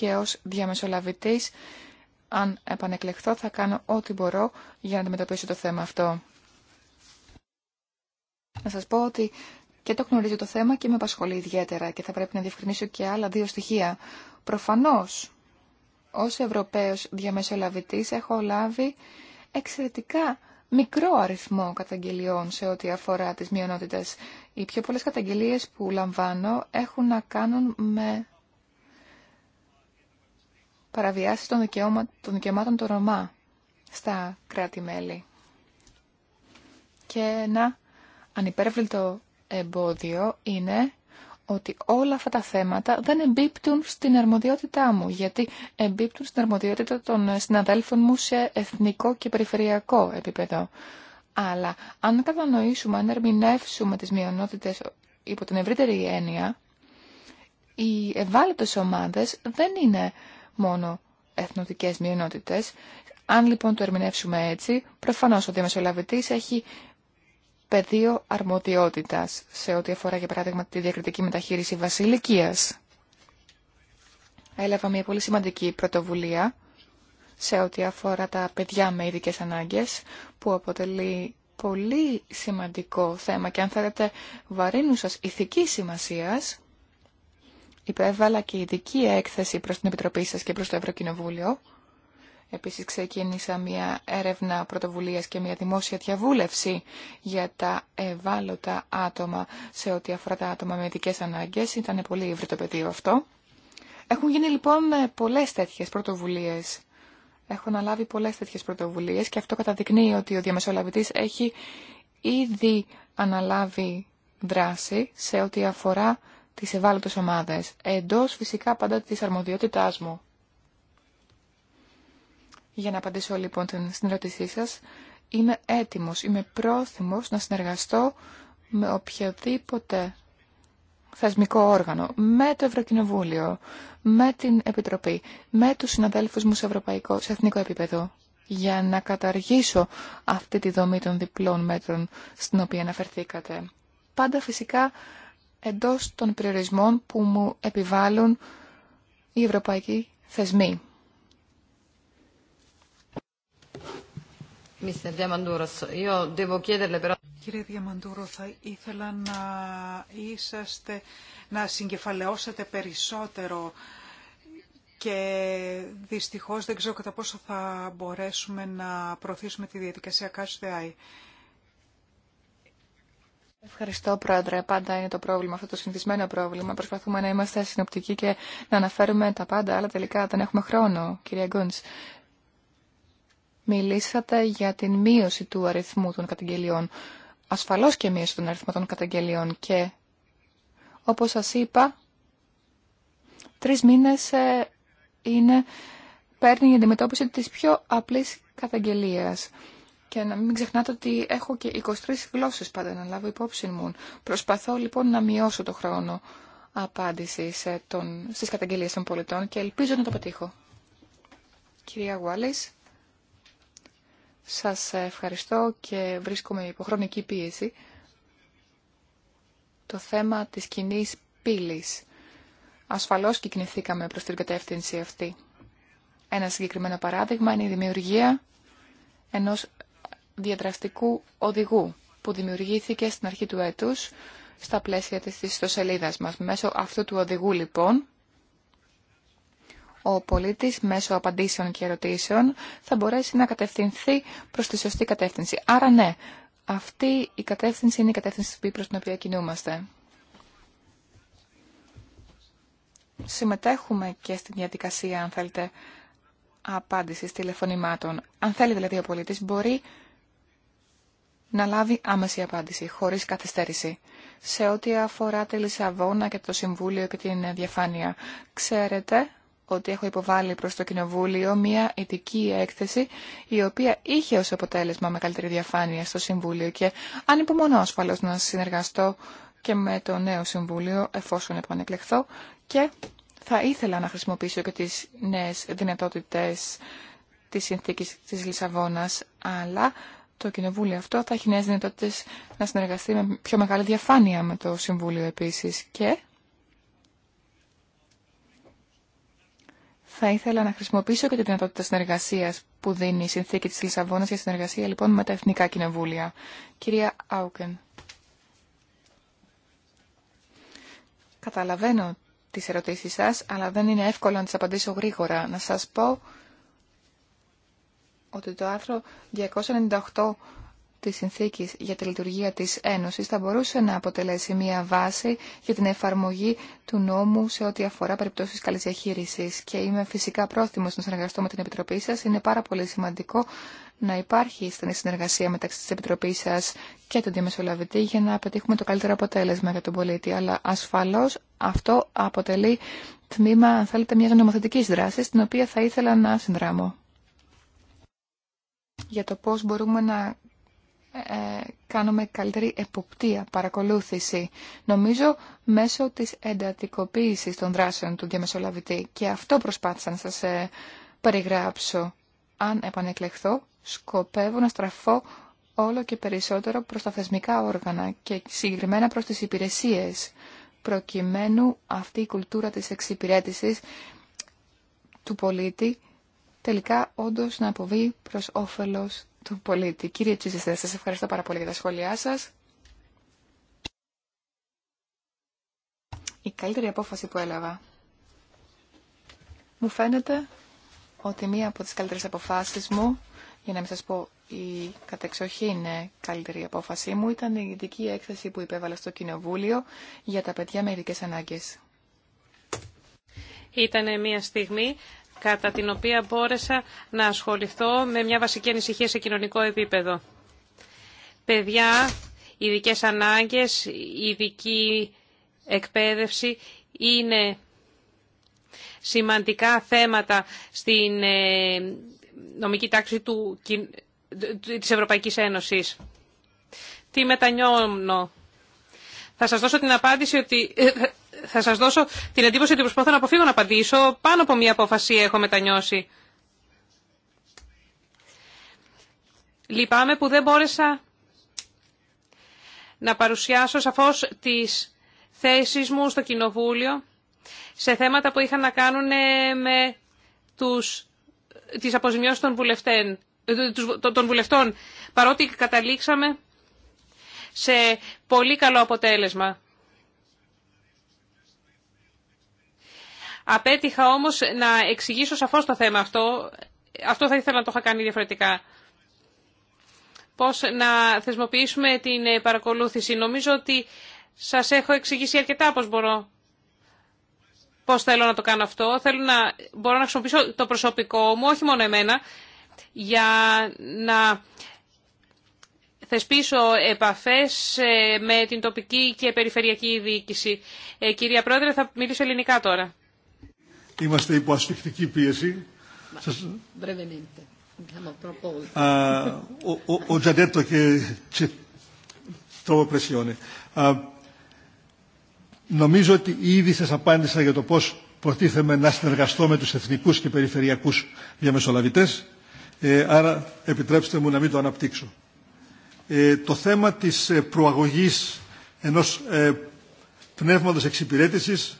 και ως διαμεσολαβητής, αν επανεκλεχθώ, θα κάνω ό,τι μπορώ για να αντιμετωπίσω το θέμα αυτό. Να σας πω ότι και το γνωρίζω το θέμα και με απασχολεί ιδιαίτερα και θα πρέπει να διευκρινίσω και άλλα δύο στοιχεία. Προφανώς, ως Ευρωπαίος διαμεσολαβητής έχω λάβει εξαιρετικά μικρό αριθμό καταγγελιών σε ό,τι αφορά τις μειονότητες. Οι πιο πολλές καταγγελίες που λαμβάνω έχουν να κάνουν με παραβιάσει των, δικαιώμα, των δικαιωμάτων των Ρωμά στα κράτη-μέλη και ένα ανυπέρβλητο εμπόδιο είναι ότι όλα αυτά τα θέματα δεν εμπίπτουν στην αρμοδιότητά μου, γιατί εμπίπτουν στην αρμοδιότητα των συναδέλφων μου σε εθνικό και περιφερειακό επίπεδο. Αλλά αν κατανοήσουμε, αν ερμηνεύσουμε τις μειονότητες υπό την ευρύτερη έννοια, οι ευάλωτες ομάδες δεν είναι μόνο εθνοτικές μειονότητες. Αν λοιπόν το ερμηνεύσουμε έτσι, προφανώς ο διαμεσολαβητής έχει πεδίο αρμοδιότητας σε ό,τι αφορά για παράδειγμα τη διακριτική μεταχείριση βασιλικίας. Έλαβα μια πολύ σημαντική πρωτοβουλία σε ό,τι αφορά τα παιδιά με ειδικές ανάγκες που αποτελεί πολύ σημαντικό θέμα και αν θέλετε βαρύνουσας ηθικής σημασίας υπέβαλα και ειδική έκθεση προς την Επιτροπή σας και προς το Ευρωκοινοβούλιο. Επίσης ξεκίνησα μια έρευνα πρωτοβουλίας και μια δημόσια διαβούλευση για τα ευάλωτα άτομα σε ό,τι αφορά τα άτομα με ειδικές ανάγκες. Ήταν πολύ ευρύ το πεδίο αυτό. Έχουν γίνει λοιπόν πολλές τέτοιες πρωτοβουλίες. Έχω αναλάβει πολλές τέτοιες πρωτοβουλίες και αυτό καταδεικνύει ότι ο διαμεσολαβητής έχει ήδη αναλάβει δράση σε ό,τι αφορά τις ευάλωτες ομάδες, εντός φυσικά πάντα της αρμοδιότητάς μου. Για να απαντήσω λοιπόν στην ερώτησή σας, είμαι έτοιμος, είμαι πρόθυμος να συνεργαστώ με οποιοδήποτε θεσμικό όργανο, με το Ευρωκοινοβούλιο, με την Επιτροπή, με τους συναδέλφους μου σε, ευρωπαϊκό, σε εθνικό επίπεδο, για να καταργήσω αυτή τη δομή των διπλών μέτρων στην οποία αναφερθήκατε. Πάντα φυσικά εντός των περιορισμών που μου επιβάλλουν οι ευρωπαϊκοί θεσμοί. Κύριε Διαμαντούρο, θα ήθελα να, είσαστε, να συγκεφαλαιώσετε περισσότερο και δυστυχώς δεν ξέρω κατά πόσο θα μπορέσουμε να προωθήσουμε τη διαδικασία ΚΑΣΤΕΑΗ. Ευχαριστώ, Πρόεδρε. Πάντα είναι το πρόβλημα, αυτό το συνηθισμένο πρόβλημα. Προσπαθούμε να είμαστε συνοπτικοί και να αναφέρουμε τα πάντα, αλλά τελικά δεν έχουμε χρόνο, κυρία Γκούντς, Μιλήσατε για την μείωση του αριθμού των καταγγελιών. Ασφαλώς και μείωση των αριθμών των καταγγελιών και, όπως σας είπα, τρει μήνες ε, παίρνει η αντιμετώπιση της πιο απλής καταγγελίας. Και να μην ξεχνάτε ότι έχω και 23 γλώσσες πάντα να λάβω υπόψη μου. Προσπαθώ λοιπόν να μειώσω το χρόνο απάντησης ε, των, στις καταγγελίες των πολιτών και ελπίζω να το πετύχω. Κυρία Γουάλης, σας ευχαριστώ και βρίσκομαι υποχρονική πίεση. Το θέμα της κοινή πύλης. Ασφαλώς κυκνηθήκαμε προς την κατεύθυνση αυτή. Ένα συγκεκριμένο παράδειγμα είναι η δημιουργία ενός διαδραστικού οδηγού που δημιουργήθηκε στην αρχή του έτους στα πλαίσια της ιστοσελίδας μας. Μέσω αυτού του οδηγού λοιπόν, ο πολίτης μέσω απαντήσεων και ερωτήσεων θα μπορέσει να κατευθυνθεί προς τη σωστή κατεύθυνση. Άρα ναι, αυτή η κατεύθυνση είναι η κατεύθυνση προς την οποία κινούμαστε. Συμμετέχουμε και στην διαδικασία, αν θέλετε, απάντησης τηλεφωνημάτων. Αν θέλει δηλαδή ο πολίτης μπορεί να λάβει άμεση απάντηση, χωρίς καθυστέρηση. Σε ό,τι αφορά τη Λισαβόνα και το Συμβούλιο και την διαφάνεια, ξέρετε ότι έχω υποβάλει προς το Κοινοβούλιο μια ειδική έκθεση η οποία είχε ως αποτέλεσμα μεγαλύτερη διαφάνεια στο Συμβούλιο και ανυπομονώ ασφαλώς να συνεργαστώ και με το νέο Συμβούλιο εφόσον επανεκλεχθώ και θα ήθελα να χρησιμοποιήσω και τις νέες δυνατότητες της συνθήκης της Λισαβόνας αλλά το Κοινοβούλιο αυτό θα έχει νέες δυνατότητες να συνεργαστεί με πιο μεγάλη διαφάνεια με το Συμβούλιο επίσης και θα ήθελα να χρησιμοποιήσω και τη δυνατότητα συνεργασίας που δίνει η συνθήκη της Λισαβόνας για συνεργασία λοιπόν με τα Εθνικά Κοινοβούλια. Κυρία Άουκεν. Καταλαβαίνω τις ερωτήσεις σας, αλλά δεν είναι εύκολο να τις απαντήσω γρήγορα. Να σας πω ότι το άρθρο 298 της Συνθήκης για τη Λειτουργία της Ένωσης θα μπορούσε να αποτελέσει μία βάση για την εφαρμογή του νόμου σε ό,τι αφορά περιπτώσεις καλής διαχείρισης. Και είμαι φυσικά πρόθυμος να συνεργαστώ με την Επιτροπή σας. Είναι πάρα πολύ σημαντικό να υπάρχει στενή συνεργασία μεταξύ της Επιτροπής σας και του Διαμεσολαβητή για να πετύχουμε το καλύτερο αποτέλεσμα για τον πολίτη. Αλλά ασφαλώς αυτό αποτελεί τμήμα, αν θέλετε, μιας νομοθετικής δράσης, την οποία θα ήθελα να συνδράμω για το πώς μπορούμε να ε, κάνουμε καλύτερη εποπτεία, παρακολούθηση, νομίζω μέσω της εντατικοποίησης των δράσεων του διαμεσολαβητή. Και αυτό προσπάθησα να σας ε, περιγράψω. Αν επανεκλεχθώ, σκοπεύω να στραφώ όλο και περισσότερο προς τα θεσμικά όργανα και συγκεκριμένα προς τις υπηρεσίες, προκειμένου αυτή η κουλτούρα της εξυπηρέτησης του πολίτη τελικά όντω να αποβεί προς όφελο του πολίτη. Κύριε Τσίζεστερ, σα ευχαριστώ πάρα πολύ για τα σχόλιά σα. Η καλύτερη απόφαση που έλαβα. Μου φαίνεται ότι μία από τις καλύτερες αποφάσεις μου, για να μην σας πω η κατεξοχή είναι καλύτερη απόφασή μου, ήταν η ειδική έκθεση που υπέβαλα στο Κοινοβούλιο για τα παιδιά με ειδικές ανάγκες. Ήταν μια στιγμή κατά την οποία μπόρεσα να ασχοληθώ με μια βασική ανησυχία σε κοινωνικό επίπεδο. Παιδιά, ειδικέ ανάγκες, ειδική εκπαίδευση είναι σημαντικά θέματα στην ε, νομική τάξη του, της Ευρωπαϊκής Ένωσης. Τι μετανιώνω. Θα σας δώσω την απάντηση ότι θα σας δώσω την εντύπωση ότι προσπαθώ να αποφύγω να απαντήσω. Πάνω από μία απόφαση έχω μετανιώσει. Λυπάμαι που δεν μπόρεσα να παρουσιάσω σαφώς τις θέσεις μου στο Κοινοβούλιο σε θέματα που είχαν να κάνουν ε, με τους, τις αποζημιώσεις των, ε, των βουλευτών, παρότι καταλήξαμε σε πολύ καλό αποτέλεσμα. Απέτυχα όμως να εξηγήσω σαφώς το θέμα αυτό. Αυτό θα ήθελα να το είχα κάνει διαφορετικά. Πώς να θεσμοποιήσουμε την παρακολούθηση. Νομίζω ότι σας έχω εξηγήσει αρκετά πώς μπορώ. Πώς θέλω να το κάνω αυτό. Θέλω να μπορώ να χρησιμοποιήσω το προσωπικό μου, όχι μόνο εμένα, για να θεσπίσω επαφές ε, με την τοπική και περιφερειακή διοίκηση. Ε, κυρία Πρόεδρε, θα μιλήσω ελληνικά τώρα. Είμαστε υπό ασφιχτική πίεση. Ho già detto che c'è Νομίζω ότι ήδη σας απάντησα για το πώς προτίθεμαι να συνεργαστώ με τους εθνικούς και περιφερειακούς διαμεσολαβητές, ε, άρα επιτρέψτε μου να μην το αναπτύξω. Ε, το θέμα της ε, προαγωγής ενός ε, πνεύματος εξυπηρέτησης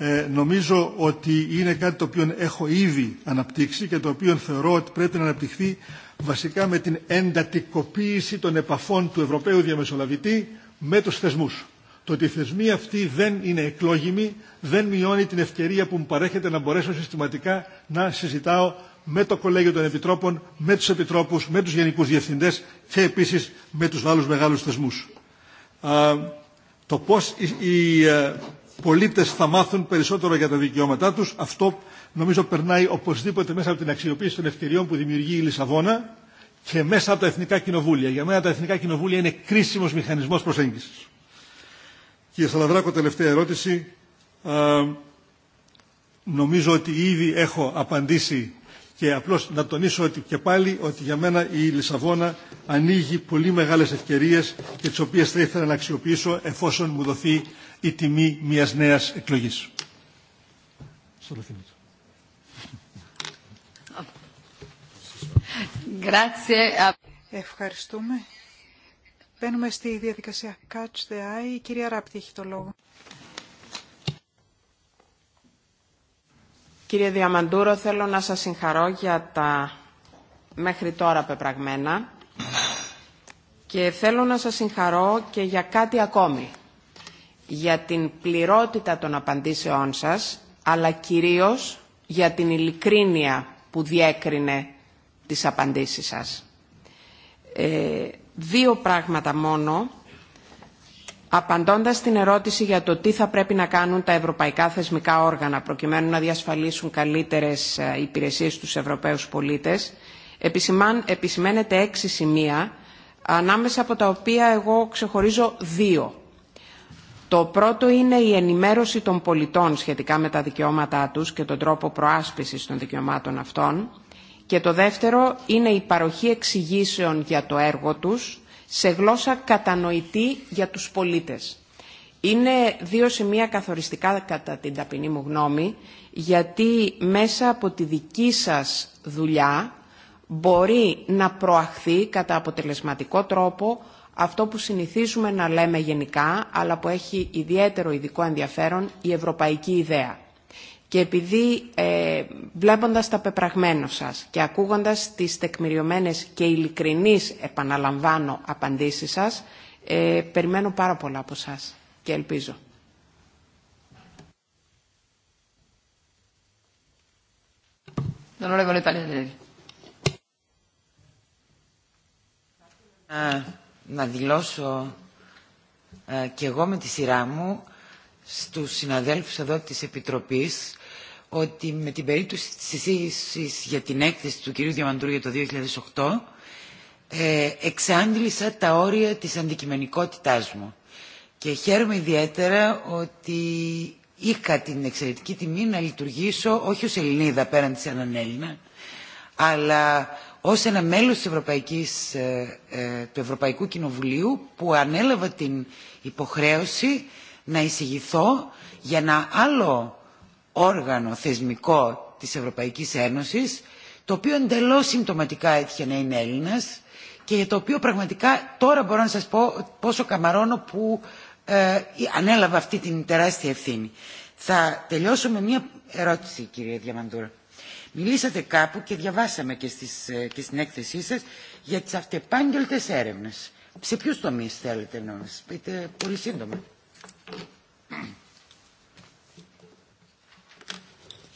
ε, νομίζω ότι είναι κάτι το οποίο έχω ήδη αναπτύξει και το οποίο θεωρώ ότι πρέπει να αναπτυχθεί βασικά με την εντατικοποίηση των επαφών του Ευρωπαίου Διαμεσολαβητή με τους θεσμούς. Το ότι οι θεσμοί αυτοί δεν είναι εκλόγιμοι δεν μειώνει την ευκαιρία που μου παρέχεται να μπορέσω συστηματικά να συζητάω με το Κολέγιο των Επιτρόπων, με τους Επιτρόπους, με τους Γενικούς Διευθυντές και επίσης με τους άλλους μεγάλους θεσμούς. Το πώς η ε, πολίτες θα μάθουν περισσότερο για τα δικαιώματά τους. Αυτό νομίζω περνάει οπωσδήποτε μέσα από την αξιοποίηση των ευκαιριών που δημιουργεί η Λισαβόνα και μέσα από τα εθνικά κοινοβούλια. Για μένα τα εθνικά κοινοβούλια είναι κρίσιμος μηχανισμός προσέγγισης. Κύριε Σαλαβράκο, τελευταία ερώτηση. νομίζω ότι ήδη έχω απαντήσει και απλώς να τονίσω ότι και πάλι ότι για μένα η Λισαβόνα ανοίγει πολύ μεγάλες ευκαιρίες και τις οποίες θα ήθελα να αξιοποιήσω εφόσον μου δοθεί η τιμή μιας νέας εκλογής. Ευχαριστούμε. Μπαίνουμε στη διαδικασία Catch the Eye. Η κυρία Ράπτη έχει το λόγο. Κύριε Διαμαντούρο, θέλω να σας συγχαρώ για τα μέχρι τώρα πεπραγμένα και θέλω να σας συγχαρώ και για κάτι ακόμη. Για την πληρότητα των απαντήσεών σας, αλλά κυρίως για την ειλικρίνεια που διέκρινε τις απαντήσεις σας. Ε, δύο πράγματα μόνο Απαντώντας στην ερώτηση για το τι θα πρέπει να κάνουν τα ευρωπαϊκά θεσμικά όργανα προκειμένου να διασφαλίσουν καλύτερες ε, υπηρεσίες στους Ευρωπαίους πολίτες, επισημαίνεται έξι σημεία, ανάμεσα από τα οποία εγώ ξεχωρίζω δύο. Το πρώτο είναι η ενημέρωση των πολιτών σχετικά με τα δικαιώματά τους και τον τρόπο προάσπισης των δικαιωμάτων αυτών. Και το δεύτερο είναι η παροχή εξηγήσεων για το έργο τους, σε γλώσσα κατανοητή για τους πολίτες. Είναι δύο σημεία καθοριστικά κατά την ταπεινή μου γνώμη, γιατί μέσα από τη δική σας δουλειά μπορεί να προαχθεί κατά αποτελεσματικό τρόπο αυτό που συνηθίζουμε να λέμε γενικά, αλλά που έχει ιδιαίτερο ειδικό ενδιαφέρον, η ευρωπαϊκή ιδέα. Και επειδή ε, βλέποντας τα πεπραγμένο σας και ακούγοντας τις τεκμηριωμένες και ειλικρινείς, επαναλαμβάνω, απαντήσεις σας, ε, περιμένω πάρα πολλά από σας και ελπίζω. Να, να δηλώσω ε, και εγώ με τη σειρά μου στους συναδέλφους εδώ της Επιτροπής ότι με την περίπτωση της εισήγησης για την έκθεση του κυρίου Διαμαντούρου για το 2008 ε, εξάντλησα τα όρια της αντικειμενικότητάς μου. Και χαίρομαι ιδιαίτερα ότι είχα την εξαιρετική τιμή να λειτουργήσω όχι ως Ελληνίδα πέραν της έναν Έλληνα, αλλά ως ένα μέλος ε, ε, του Ευρωπαϊκού Κοινοβουλίου που ανέλαβα την υποχρέωση να εισηγηθώ για ένα άλλο όργανο θεσμικό της Ευρωπαϊκής Ένωσης το οποίο εντελώς συμπτωματικά έτυχε να είναι Έλληνας και για το οποίο πραγματικά τώρα μπορώ να σας πω πόσο καμαρώνω που ε, ανέλαβα αυτή την τεράστια ευθύνη. Θα τελειώσω με μία ερώτηση κύριε Διαμαντούρα. Μιλήσατε κάπου και διαβάσαμε και, στις, ε, και στην έκθεσή σας για τις αυτεπάγγελτες έρευνες. Σε ποιους τομείς θέλετε να μας πείτε πολύ σύντομα.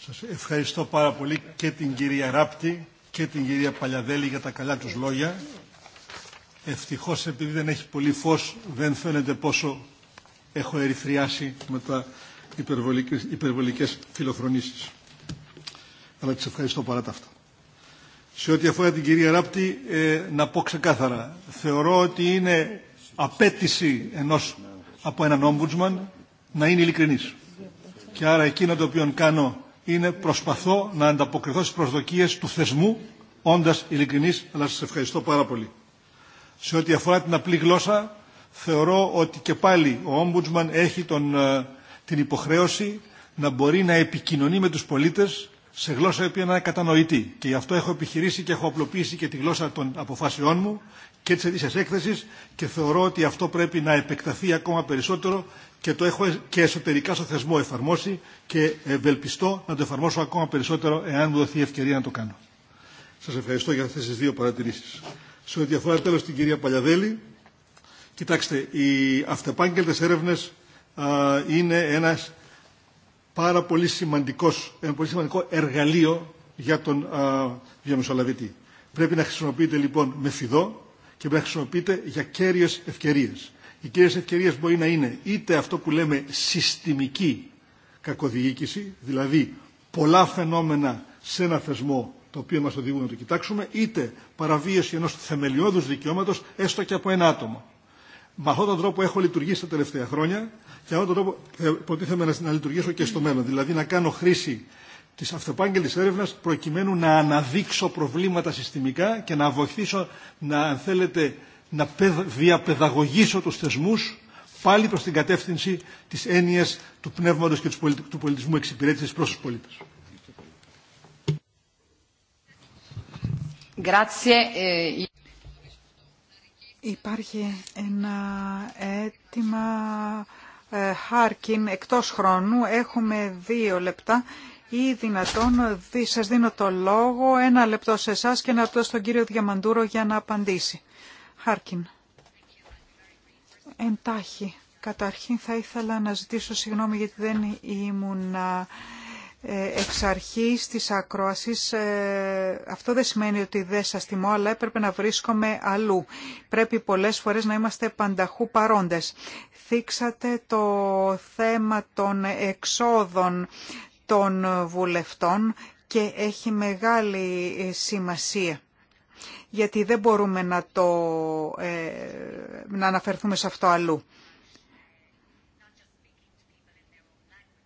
Σας ευχαριστώ πάρα πολύ και την κυρία Ράπτη και την κυρία Παλιαδέλη για τα καλά τους λόγια. Ευτυχώς επειδή δεν έχει πολύ φως δεν φαίνεται πόσο έχω ερυθριάσει με τα υπερβολικές, υπερβολικές φιλοφρονήσεις. Αλλά τις ευχαριστώ παρά τα αυτά. Σε ό,τι αφορά την κυρία Ράπτη, ε, να πω ξεκάθαρα. Θεωρώ ότι είναι απέτηση ενός από έναν όμπουτσμαν να είναι ειλικρινής. Και άρα εκείνο το οποίο κάνω είναι προσπαθώ να ανταποκριθώ στις προσδοκίες του θεσμού, όντας ειλικρινής, αλλά σας ευχαριστώ πάρα πολύ. Σε ό,τι αφορά την απλή γλώσσα, θεωρώ ότι και πάλι ο Ombudsman έχει τον, ε, την υποχρέωση να μπορεί να επικοινωνεί με τους πολίτες σε γλώσσα η οποία είναι κατανοητή. Και γι' αυτό έχω επιχειρήσει και έχω απλοποιήσει και τη γλώσσα των αποφάσεών μου και τη ετήσια έκθεση και θεωρώ ότι αυτό πρέπει να επεκταθεί ακόμα περισσότερο και το έχω και εσωτερικά στο θεσμό εφαρμόσει και ευελπιστώ να το εφαρμόσω ακόμα περισσότερο εάν μου δοθεί η ευκαιρία να το κάνω. Σας ευχαριστώ για αυτές τις δύο παρατηρήσεις. Σε ό,τι αφορά τέλος την κυρία Παλιαδέλη, κοιτάξτε, οι αυτεπάγγελτες έρευνες είναι ένας πάρα πολύ, σημαντικός, ένα πολύ σημαντικό εργαλείο για τον διαμεσολαβητή. Πρέπει να χρησιμοποιείται λοιπόν με φιδό και πρέπει να χρησιμοποιείται για κέρυε ευκαιρίες. Οι κύριες ευκαιρίες μπορεί να είναι είτε αυτό που λέμε συστημική κακοδιοίκηση, δηλαδή πολλά φαινόμενα σε ένα θεσμό το οποίο μας οδηγούν να το κοιτάξουμε, είτε παραβίαση ενός θεμελιώδους δικαιώματος έστω και από ένα άτομο. Με αυτόν τον τρόπο έχω λειτουργήσει τα τελευταία χρόνια και αυτόν τον τρόπο ε, προτίθεμαι να λειτουργήσω και στο μέλλον. Δηλαδή να κάνω χρήση της αυτοπάγγελης έρευνας προκειμένου να αναδείξω προβλήματα συστημικά και να βοηθήσω να, αν θέλετε, να διαπαιδαγωγήσω τους θεσμούς πάλι προς την κατεύθυνση της έννοιας του πνεύματος και του πολιτισμού εξυπηρέτησης προς τους πολίτες. Ε, Υπάρχει ένα αίτημα ε, Χάρκιν εκτός χρόνου. Έχουμε δύο λεπτά ή δυνατόν σας δίνω το λόγο, ένα λεπτό σε εσά και ένα λεπτό στον κύριο Διαμαντούρο για να απαντήσει. Χάρκιν. Εντάχει. Καταρχήν θα ήθελα να ζητήσω συγγνώμη γιατί δεν ήμουν ε, εξ αρχής της ακρόασης. Ε, αυτό δεν σημαίνει ότι δεν σας τιμώ, αλλά έπρεπε να βρίσκομαι αλλού. Πρέπει πολλές φορές να είμαστε πανταχού παρόντες. Θίξατε το θέμα των εξόδων των βουλευτών και έχει μεγάλη ε, σημασία γιατί δεν μπορούμε να, το, ε, να αναφερθούμε σε αυτό αλλού.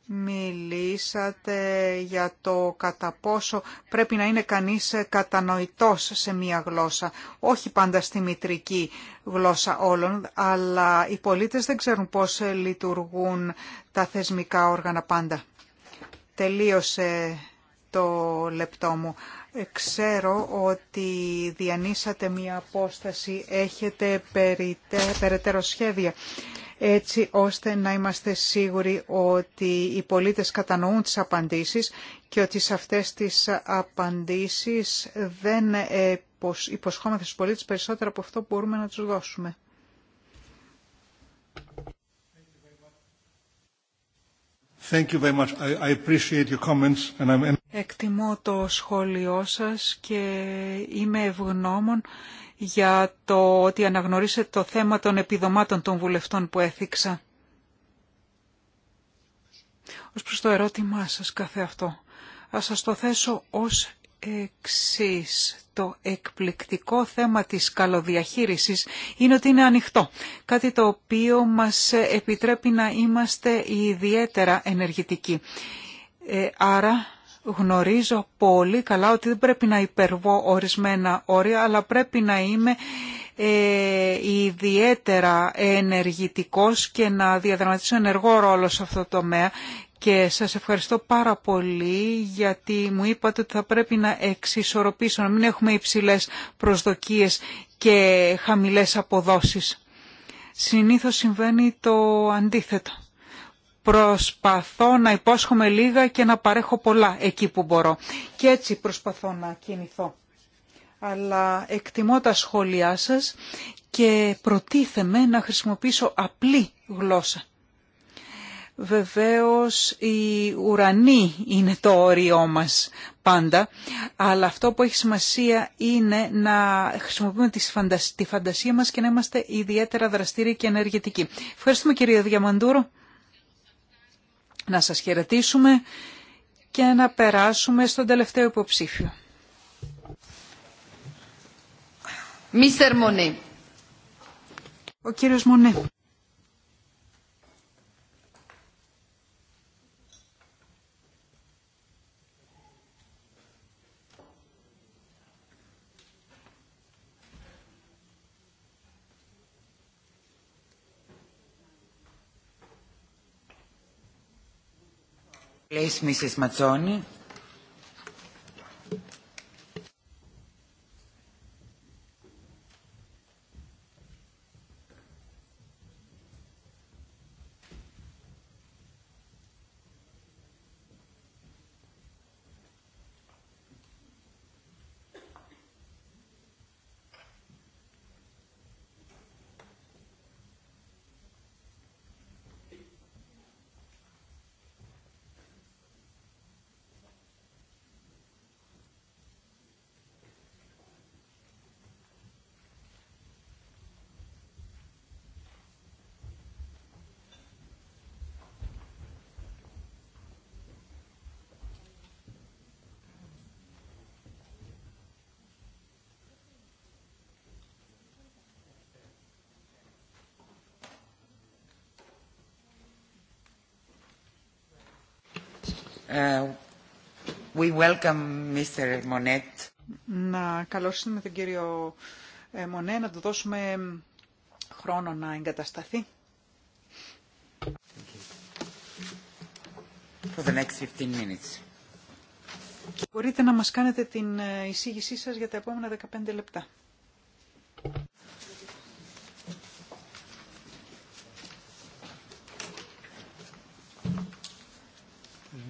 Μιλήσατε για το κατά πόσο πρέπει να είναι κανείς κατανοητός σε μία γλώσσα. Όχι πάντα στη μητρική γλώσσα όλων, αλλά οι πολίτες δεν ξέρουν πώς λειτουργούν τα θεσμικά όργανα πάντα. Τελείωσε το λεπτό μου. Ε, ξέρω ότι διανύσατε μία απόσταση, έχετε περαιτέρω σχέδια έτσι ώστε να είμαστε σίγουροι ότι οι πολίτες κατανοούν τις απαντήσεις και ότι σε αυτές τις απαντήσεις δεν υποσχόμαστε στους πολίτες περισσότερο από αυτό που μπορούμε να τους δώσουμε. Εκτιμώ το σχόλιο σας και είμαι ευγνώμων για το ότι αναγνωρίσετε το θέμα των επιδομάτων των βουλευτών που έθιξα. Ως προς το ερώτημά σας κάθε αυτό, θα σας το θέσω ως εξής. Το εκπληκτικό θέμα της καλοδιαχείρισης είναι ότι είναι ανοιχτό. Κάτι το οποίο μας επιτρέπει να είμαστε ιδιαίτερα ενεργητικοί. Ε, άρα γνωρίζω πολύ καλά ότι δεν πρέπει να υπερβώ ορισμένα όρια, αλλά πρέπει να είμαι ε, ιδιαίτερα ενεργητικός και να διαδραματίσω ενεργό ρόλο σε αυτό το τομέα και σας ευχαριστώ πάρα πολύ γιατί μου είπατε ότι θα πρέπει να εξισορροπήσω, να μην έχουμε υψηλές προσδοκίες και χαμηλές αποδόσεις. Συνήθως συμβαίνει το αντίθετο. Προσπαθώ να υπόσχομαι λίγα και να παρέχω πολλά εκεί που μπορώ. Και έτσι προσπαθώ να κινηθώ. Αλλά εκτιμώ τα σχόλιά σας και προτίθεμαι να χρησιμοποιήσω απλή γλώσσα Βεβαίως η ουρανή είναι το όριό μας πάντα, αλλά αυτό που έχει σημασία είναι να χρησιμοποιούμε τη φαντασία μας και να είμαστε ιδιαίτερα δραστήριοι και ενεργητικοί. Ευχαριστούμε κύριε Διαμαντούρο. Να σας χαιρετήσουμε και να περάσουμε στον τελευταίο υποψήφιο. Ο κύριος Place Mrs. Mazzoni. Ε, να καλώσουμε τον κύριο ε, Μονέ, να του δώσουμε χρόνο να εγκατασταθεί. For the next 15 minutes. Μπορείτε να μας κάνετε την ε, εισήγησή σας για τα επόμενα 15 λεπτά.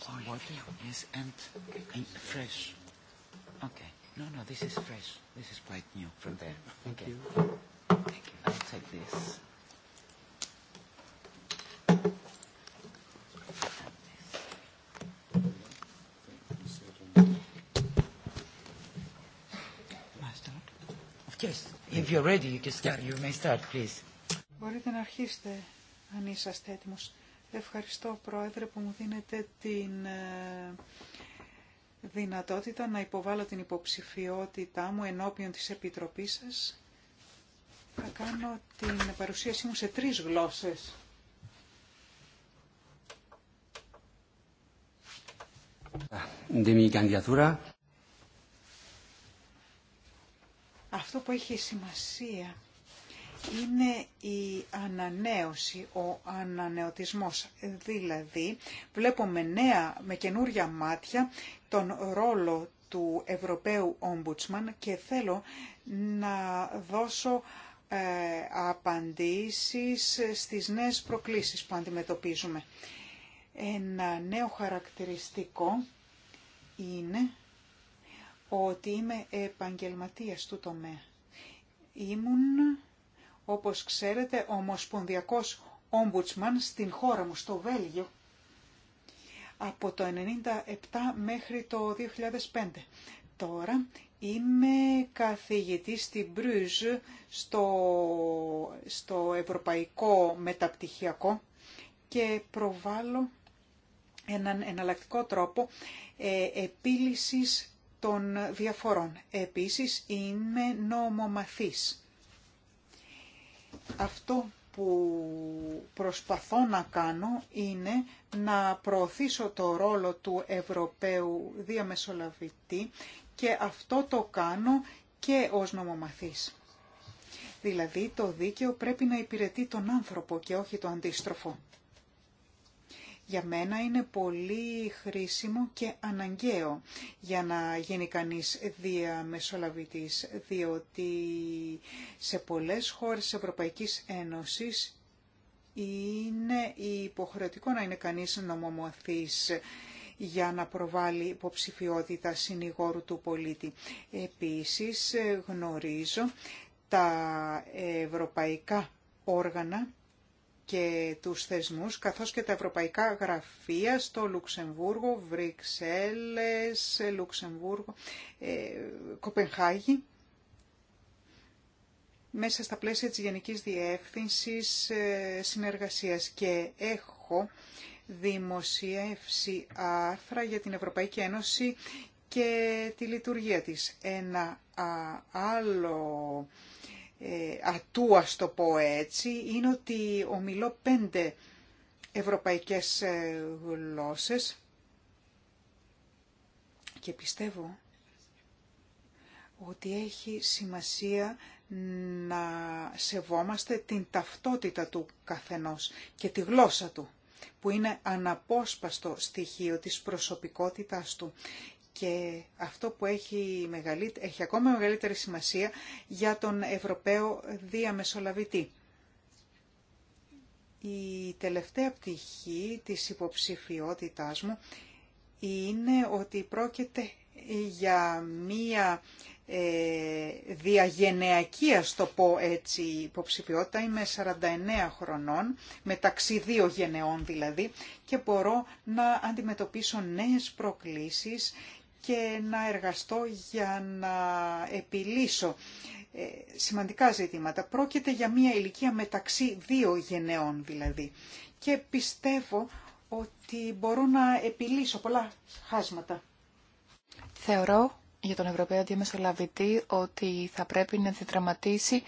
Some water, yes, and, and fresh. Okay. No, no, this is fresh. This is quite new from there. Thank okay. you. Thank you. I'll take this. Yes, if you're ready, you can start. You may start, please. Μπορείτε να αρχίσετε αν είσαστε έτοιμος. Ευχαριστώ Πρόεδρε που μου δίνετε την ε, δυνατότητα να υποβάλω την υποψηφιότητά μου ενώπιον της Επιτροπής σας. Θα κάνω την παρουσίασή μου σε τρεις γλώσσες. Αυτό που έχει σημασία είναι η ανανέωση, ο ανανεωτισμός. Δηλαδή, βλέπουμε νέα, με καινούρια μάτια, τον ρόλο του Ευρωπαίου Ομπουτσμαν και θέλω να δώσω ε, απαντήσεις στις νέες προκλήσεις που αντιμετωπίζουμε. Ένα νέο χαρακτηριστικό είναι ότι είμαι επαγγελματίας του τομέα. Ήμουν όπως ξέρετε, ομοσπονδιακός ομπουτσμαν στην χώρα μου, στο Βέλγιο, από το 1997 μέχρι το 2005. Τώρα είμαι καθηγητής στην Μπρουζ στο, στο Ευρωπαϊκό Μεταπτυχιακό και προβάλλω έναν εναλλακτικό τρόπο ε, επίλυσης των διαφορών. Επίσης είμαι νομομαθής αυτό που προσπαθώ να κάνω είναι να προωθήσω το ρόλο του Ευρωπαίου διαμεσολαβητή και αυτό το κάνω και ως νομομαθής. Δηλαδή το δίκαιο πρέπει να υπηρετεί τον άνθρωπο και όχι το αντίστροφο για μένα είναι πολύ χρήσιμο και αναγκαίο για να γίνει κανείς διαμεσολαβητής, διότι σε πολλές χώρες της Ευρωπαϊκής Ένωσης είναι υποχρεωτικό να είναι κανείς νομομοθής για να προβάλλει υποψηφιότητα συνηγόρου του πολίτη. Επίσης γνωρίζω τα ευρωπαϊκά όργανα και τους θεσμούς, καθώς και τα ευρωπαϊκά γραφεία στο Λουξεμβούργο, Βρυξέλλες, Λουξεμβούργο, ε, Κοπενχάγη, μέσα στα πλαίσια της Γενικής Διεύθυνσης ε, Συνεργασίας και έχω δημοσιεύσει άρθρα για την Ευρωπαϊκή Ένωση και τη λειτουργία της. Ένα άλλο ε, ατού, ας το πω έτσι, είναι ότι ομιλώ πέντε ευρωπαϊκές ε, γλώσσες και πιστεύω ότι έχει σημασία να σεβόμαστε την ταυτότητα του καθενός και τη γλώσσα του που είναι αναπόσπαστο στοιχείο της προσωπικότητάς του και αυτό που έχει, ακόμα μεγαλύτερη σημασία για τον Ευρωπαίο διαμεσολαβητή. Η τελευταία πτυχή της υποψηφιότητάς μου είναι ότι πρόκειται για μία ε, διαγενειακή, ας το πω έτσι, υποψηφιότητα. Είμαι 49 χρονών, μεταξύ δύο γενεών δηλαδή, και μπορώ να αντιμετωπίσω νέες προκλήσεις και να εργαστώ για να επιλύσω ε, σημαντικά ζητήματα. Πρόκειται για μια ηλικία μεταξύ δύο γενεών δηλαδή. Και πιστεύω ότι μπορώ να επιλύσω πολλά χάσματα. Θεωρώ για τον Ευρωπαίο Διαμεσολαβητή ότι θα πρέπει να διδραματίσει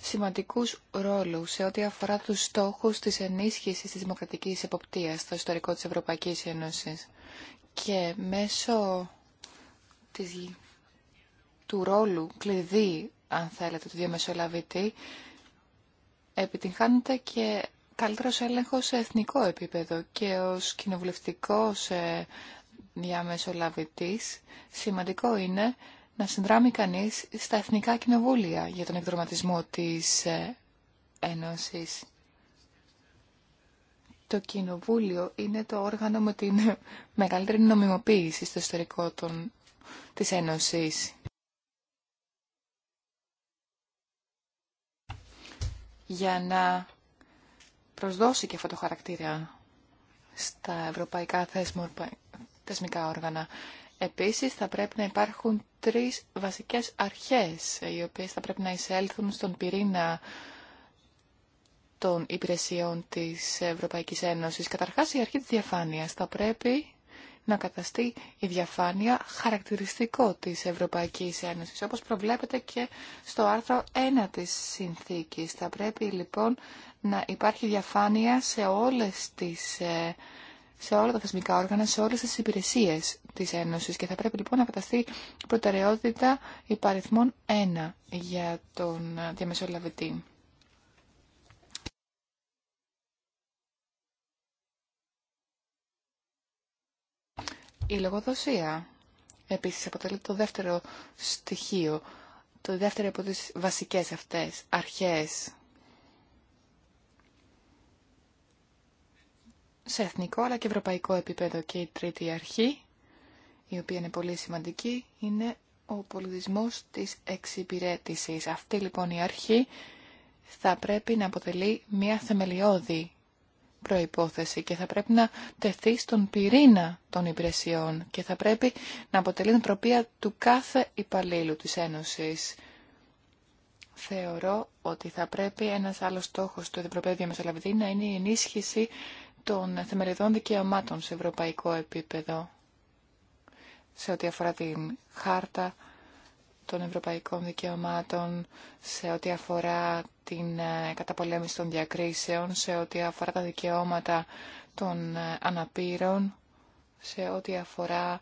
σημαντικούς ρόλους σε ό,τι αφορά τους στόχους της ενίσχυσης της δημοκρατικής εποπτείας στο ιστορικό της Ευρωπαϊκής Ένωσης. Και μέσω της, του ρόλου κλειδί, αν θέλετε, του διαμεσολαβητή, επιτυγχάνεται και καλύτερος έλεγχος σε εθνικό επίπεδο και ως κοινοβουλευτικός ε, διαμεσολαβητής σημαντικό είναι να συνδράμει κανείς στα εθνικά κοινοβούλια για τον εκδροματισμό της ε, Ένωσης. Το κοινοβούλιο είναι το όργανο με την μεγαλύτερη νομιμοποίηση στο ιστορικό των της Ένωσης. για να προσδώσει και αυτό το χαρακτήρα στα ευρωπαϊκά θεσμορπα... θεσμικά όργανα. Επίσης θα πρέπει να υπάρχουν τρεις βασικές αρχές οι οποίες θα πρέπει να εισέλθουν στον πυρήνα των υπηρεσιών της Ευρωπαϊκής Ένωσης. Καταρχάς η αρχή της διαφάνειας θα πρέπει να καταστεί η διαφάνεια χαρακτηριστικό της Ευρωπαϊκής Ένωσης, όπως προβλέπεται και στο άρθρο 1 της συνθήκης. Θα πρέπει λοιπόν να υπάρχει διαφάνεια σε, όλες τις, ε, σε όλα τα θεσμικά όργανα, σε όλες τις υπηρεσίες της Ένωσης και θα πρέπει λοιπόν να καταστεί προτεραιότητα υπαριθμών 1 για τον διαμεσολαβητή. Η λογοδοσία επίσης αποτελεί το δεύτερο στοιχείο, το δεύτερο από τις βασικές αυτές αρχές σε εθνικό αλλά και ευρωπαϊκό επίπεδο. Και η τρίτη αρχή, η οποία είναι πολύ σημαντική, είναι ο πολιτισμός της εξυπηρέτησης. Αυτή λοιπόν η αρχή θα πρέπει να αποτελεί μια θεμελιώδη προϋπόθεση και θα πρέπει να τεθεί στον πυρήνα των υπηρεσιών και θα πρέπει να αποτελεί την τροπία του κάθε υπαλλήλου της Ένωσης. Θεωρώ ότι θα πρέπει ένας άλλος στόχος του Ευρωπαίου Διαμεσολαβητή να είναι η ενίσχυση των θεμελιδών δικαιωμάτων σε ευρωπαϊκό επίπεδο σε ό,τι αφορά την χάρτα των ευρωπαϊκών δικαιωμάτων σε ό,τι αφορά την ε, καταπολέμηση των διακρίσεων, σε ό,τι αφορά τα δικαιώματα των ε, αναπήρων, σε ό,τι αφορά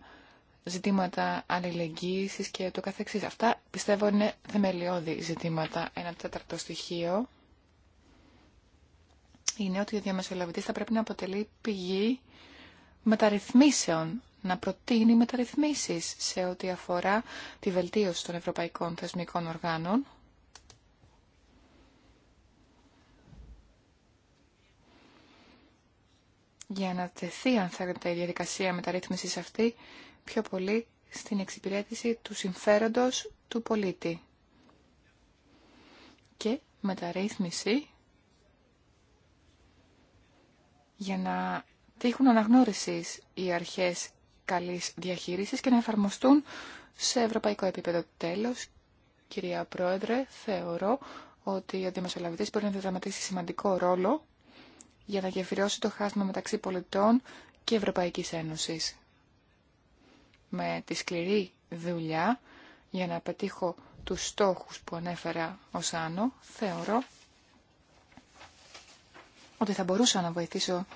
ζητήματα αλληλεγγύησης και το καθεξής. Αυτά πιστεύω είναι θεμελιώδη ζητήματα. Ένα τέταρτο στοιχείο είναι ότι ο διαμεσολαβητής θα πρέπει να αποτελεί πηγή μεταρρυθμίσεων να προτείνει μεταρρυθμίσεις σε ό,τι αφορά τη βελτίωση των ευρωπαϊκών θεσμικών οργάνων. για να τεθεί, αν θέλετε, η διαδικασία μεταρρύθμισης αυτή πιο πολύ στην εξυπηρέτηση του συμφέροντος του πολίτη. Και μεταρρύθμιση για να τύχουν αναγνώρισης οι αρχές καλής διαχείρισης και να εφαρμοστούν σε ευρωπαϊκό επίπεδο. Τέλος, κυρία Πρόεδρε, θεωρώ ότι ο διαμεσολαβητής μπορεί να δραματίσει σημαντικό ρόλο για να γεφυρώσει το χάσμα μεταξύ πολιτών και Ευρωπαϊκής Ένωσης. Με τη σκληρή δουλειά για να πετύχω τους στόχους που ανέφερα ως Άνω, θεωρώ ότι θα μπορούσα να βοηθήσω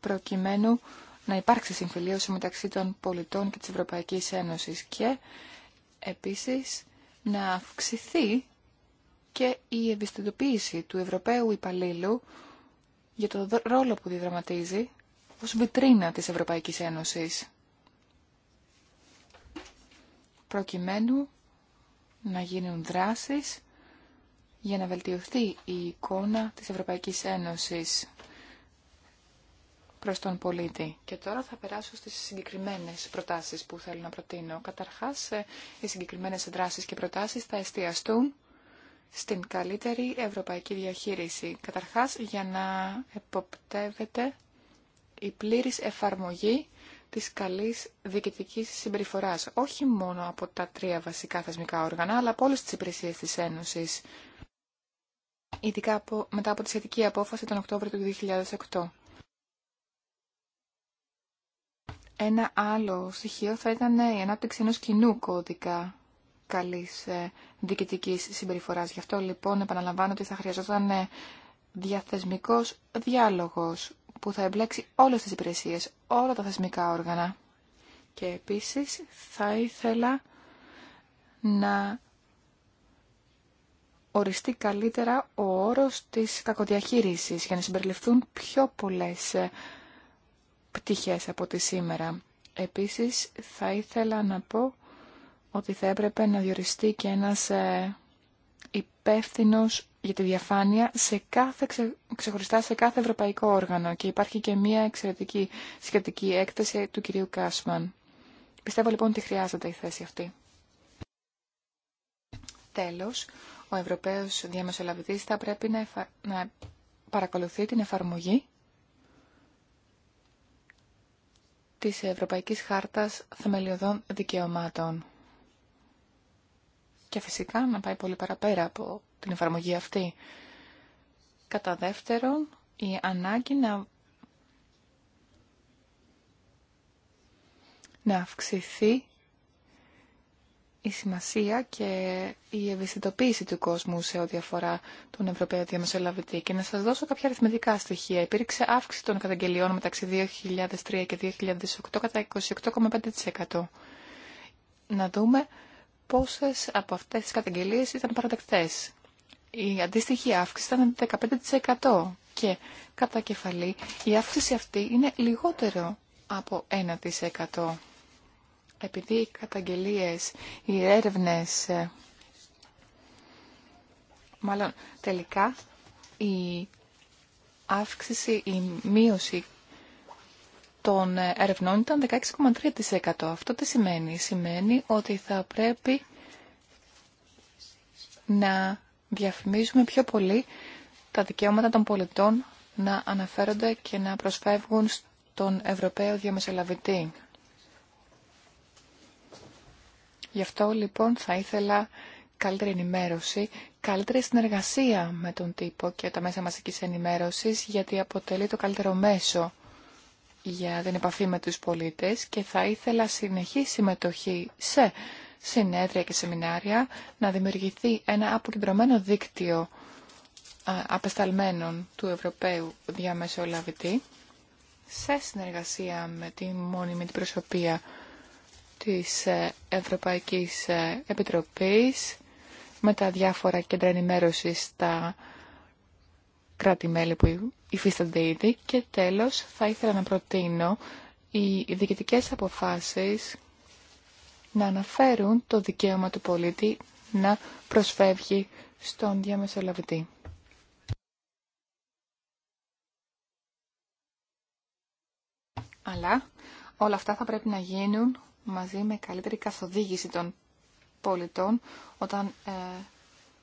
προκειμένου να υπάρξει συμφιλίωση μεταξύ των πολιτών και της Ευρωπαϊκής Ένωσης και επίσης να αυξηθεί και η ευαισθητοποίηση του Ευρωπαίου υπαλλήλου για το ρόλο που διδραματίζει ως βιτρίνα της Ευρωπαϊκής Ένωσης προκειμένου να γίνουν δράσεις για να βελτιωθεί η εικόνα της Ευρωπαϊκής Ένωσης προς τον Και τώρα θα περάσω στις συγκεκριμένες προτάσεις που θέλω να προτείνω. Καταρχάς, ε, οι συγκεκριμένες δράσεις και προτάσεις θα εστιαστούν στην καλύτερη ευρωπαϊκή διαχείριση. Καταρχάς, για να εποπτεύεται η πλήρης εφαρμογή της καλής διοικητικής συμπεριφοράς, όχι μόνο από τα τρία βασικά θεσμικά όργανα, αλλά από όλες τις υπηρεσίες της Ένωσης, ειδικά μετά από τη σχετική απόφαση τον Οκτώβριο του 2008. Ένα άλλο στοιχείο θα ήταν η ανάπτυξη ενός κοινού κώδικα καλής ε, διοικητικής συμπεριφοράς. Γι' αυτό λοιπόν επαναλαμβάνω ότι θα χρειαζόταν ε, διαθεσμικός διάλογος που θα εμπλέξει όλες τις υπηρεσίες, όλα τα θεσμικά όργανα. Και επίσης θα ήθελα να οριστεί καλύτερα ο όρος της κακοδιαχείρισης για να συμπεριληφθούν πιο πολλές ε, πτυχές από τη σήμερα. Επίσης, θα ήθελα να πω ότι θα έπρεπε να διοριστεί και ένας ε, υπεύθυνο για τη διαφάνεια σε κάθε, ξεχωριστά σε κάθε ευρωπαϊκό όργανο και υπάρχει και μια εξαιρετική σχετική έκθεση του κυρίου Κάσμαν. Πιστεύω λοιπόν ότι χρειάζεται η θέση αυτή. Τέλος, ο Ευρωπαίος Διαμεσολαβητής θα πρέπει να, να παρακολουθεί την εφαρμογή της Ευρωπαϊκής Χάρτας Θεμελιωδών Δικαιωμάτων. Και φυσικά να πάει πολύ παραπέρα από την εφαρμογή αυτή. Κατά δεύτερον, η ανάγκη να, να αυξηθεί η σημασία και η ευαισθητοποίηση του κόσμου σε ό,τι αφορά τον Ευρωπαίο Διαμεσολαβητή. Και να σας δώσω κάποια αριθμητικά στοιχεία. Υπήρξε αύξηση των καταγγελιών μεταξύ 2003 και 2008 κατά 28,5%. Να δούμε πόσες από αυτές τις καταγγελίες ήταν παραδεκτές. Η αντίστοιχη αύξηση ήταν 15% και κατά κεφαλή η αύξηση αυτή είναι λιγότερο από 1% επειδή οι καταγγελίες, οι έρευνες, ε, μάλλον τελικά η αύξηση, η μείωση των ε, ερευνών ήταν 16,3%. Αυτό τι σημαίνει. Σημαίνει ότι θα πρέπει να διαφημίζουμε πιο πολύ τα δικαιώματα των πολιτών να αναφέρονται και να προσφεύγουν στον Ευρωπαίο Διαμεσολαβητή. Γι' αυτό λοιπόν θα ήθελα καλύτερη ενημέρωση, καλύτερη συνεργασία με τον τύπο και τα μέσα μαζικής ενημέρωσης γιατί αποτελεί το καλύτερο μέσο για την επαφή με τους πολίτες και θα ήθελα συνεχή συμμετοχή σε συνέδρια και σεμινάρια να δημιουργηθεί ένα αποκεντρωμένο δίκτυο απεσταλμένων του Ευρωπαίου διαμεσολαβητή σε συνεργασία με τη μόνιμη την προσωπία της ε, Ευρωπαϊκής ε, Επιτροπής με τα διάφορα κέντρα ενημέρωση στα κράτη-μέλη που υφίστανται ήδη και τέλος θα ήθελα να προτείνω οι διοικητικές αποφάσεις να αναφέρουν το δικαίωμα του πολίτη να προσφεύγει στον διαμεσολαβητή. Αλλά όλα αυτά θα πρέπει να γίνουν μαζί με καλύτερη καθοδήγηση των πολιτών όταν ε,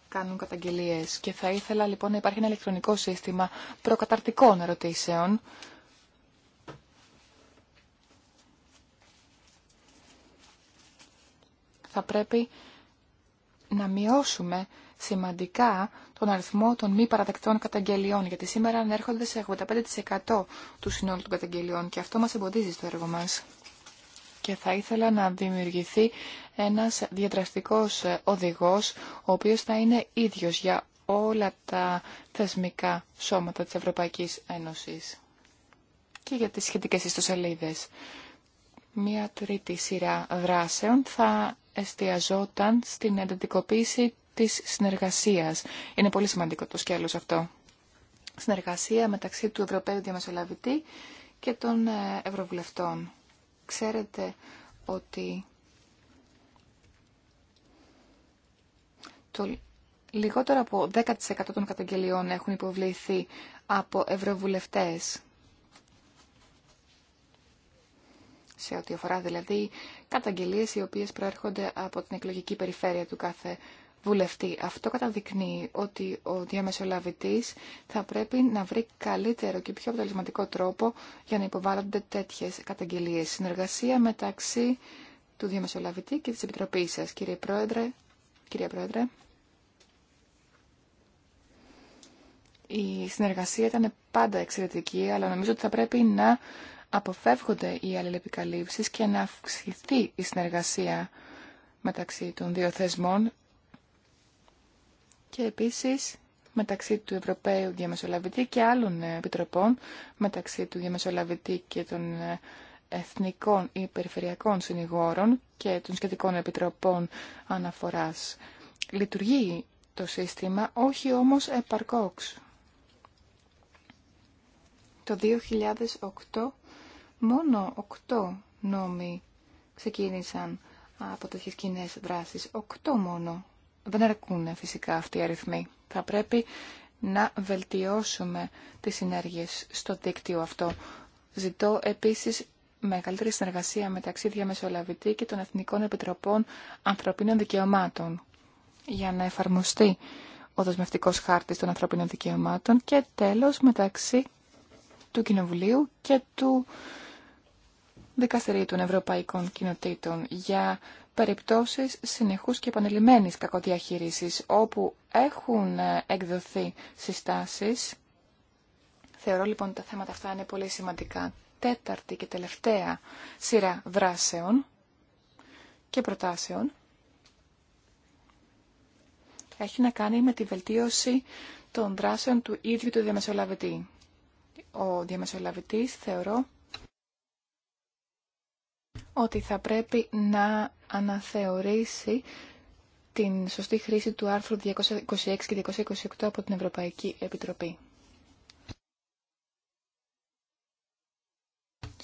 κάνουν καταγγελίες. Και θα ήθελα λοιπόν να υπάρχει ένα ηλεκτρονικό σύστημα προκαταρτικών ερωτήσεων. Θα πρέπει να μειώσουμε σημαντικά τον αριθμό των μη παραδεκτών καταγγελιών, γιατί σήμερα ανέρχονται σε 85% του συνόλου των καταγγελιών και αυτό μας εμποδίζει στο έργο μας και θα ήθελα να δημιουργηθεί ένας διατραστικός οδηγός, ο οποίος θα είναι ίδιος για όλα τα θεσμικά σώματα της Ευρωπαϊκής Ένωσης και για τις σχετικές ιστοσελίδες. Μία τρίτη σειρά δράσεων θα εστιαζόταν στην εντατικοποίηση της συνεργασίας. Είναι πολύ σημαντικό το σκέλος αυτό. Συνεργασία μεταξύ του Ευρωπαίου Διαμεσολαβητή και των ε, Ευρωβουλευτών. Ξέρετε ότι το λιγότερο από 10% των καταγγελιών έχουν υποβληθεί από ευρωβουλευτές. Σε ό,τι αφορά δηλαδή καταγγελίες οι οποίες προέρχονται από την εκλογική περιφέρεια του κάθε βουλευτή. Αυτό καταδεικνύει ότι ο διαμεσολαβητής θα πρέπει να βρει καλύτερο και πιο αποτελεσματικό τρόπο για να υποβάλλονται τέτοιες καταγγελίες. Συνεργασία μεταξύ του διαμεσολαβητή και της Επιτροπής σας. Κύριε Πρόεδρε, κύριε Πρόεδρε η συνεργασία ήταν πάντα εξαιρετική, αλλά νομίζω ότι θα πρέπει να αποφεύγονται οι αλληλεπικαλύψεις και να αυξηθεί η συνεργασία μεταξύ των δύο θεσμών και επίσης μεταξύ του Ευρωπαίου Διαμεσολαβητή και άλλων επιτροπών, μεταξύ του Διαμεσολαβητή και των εθνικών ή περιφερειακών συνηγόρων και των σχετικών επιτροπών αναφοράς. Λειτουργεί το σύστημα, όχι όμως επαρκόξ. Το 2008 μόνο 8 νόμοι ξεκίνησαν από τέτοιες κοινέ δράσεις. 8 μόνο δεν αρκούν φυσικά αυτοί οι αριθμοί. Θα πρέπει να βελτιώσουμε τις συνέργειες στο δίκτυο αυτό. Ζητώ επίσης μεγαλύτερη συνεργασία μεταξύ διαμεσολαβητή και των Εθνικών Επιτροπών Ανθρωπίνων Δικαιωμάτων για να εφαρμοστεί ο δοσμευτικός χάρτης των ανθρωπίνων δικαιωμάτων και τέλος μεταξύ του Κοινοβουλίου και του Δικαστηρίου των Ευρωπαϊκών Κοινοτήτων για περιπτώσεις συνεχούς και επανελειμμένης κακοδιαχείρισης, όπου έχουν ε, εκδοθεί συστάσεις. Θεωρώ λοιπόν ότι τα θέματα αυτά είναι πολύ σημαντικά. Τέταρτη και τελευταία σειρά δράσεων και προτάσεων έχει να κάνει με τη βελτίωση των δράσεων του ίδιου του διαμεσολαβητή. Ο διαμεσολαβητής θεωρώ ότι θα πρέπει να αναθεωρήσει την σωστή χρήση του άρθρου 226 και 228 από την Ευρωπαϊκή Επιτροπή.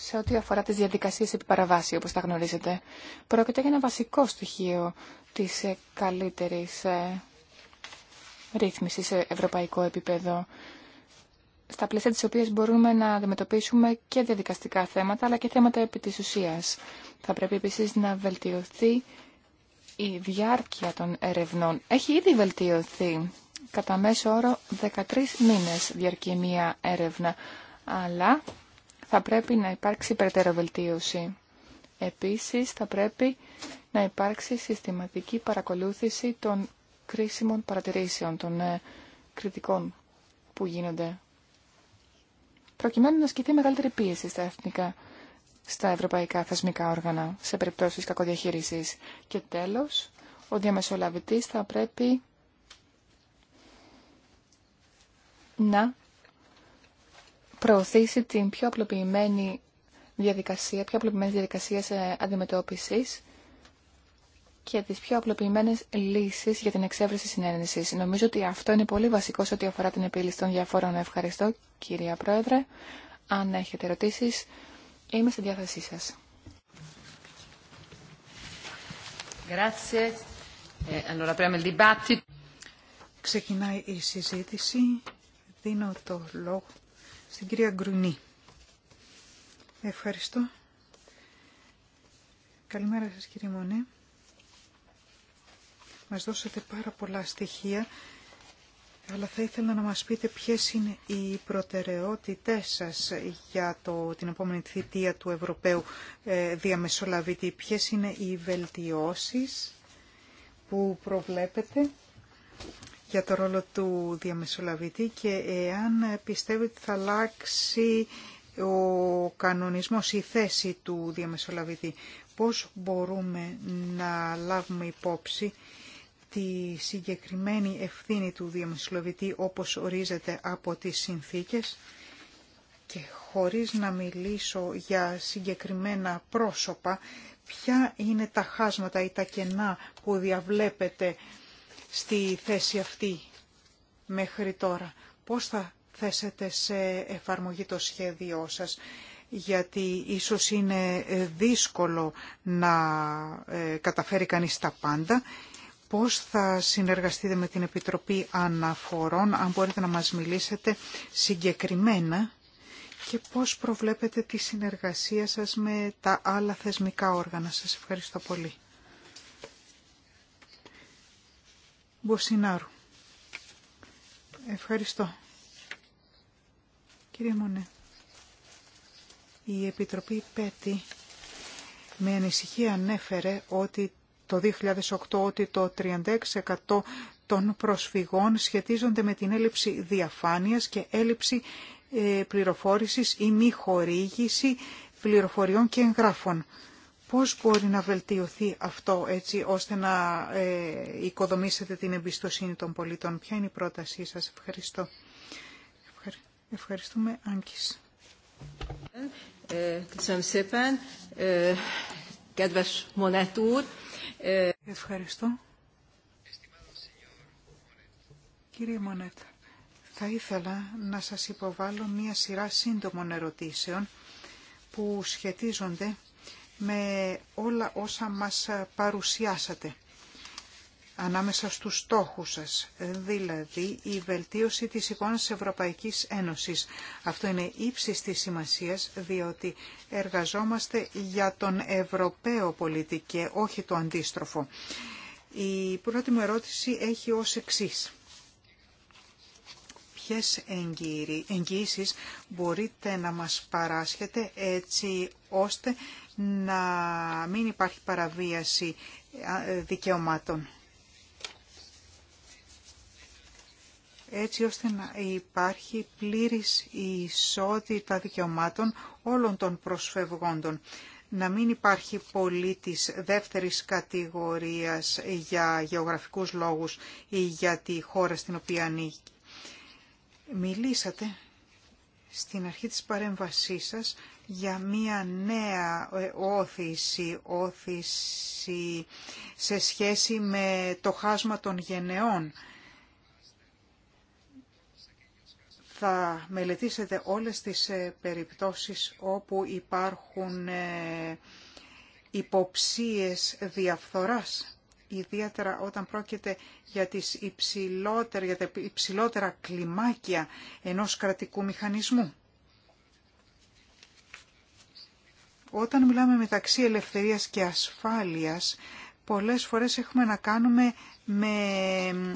σε ό,τι αφορά τις διαδικασίες επί παραβάση, όπως τα γνωρίζετε. Πρόκειται για ένα βασικό στοιχείο της ε, καλύτερης ε, ρύθμισης σε ευρωπαϊκό επίπεδο στα πλαίσια της οποίας μπορούμε να αντιμετωπίσουμε και διαδικαστικά θέματα, αλλά και θέματα επί της ουσίας. Θα πρέπει επίσης να βελτιωθεί η διάρκεια των ερευνών. Έχει ήδη βελτιωθεί κατά μέσο όρο 13 μήνες διαρκεί μία έρευνα, αλλά θα πρέπει να υπάρξει περαιτέρω βελτίωση. Επίσης, θα πρέπει να υπάρξει συστηματική παρακολούθηση των κρίσιμων παρατηρήσεων, των ε, κριτικών που γίνονται προκειμένου να ασκηθεί μεγαλύτερη πίεση στα εθνικά στα ευρωπαϊκά θεσμικά όργανα σε περιπτώσει κακοδιαχείρισης. Και τέλος, ο διαμεσολαβητής θα πρέπει να προωθήσει την πιο απλοποιημένη διαδικασία, πιο απλοποιημένη διαδικασία αντιμετώπισης και τις πιο απλοποιημένες λύσεις για την εξέβρεση συνένεσης. Νομίζω ότι αυτό είναι πολύ βασικό σε ό,τι αφορά την επίλυση των διαφόρων. Ευχαριστώ, κυρία Πρόεδρε. Αν έχετε ερωτήσει, είμαι στη διάθεσή σας. Ε, Ξεκινάει η συζήτηση. Δίνω το λόγο στην κυρία Γκρουνή. Ευχαριστώ. Καλημέρα σας κύριε Μονέ μας δώσατε πάρα πολλά στοιχεία, αλλά θα ήθελα να μας πείτε ποιες είναι οι προτεραιότητές σας για το, την επόμενη θητεία του Ευρωπαίου ε, Διαμεσολαβήτη. Ποιες είναι οι βελτιώσεις που προβλέπετε για το ρόλο του Διαμεσολαβήτη και εάν πιστεύετε ότι θα αλλάξει ο κανονισμός, η θέση του Διαμεσολαβήτη. Πώς μπορούμε να λάβουμε υπόψη τη συγκεκριμένη ευθύνη του διαμεσολαβητή όπως ορίζεται από τις συνθήκες και χωρίς να μιλήσω για συγκεκριμένα πρόσωπα, ποια είναι τα χάσματα ή τα κενά που διαβλέπετε στη θέση αυτή μέχρι τώρα. Πώς θα θέσετε σε εφαρμογή το σχέδιό σας, γιατί ίσως είναι δύσκολο να ε, καταφέρει κανείς τα πάντα πώς θα συνεργαστείτε με την Επιτροπή Αναφορών, αν μπορείτε να μας μιλήσετε συγκεκριμένα και πώς προβλέπετε τη συνεργασία σας με τα άλλα θεσμικά όργανα. Σας ευχαριστώ πολύ. Μποσινάρου. Ευχαριστώ. Κύριε Μονέ, η Επιτροπή Πέτη με ανησυχία ανέφερε ότι το 2008 ότι το 36% των προσφυγών σχετίζονται με την έλλειψη διαφάνειας και έλλειψη ε, πληροφόρησης ή μη χορήγηση πληροφοριών και εγγράφων. Πώς μπορεί να βελτιωθεί αυτό έτσι ώστε να ε, οικοδομήσετε την εμπιστοσύνη των πολιτών. Ποια είναι η πρότασή σας. Ευχαριστώ. Ευχαριστούμε. Άγκης. Ε, ε, Ευχαριστώ. Κύριε Μονέτ, θα ήθελα να σας υποβάλω μία σειρά σύντομων ερωτήσεων που σχετίζονται με όλα όσα μας παρουσιάσατε ανάμεσα στους στόχους σας, δηλαδή η βελτίωση της εικόνας της Ευρωπαϊκής Ένωσης. Αυτό είναι ύψης της σημασίας, διότι εργαζόμαστε για τον Ευρωπαίο πολίτη και όχι το αντίστροφο. Η πρώτη μου ερώτηση έχει ως εξής. Ποιες εγγυήσει μπορείτε να μας παράσχετε έτσι ώστε να μην υπάρχει παραβίαση δικαιωμάτων. έτσι ώστε να υπάρχει πλήρης ισότητα δικαιωμάτων όλων των προσφευγόντων. Να μην υπάρχει πολίτης δεύτερης κατηγορίας για γεωγραφικούς λόγους ή για τη χώρα στην οποία ανήκει. Μιλήσατε στην αρχή της παρέμβασής σας για μία νέα ε, όθηση, όθηση σε σχέση με το χάσμα των γενεών θα μελετήσετε όλες τις ε, περιπτώσεις όπου υπάρχουν ε, υποψίες διαφθοράς, ιδιαίτερα όταν πρόκειται για, τις υψηλότερα, για τα υψηλότερα κλιμάκια ενός κρατικού μηχανισμού. Όταν μιλάμε μεταξύ ελευθερίας και ασφάλειας, πολλές φορές έχουμε να κάνουμε με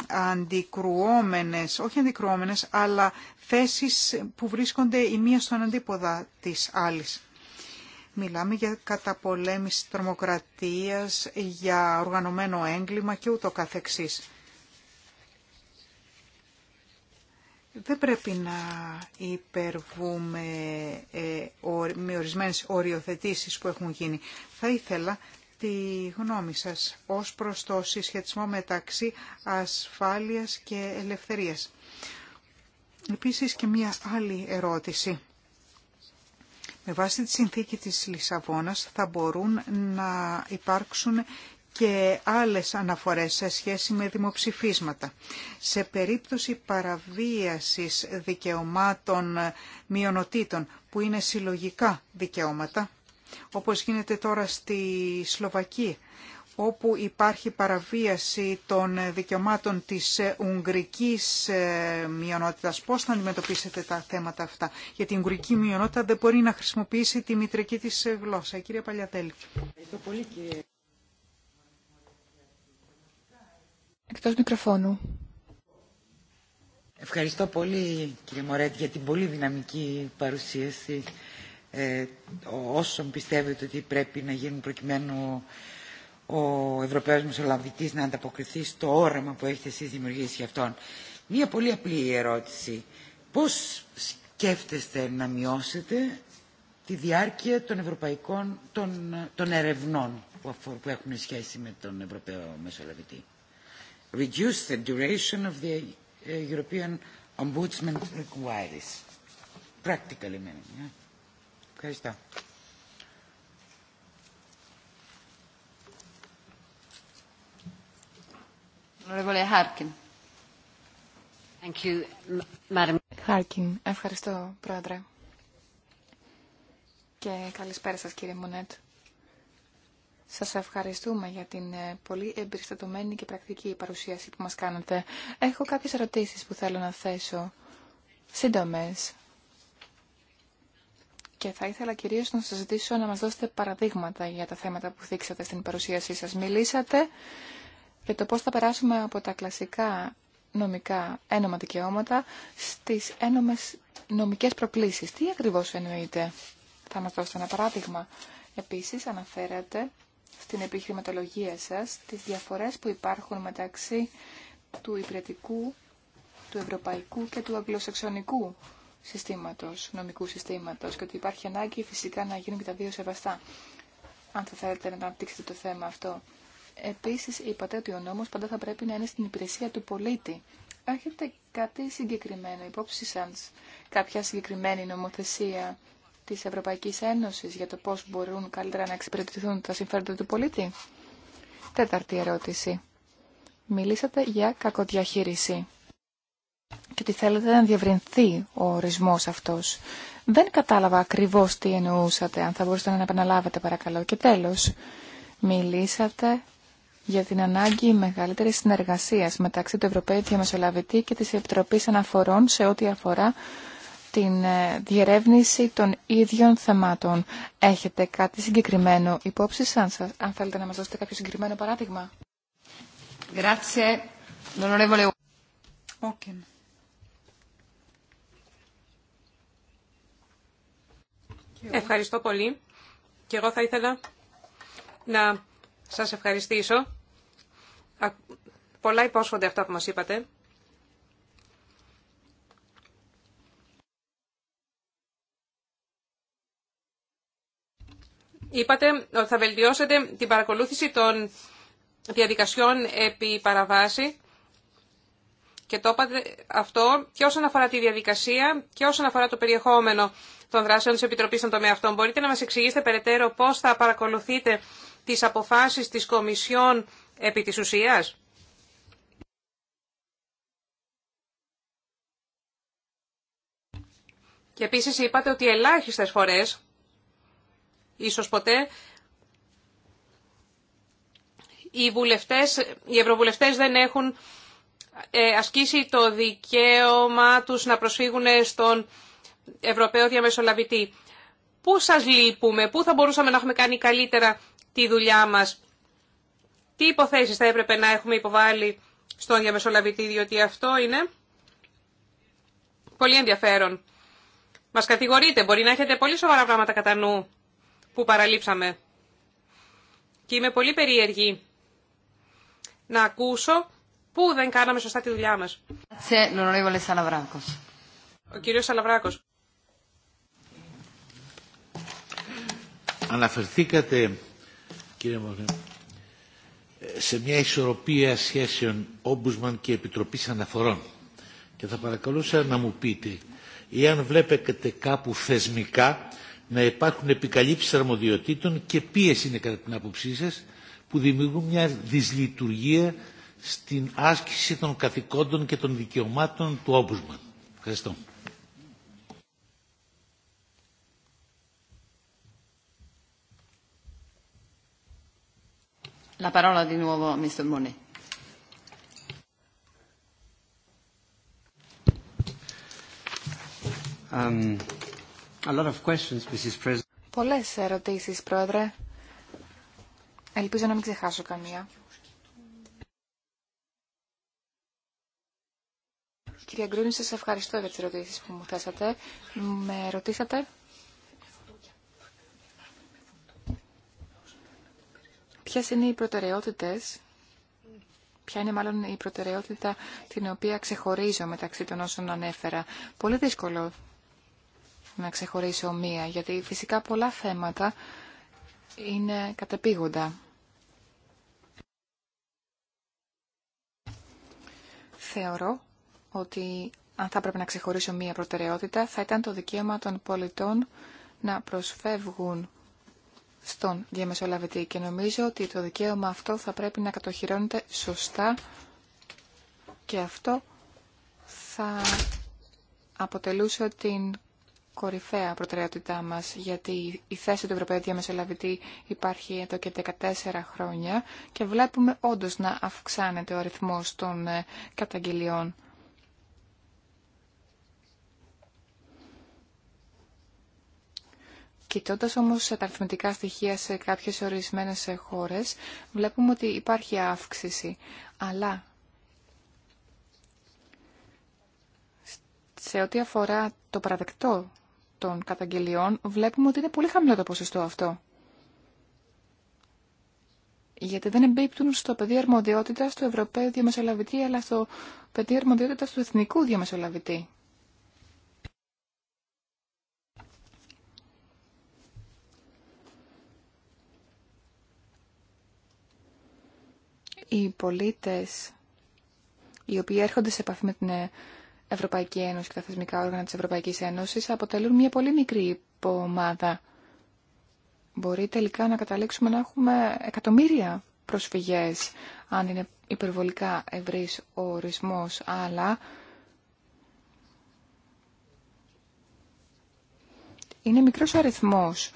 αντικρουόμενες, όχι αντικρουόμενες, αλλά θέσεις που βρίσκονται η μία στον αντίποδα της άλλης. Μιλάμε για καταπολέμηση τρομοκρατίας, για οργανωμένο έγκλημα και ούτω καθεξής. Δεν πρέπει να υπερβούμε ε, με ορισμένες οριοθετήσεις που έχουν γίνει. Θα ήθελα τη γνώμη σας ως προς το συσχετισμό μεταξύ ασφάλειας και ελευθερίας. Επίσης και μία άλλη ερώτηση. Με βάση τη συνθήκη της Λισαβόνας θα μπορούν να υπάρξουν και άλλες αναφορές σε σχέση με δημοψηφίσματα. Σε περίπτωση παραβίασης δικαιωμάτων μειονοτήτων που είναι συλλογικά δικαιώματα, όπως γίνεται τώρα στη Σλοβακία, όπου υπάρχει παραβίαση των δικαιωμάτων της ε, ουγγρικής ε, μειονότητας. Πώς θα αντιμετωπίσετε τα θέματα αυτά, γιατί η ουγγρική μειονότητα δεν μπορεί να χρησιμοποιήσει τη μητρική της ε, γλώσσα. Κύριε Παλιαδέλη. Εκτός μικροφώνου. Ευχαριστώ πολύ κύριε Μωρέτ, για την πολύ δυναμική παρουσίαση ε, όσων πιστεύετε ότι πρέπει να γίνουν προκειμένου ο Ευρωπαίος Μεσολαβητής να ανταποκριθεί στο όραμα που έχετε εσείς δημιουργήσει για αυτόν. Μία πολύ απλή ερώτηση. Πώς σκέφτεστε να μειώσετε τη διάρκεια των ευρωπαϊκών των, των ερευνών που, που έχουν σχέση με τον Ευρωπαίο Μεσολαβητή. Reduce the duration of the uh, European Ombudsman inquiries. Practically, meaning. Ευχαριστώ. Χάρκιν, ευχαριστώ πρόεδρε. Και καλησπέρα σας κύριε Μονέτ. Σας ευχαριστούμε για την ε, πολύ εμπεριστατωμένη και πρακτική παρουσίαση που μας κάνατε. Έχω κάποιες ερωτήσεις που θέλω να θέσω. Σύντομες. Και θα ήθελα κυρίως να σας ζητήσω να μας δώσετε παραδείγματα για τα θέματα που δείξατε στην παρουσίασή σας. Μιλήσατε για το πώς θα περάσουμε από τα κλασικά νομικά ένομα δικαιώματα στις ένομες νομικές προκλήσεις. Τι ακριβώς εννοείτε. Θα μας δώσετε ένα παράδειγμα. Επίσης αναφέρατε στην επιχειρηματολογία σας τις διαφορές που υπάρχουν μεταξύ του υπηρετικού, του ευρωπαϊκού και του αγγλοσαξονικού συστήματος, νομικού συστήματος και ότι υπάρχει ανάγκη φυσικά να γίνουν και τα δύο σεβαστά, αν θα θέλετε να αναπτύξετε το θέμα αυτό. Επίσης είπατε ότι ο νόμος πάντα θα πρέπει να είναι στην υπηρεσία του πολίτη. Έχετε κάτι συγκεκριμένο υπόψη σας, κάποια συγκεκριμένη νομοθεσία της Ευρωπαϊκής Ένωσης για το πώς μπορούν καλύτερα να εξυπηρετηθούν τα συμφέροντα του πολίτη. Τέταρτη ερώτηση. Μιλήσατε για κακοδιαχείριση και ότι θέλετε να διευρυνθεί ο ορισμός αυτός. Δεν κατάλαβα ακριβώς τι εννοούσατε, αν θα μπορούσατε να επαναλάβετε παρακαλώ. Και τέλος, μιλήσατε για την ανάγκη μεγαλύτερης συνεργασίας μεταξύ του Ευρωπαίου Διαμεσολαβητή και της Επιτροπής Αναφορών σε ό,τι αφορά την ε, διερεύνηση των ίδιων θεμάτων. Έχετε κάτι συγκεκριμένο υπόψη σαν σας, αν θέλετε να μας δώσετε κάποιο συγκεκριμένο παράδειγμα. Ευχαριστώ πολύ. Και εγώ θα ήθελα να σας ευχαριστήσω. Πολλά υπόσχονται αυτά που μας είπατε. Είπατε ότι θα βελτιώσετε την παρακολούθηση των διαδικασιών επί παραβάση και το είπατε αυτό και όσον αφορά τη διαδικασία και όσον αφορά το περιεχόμενο των δράσεων της Επιτροπής στον τομέα αυτών. Μπορείτε να μας εξηγήσετε περαιτέρω πώς θα παρακολουθείτε τις αποφάσεις της Κομισιόν επί της ουσίας. Και επίσης είπατε ότι ελάχιστες φορές, ίσως ποτέ, οι, οι ευρωβουλευτές δεν έχουν ε, ασκήσει το δικαίωμα τους να προσφύγουν στον Ευρωπαίο Διαμεσολαβητή. Πού σας λείπουμε, πού θα μπορούσαμε να έχουμε κάνει καλύτερα τη δουλειά μας. Τι υποθέσεις θα έπρεπε να έχουμε υποβάλει στον διαμεσολαβητή, διότι αυτό είναι πολύ ενδιαφέρον. Μας κατηγορείτε, μπορεί να έχετε πολύ σοβαρά πράγματα κατά νου που παραλείψαμε. Και είμαι πολύ περίεργη να ακούσω Πού δεν κάναμε σωστά τη δουλειά μας. Ο κύριος Σαλαβράκος. Αναφερθήκατε, κύριε Μωρέ, σε μια ισορροπία σχέσεων Όμπουσμαν και Επιτροπής Αναφορών. Και θα παρακαλούσα να μου πείτε, εάν βλέπετε κάπου θεσμικά να υπάρχουν επικαλύψεις αρμοδιοτήτων και ποιες είναι κατά την άποψή σας που δημιουργούν μια δυσλειτουργία στην άσκηση των καθηκόντων και των δικαιωμάτων του Όμπουσμαν. Ευχαριστώ. La parola di nuovo Mr. Monet. Um, a lot of questions, Mrs. President. Πολλές ερωτήσεις, Πρόεδρε. Ελπίζω να μην ξεχάσω καμία. Κυρία Γκρούνη, σας ευχαριστώ για τις ερωτήσεις που μου θέσατε. Με ρωτήσατε Ποιε είναι οι προτεραιότητες Ποια είναι μάλλον η προτεραιότητα την οποία ξεχωρίζω μεταξύ των όσων ανέφερα. Πολύ δύσκολο να ξεχωρίσω μία, γιατί φυσικά πολλά θέματα είναι κατεπίγοντα. Θεωρώ ότι αν θα έπρεπε να ξεχωρίσω μία προτεραιότητα θα ήταν το δικαίωμα των πολιτών να προσφεύγουν στον διαμεσολαβητή και νομίζω ότι το δικαίωμα αυτό θα πρέπει να κατοχυρώνεται σωστά και αυτό θα αποτελούσε την κορυφαία προτεραιότητά μας γιατί η θέση του Ευρωπαϊκού Διαμεσολαβητή υπάρχει εδώ και 14 χρόνια και βλέπουμε όντως να αυξάνεται ο αριθμός των ε, καταγγελιών Κοιτώντας όμως τα αριθμητικά στοιχεία σε κάποιες ορισμένες χώρες, βλέπουμε ότι υπάρχει αύξηση. Αλλά σε ό,τι αφορά το παραδεκτό των καταγγελιών, βλέπουμε ότι είναι πολύ χαμηλό το ποσοστό αυτό. Γιατί δεν εμπίπτουν στο πεδίο αρμοδιότητα του Ευρωπαίου Διαμεσολαβητή, αλλά στο πεδίο αρμοδιότητα του Εθνικού Διαμεσολαβητή. οι πολίτες οι οποίοι έρχονται σε επαφή με την Ευρωπαϊκή Ένωση και τα θεσμικά όργανα της Ευρωπαϊκής Ένωσης αποτελούν μια πολύ μικρή ομάδα. Μπορεί τελικά να καταλήξουμε να έχουμε εκατομμύρια προσφυγές αν είναι υπερβολικά ευρύς ο ορισμός, αλλά είναι μικρός αριθμός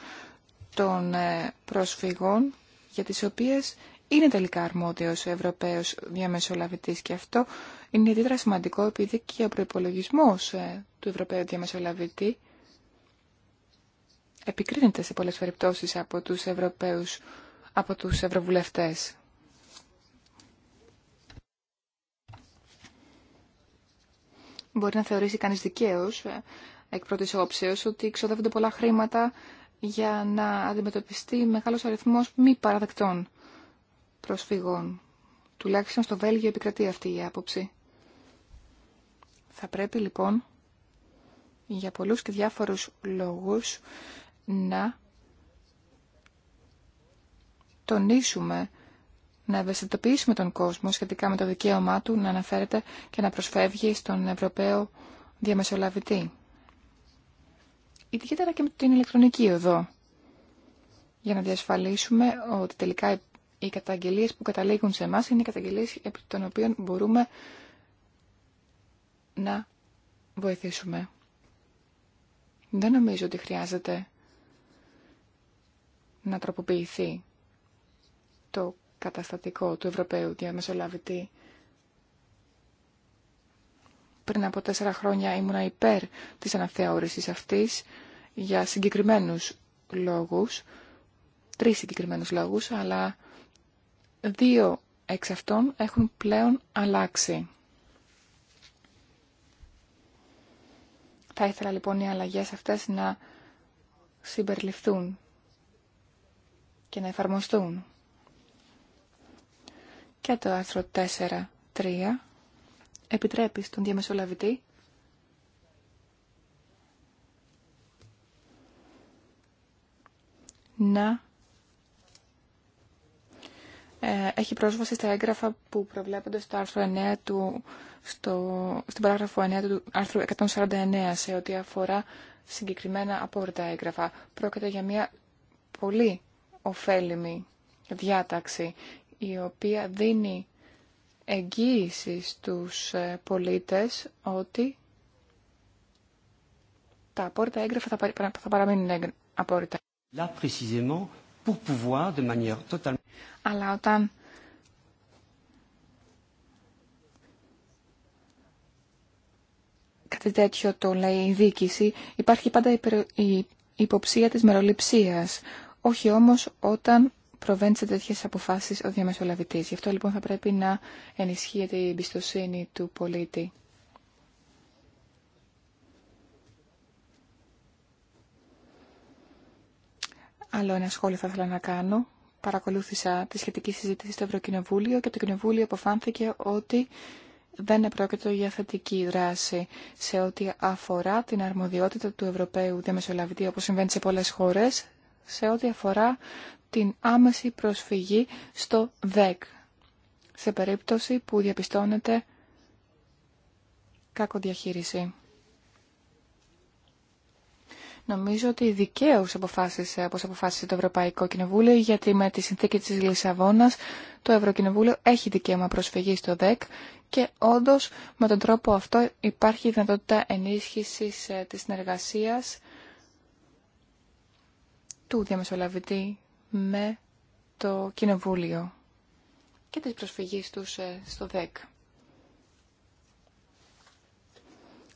των ε, προσφυγών για τις οποίες είναι τελικά αρμόδιος ο Ευρωπαίος διαμεσολαβητής και αυτό είναι ιδιαίτερα σημαντικό επειδή και ο προϋπολογισμός ε, του Ευρωπαίου διαμεσολαβητή επικρίνεται σε πολλές περιπτώσεις από τους Ευρωπαίους, από τους Ευρωβουλευτές. Μπορεί να θεωρήσει κανείς δικαίως ε, εκ πρώτης όψεως ότι ξοδεύονται πολλά χρήματα για να αντιμετωπιστεί μεγάλος αριθμός μη παραδεκτών προσφυγών. Τουλάχιστον στο Βέλγιο επικρατεί αυτή η άποψη. Θα πρέπει λοιπόν για πολλούς και διάφορους λόγους να τονίσουμε, να ευαισθητοποιήσουμε τον κόσμο σχετικά με το δικαίωμά του να αναφέρεται και να προσφεύγει στον Ευρωπαίο διαμεσολαβητή. Ιδιαίτερα και με την ηλεκτρονική οδό, για να διασφαλίσουμε ότι τελικά οι καταγγελίες που καταλήγουν σε εμά είναι οι καταγγελίες επί των οποίων μπορούμε να βοηθήσουμε. Δεν νομίζω ότι χρειάζεται να τροποποιηθεί το καταστατικό του Ευρωπαίου Διαμεσολαβητή. Πριν από τέσσερα χρόνια ήμουνα υπέρ της αναθεώρησης αυτής για συγκεκριμένους λόγους, τρεις συγκεκριμένους λόγους, αλλά Δύο εξ αυτών έχουν πλέον αλλάξει. Θα ήθελα λοιπόν οι αλλαγές αυτές να συμπεριληφθούν και να εφαρμοστούν. Και το άρθρο 4.3 επιτρέπει στον διαμεσολαβητή να ε, έχει πρόσβαση στα έγγραφα που προβλέπονται στο άρθρο 9 του, στο, στην παράγραφο 9 του άρθρου 149 σε ό,τι αφορά συγκεκριμένα απόρριτα έγγραφα. Πρόκειται για μια πολύ ωφέλιμη διάταξη η οποία δίνει εγγύηση στους ε, πολίτες ότι τα απόρριτα έγγραφα θα παραμείνουν απόρριτα. Αλλά όταν κάτι τέτοιο το λέει η δίκηση, υπάρχει πάντα η υποψία της μεροληψίας. Όχι όμως όταν προβαίνει σε τέτοιες αποφάσεις ο διαμεσολαβητής. Γι' αυτό λοιπόν θα πρέπει να ενισχύεται η εμπιστοσύνη του πολίτη. Άλλο ένα σχόλιο θα ήθελα να κάνω παρακολούθησα τη σχετική συζήτηση στο Ευρωκοινοβούλιο και το Κοινοβούλιο αποφάνθηκε ότι δεν επρόκειτο για θετική δράση σε ό,τι αφορά την αρμοδιότητα του Ευρωπαίου Διαμεσολαβητή, όπως συμβαίνει σε πολλές χώρες, σε ό,τι αφορά την άμεση προσφυγή στο ΔΕΚ, σε περίπτωση που διαπιστώνεται κακοδιαχείριση. Νομίζω ότι δικαίως αποφάσισε, όπως αποφάσισε το Ευρωπαϊκό Κοινοβούλιο, γιατί με τη συνθήκη της Λισαβόνας το Ευρωκοινοβούλιο έχει δικαίωμα προσφυγή στο ΔΕΚ και όντως με τον τρόπο αυτό υπάρχει δυνατότητα ενίσχυσης ε, της συνεργασίας του διαμεσολαβητή με το Κοινοβούλιο και της προσφυγής του ε, στο ΔΕΚ.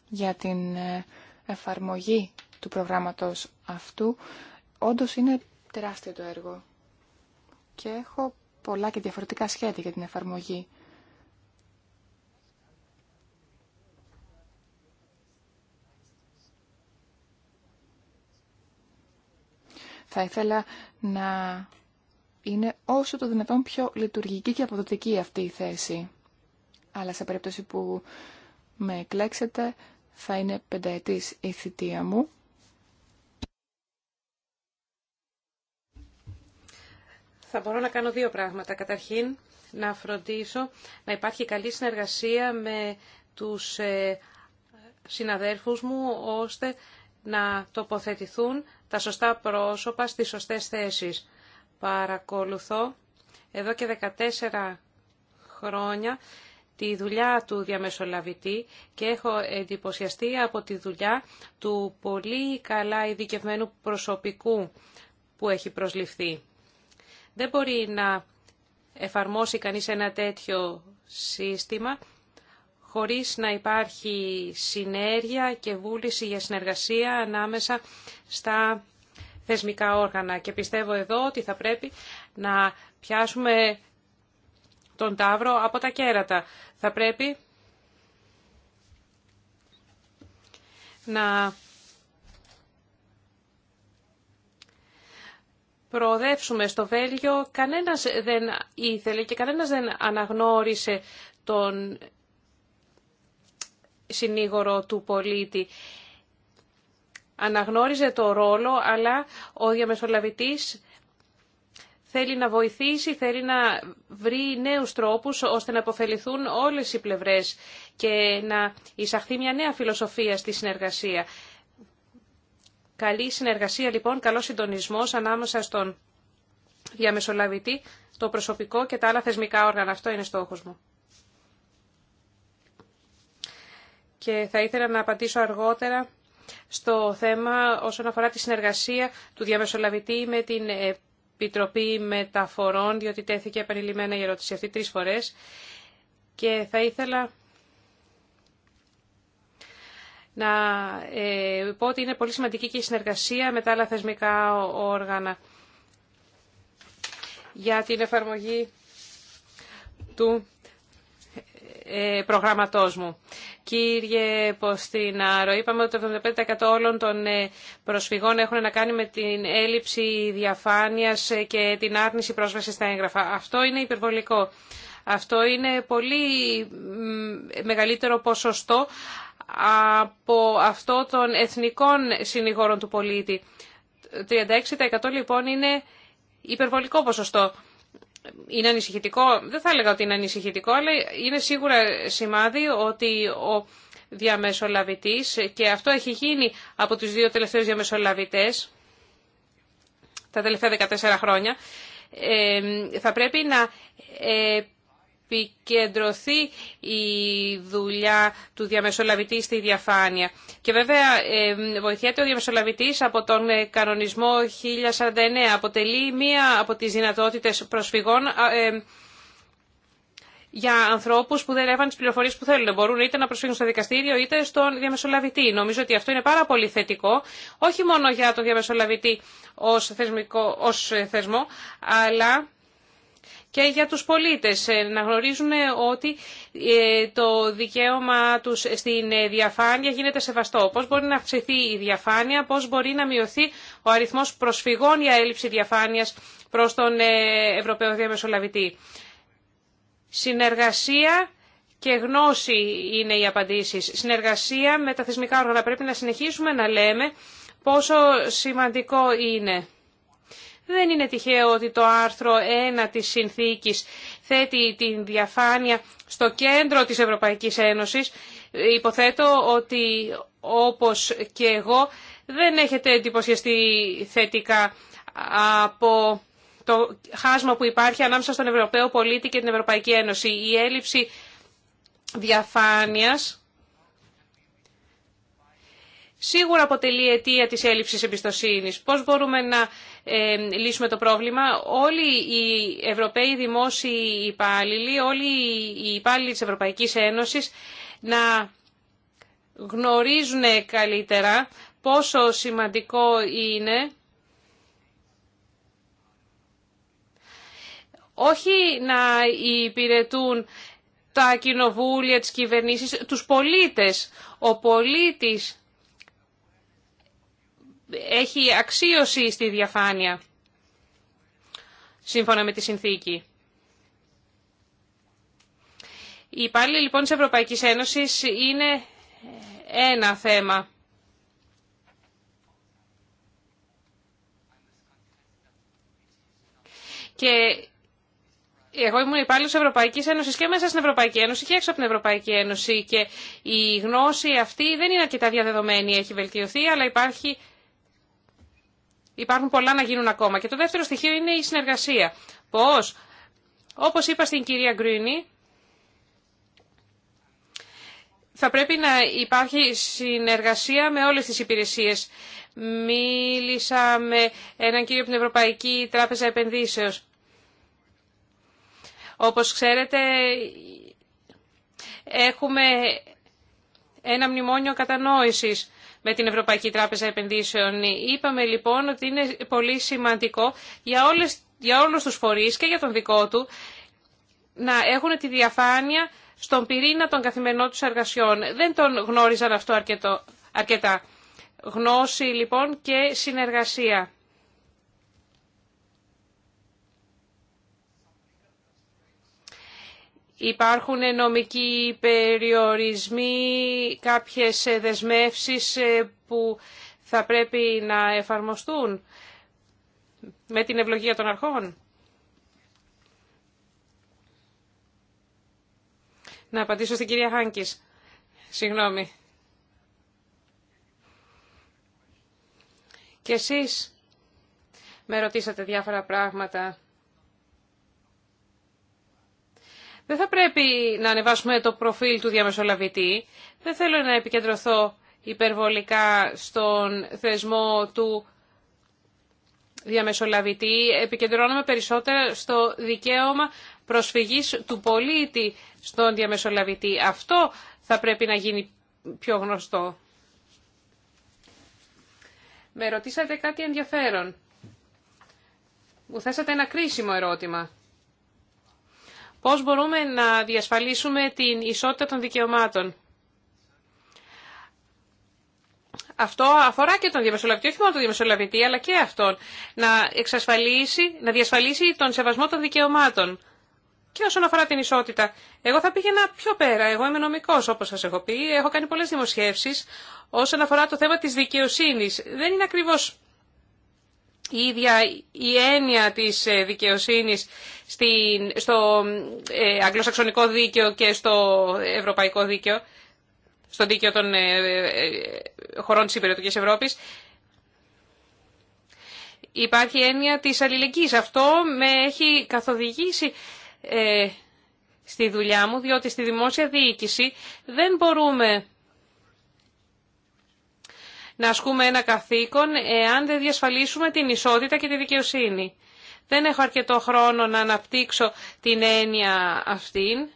Για την ε, εφαρμογή του προγράμματος αυτού. Όντως είναι τεράστιο το έργο και έχω πολλά και διαφορετικά σχέδια για την εφαρμογή. Θα ήθελα να είναι όσο το δυνατόν πιο λειτουργική και αποδοτική αυτή η θέση. Αλλά σε περίπτωση που με εκλέξετε θα είναι πενταετής η θητεία μου θα μπορώ να κάνω δύο πράγματα. Καταρχήν, να φροντίσω να υπάρχει καλή συνεργασία με τους ε, συναδέρφους μου, ώστε να τοποθετηθούν τα σωστά πρόσωπα στις σωστές θέσεις. Παρακολουθώ εδώ και 14 χρόνια τη δουλειά του διαμεσολαβητή και έχω εντυπωσιαστεί από τη δουλειά του πολύ καλά ειδικευμένου προσωπικού που έχει προσληφθεί. Δεν μπορεί να εφαρμόσει κανείς ένα τέτοιο σύστημα χωρίς να υπάρχει συνέργεια και βούληση για συνεργασία ανάμεσα στα θεσμικά όργανα. Και πιστεύω εδώ ότι θα πρέπει να πιάσουμε τον τάβρο από τα κέρατα. Θα πρέπει να προοδεύσουμε στο Βέλγιο, κανένας δεν ήθελε και κανένας δεν αναγνώρισε τον συνήγορο του πολίτη. Αναγνώριζε το ρόλο, αλλά ο διαμεσολαβητής θέλει να βοηθήσει, θέλει να βρει νέους τρόπους ώστε να αποφεληθούν όλες οι πλευρές και να εισαχθεί μια νέα φιλοσοφία στη συνεργασία. Καλή συνεργασία λοιπόν, καλό συντονισμό ανάμεσα στον διαμεσολαβητή, το προσωπικό και τα άλλα θεσμικά όργανα. Αυτό είναι στόχος μου. Και θα ήθελα να απαντήσω αργότερα στο θέμα όσον αφορά τη συνεργασία του διαμεσολαβητή με την Επιτροπή Μεταφορών, διότι τέθηκε επανειλημμένα η ερώτηση αυτή τρεις φορές. Και θα ήθελα να ε, πω ότι είναι πολύ σημαντική και η συνεργασία με τα άλλα θεσμικά όργανα για την εφαρμογή του ε, προγράμματός μου. Κύριε Ποστινάρο, είπαμε ότι το 75% όλων των ε, προσφυγών έχουν να κάνει με την έλλειψη διαφάνειας και την άρνηση πρόσβασης στα έγγραφα. Αυτό είναι υπερβολικό. Αυτό είναι πολύ μεγαλύτερο ποσοστό από αυτό των εθνικών συνηγόρων του πολίτη. 36% λοιπόν είναι υπερβολικό ποσοστό. Είναι ανησυχητικό, δεν θα έλεγα ότι είναι ανησυχητικό, αλλά είναι σίγουρα σημάδι ότι ο διαμεσολαβητής, και αυτό έχει γίνει από τους δύο τελευταίους διαμεσολαβητές τα τελευταία 14 χρόνια, ε, θα πρέπει να ε, επικεντρωθεί η δουλειά του διαμεσολαβητή στη διαφάνεια. Και βέβαια βοηθιέται ο διαμεσολαβητής από τον ε, κανονισμό 1049. Αποτελεί μία από τις δυνατότητες προσφυγών για ανθρώπου που δεν έλαβαν τι πληροφορίε που θέλουν. Μπορούν είτε να προσφύγουν στο δικαστήριο είτε στον διαμεσολαβητή. Νομίζω ότι αυτό είναι πάρα πολύ θετικό, όχι μόνο για τον διαμεσολαβητή ω ε, θεσμό, αλλά και για τους πολίτες ε, να γνωρίζουν ε, ότι ε, το δικαίωμα τους στην διαφάνεια γίνεται σεβαστό. Πώς μπορεί να αυξηθεί η διαφάνεια, πώς μπορεί να μειωθεί ο αριθμός προσφυγών για έλλειψη διαφάνειας προς τον Ευρωπαίο Διαμεσολαβητή. Συνεργασία και γνώση είναι οι απαντήσεις. Συνεργασία με τα θεσμικά όργανα. Πρέπει να συνεχίσουμε να λέμε πόσο σημαντικό είναι. Δεν είναι τυχαίο ότι το άρθρο 1 της συνθήκης θέτει την διαφάνεια στο κέντρο της Ευρωπαϊκής Ένωσης. Υποθέτω ότι όπως και εγώ δεν έχετε εντυπωσιαστεί θετικά από το χάσμα που υπάρχει ανάμεσα στον Ευρωπαίο πολίτη και την Ευρωπαϊκή Ένωση. Η έλλειψη διαφάνειας σίγουρα αποτελεί αιτία της έλλειψης εμπιστοσύνης. Πώς μπορούμε να ε, λύσουμε το πρόβλημα. Όλοι οι Ευρωπαίοι δημόσιοι υπάλληλοι, όλοι οι υπάλληλοι της Ευρωπαϊκής Ένωσης να γνωρίζουν καλύτερα πόσο σημαντικό είναι όχι να υπηρετούν τα κοινοβούλια, τις κυβερνήσεις, τους πολίτες. Ο πολίτης έχει αξίωση στη διαφάνεια, σύμφωνα με τη συνθήκη. Οι υπάλληλοι λοιπόν της Ευρωπαϊκής Ένωσης είναι ένα θέμα. Και εγώ ήμουν υπάλληλο Ευρωπαϊκή Ένωση και μέσα στην Ευρωπαϊκή Ένωση και έξω από την Ευρωπαϊκή Ένωση. Και η γνώση αυτή δεν είναι αρκετά διαδεδομένη. Έχει βελτιωθεί, αλλά υπάρχει υπάρχουν πολλά να γίνουν ακόμα. Και το δεύτερο στοιχείο είναι η συνεργασία. Πώς, όπως είπα στην κυρία Γκρίνη, θα πρέπει να υπάρχει συνεργασία με όλες τις υπηρεσίες. Μίλησα με έναν κύριο από την Ευρωπαϊκή Τράπεζα Επενδύσεως. Όπως ξέρετε, έχουμε ένα μνημόνιο κατανόησης με την Ευρωπαϊκή Τράπεζα Επενδύσεων. Είπαμε λοιπόν ότι είναι πολύ σημαντικό για, όλες, για όλους τους φορείς και για τον δικό του να έχουν τη διαφάνεια στον πυρήνα των καθημερινών τους εργασιών. Δεν τον γνώριζαν αυτό αρκετό, αρκετά. Γνώση λοιπόν και συνεργασία. Υπάρχουν νομικοί περιορισμοί, κάποιες δεσμεύσεις ε, που θα πρέπει να εφαρμοστούν με την ευλογία των αρχών. Να απαντήσω στην κυρία Χάνκης. Συγγνώμη. Και εσείς με ρωτήσατε διάφορα πράγματα. Δεν θα πρέπει να ανεβάσουμε το προφίλ του διαμεσολαβητή. Δεν θέλω να επικεντρωθώ υπερβολικά στον θεσμό του διαμεσολαβητή. Επικεντρώνομαι περισσότερα στο δικαίωμα προσφυγής του πολίτη στον διαμεσολαβητή. Αυτό θα πρέπει να γίνει πιο γνωστό. Με ρωτήσατε κάτι ενδιαφέρον. Μου θέσατε ένα κρίσιμο ερώτημα. Πώς μπορούμε να διασφαλίσουμε την ισότητα των δικαιωμάτων. Αυτό αφορά και τον διαμεσολαβητή, όχι μόνο τον διαμεσολαβητή, αλλά και αυτόν. Να, εξασφαλίσει, να διασφαλίσει τον σεβασμό των δικαιωμάτων. Και όσον αφορά την ισότητα, εγώ θα πήγαινα πιο πέρα. Εγώ είμαι νομικό, όπω σα έχω πει. Έχω κάνει πολλέ δημοσιεύσει όσον αφορά το θέμα τη δικαιοσύνη. Δεν είναι ακριβώ η ίδια η έννοια της ε, δικαιοσύνης στο ε, αγγλοσαξονικό δίκαιο και στο ευρωπαϊκό δίκαιο, στο δίκαιο των ε, χωρών της υπηρετικής Ευρώπης, υπάρχει έννοια της αλληλεγγύης. Αυτό με έχει καθοδηγήσει στη δουλειά μου, διότι στη δημόσια διοίκηση δεν μπορούμε να ασκούμε ένα καθήκον εάν δεν διασφαλίσουμε την ισότητα και τη δικαιοσύνη. Δεν έχω αρκετό χρόνο να αναπτύξω την έννοια αυτήν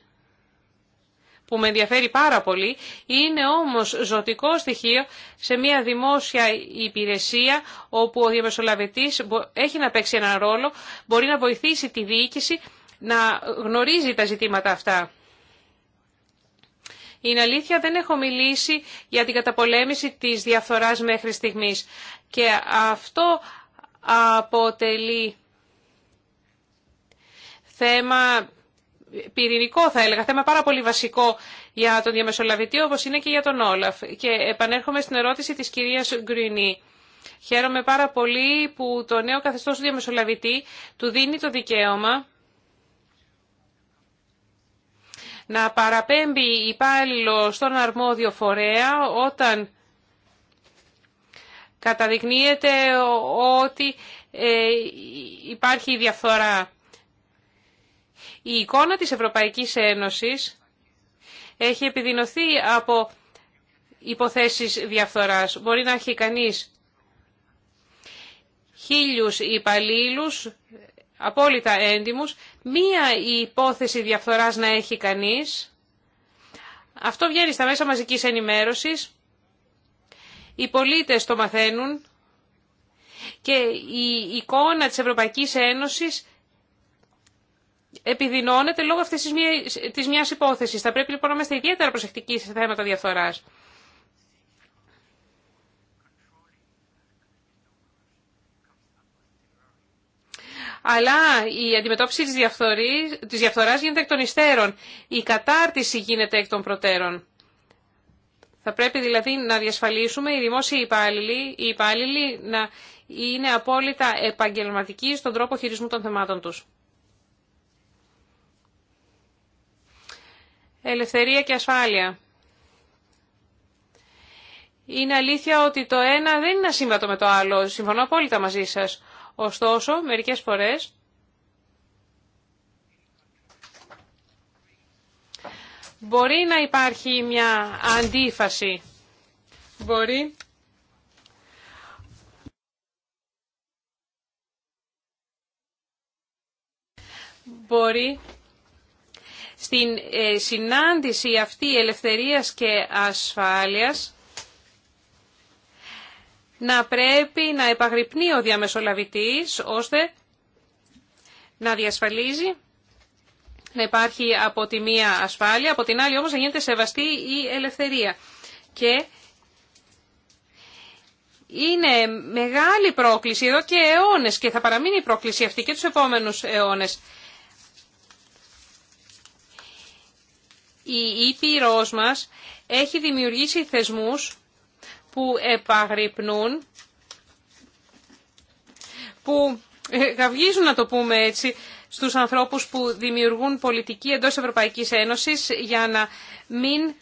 που με ενδιαφέρει πάρα πολύ, είναι όμως ζωτικό στοιχείο σε μια δημόσια υπηρεσία όπου ο διαμεσολαβητής έχει να παίξει έναν ρόλο, μπορεί να βοηθήσει τη διοίκηση να γνωρίζει τα ζητήματα αυτά. Είναι αλήθεια, δεν έχω μιλήσει για την καταπολέμηση της διαφθοράς μέχρι στιγμής. Και αυτό αποτελεί θέμα πυρηνικό θα έλεγα, θέμα πάρα πολύ βασικό για τον διαμεσολαβητή όπως είναι και για τον Όλαφ. Και επανέρχομαι στην ερώτηση της κυρίας Γκρινή. Χαίρομαι πάρα πολύ που το νέο καθεστώς του διαμεσολαβητή του δίνει το δικαίωμα να παραπέμπει υπάλληλο στον αρμόδιο φορέα όταν καταδεικνύεται ότι ε, υπάρχει διαφθορά. Η εικόνα της Ευρωπαϊκής Ένωσης έχει επιδεινωθεί από υποθέσεις διαφθοράς. Μπορεί να έχει κανείς χίλιους υπαλλήλους απόλυτα έντιμους, μία η υπόθεση διαφθοράς να έχει κανείς. Αυτό βγαίνει στα μέσα μαζικής ενημέρωσης. Οι πολίτες το μαθαίνουν και η εικόνα της Ευρωπαϊκής Ένωσης επιδεινώνεται λόγω αυτής της μιας υπόθεσης. Θα πρέπει λοιπόν να είμαστε ιδιαίτερα προσεκτικοί σε θέματα διαφθοράς. αλλά η αντιμετώπιση της, διαφθορής, της διαφθοράς γίνεται εκ των υστέρων. Η κατάρτιση γίνεται εκ των προτέρων. Θα πρέπει δηλαδή να διασφαλίσουμε οι δημόσιοι υπάλληλοι, οι υπάλληλοι να είναι απόλυτα επαγγελματικοί στον τρόπο χειρισμού των θεμάτων τους. Ελευθερία και ασφάλεια. Είναι αλήθεια ότι το ένα δεν είναι ασύμβατο με το άλλο. Συμφωνώ απόλυτα μαζί σας. Ωστόσο, μερικές φορές μπορεί να υπάρχει μια αντίφαση. Μπορεί μπορεί στην ε, συνάντηση αυτή ελευθερίας και ασφάλειας να πρέπει να επαγρυπνεί ο διαμεσολαβητής ώστε να διασφαλίζει να υπάρχει από τη μία ασφάλεια, από την άλλη όμως να γίνεται σεβαστή η ελευθερία. Και είναι μεγάλη πρόκληση εδώ και αιώνες και θα παραμείνει η πρόκληση αυτή και τους επόμενους αιώνες. Η Ήπειρός μας έχει δημιουργήσει θεσμούς που επαγρυπνούν, που ε, καυγίζουν να το πούμε έτσι, στους ανθρώπους που δημιουργούν πολιτική εντός Ευρωπαϊκής Ένωσης για να μην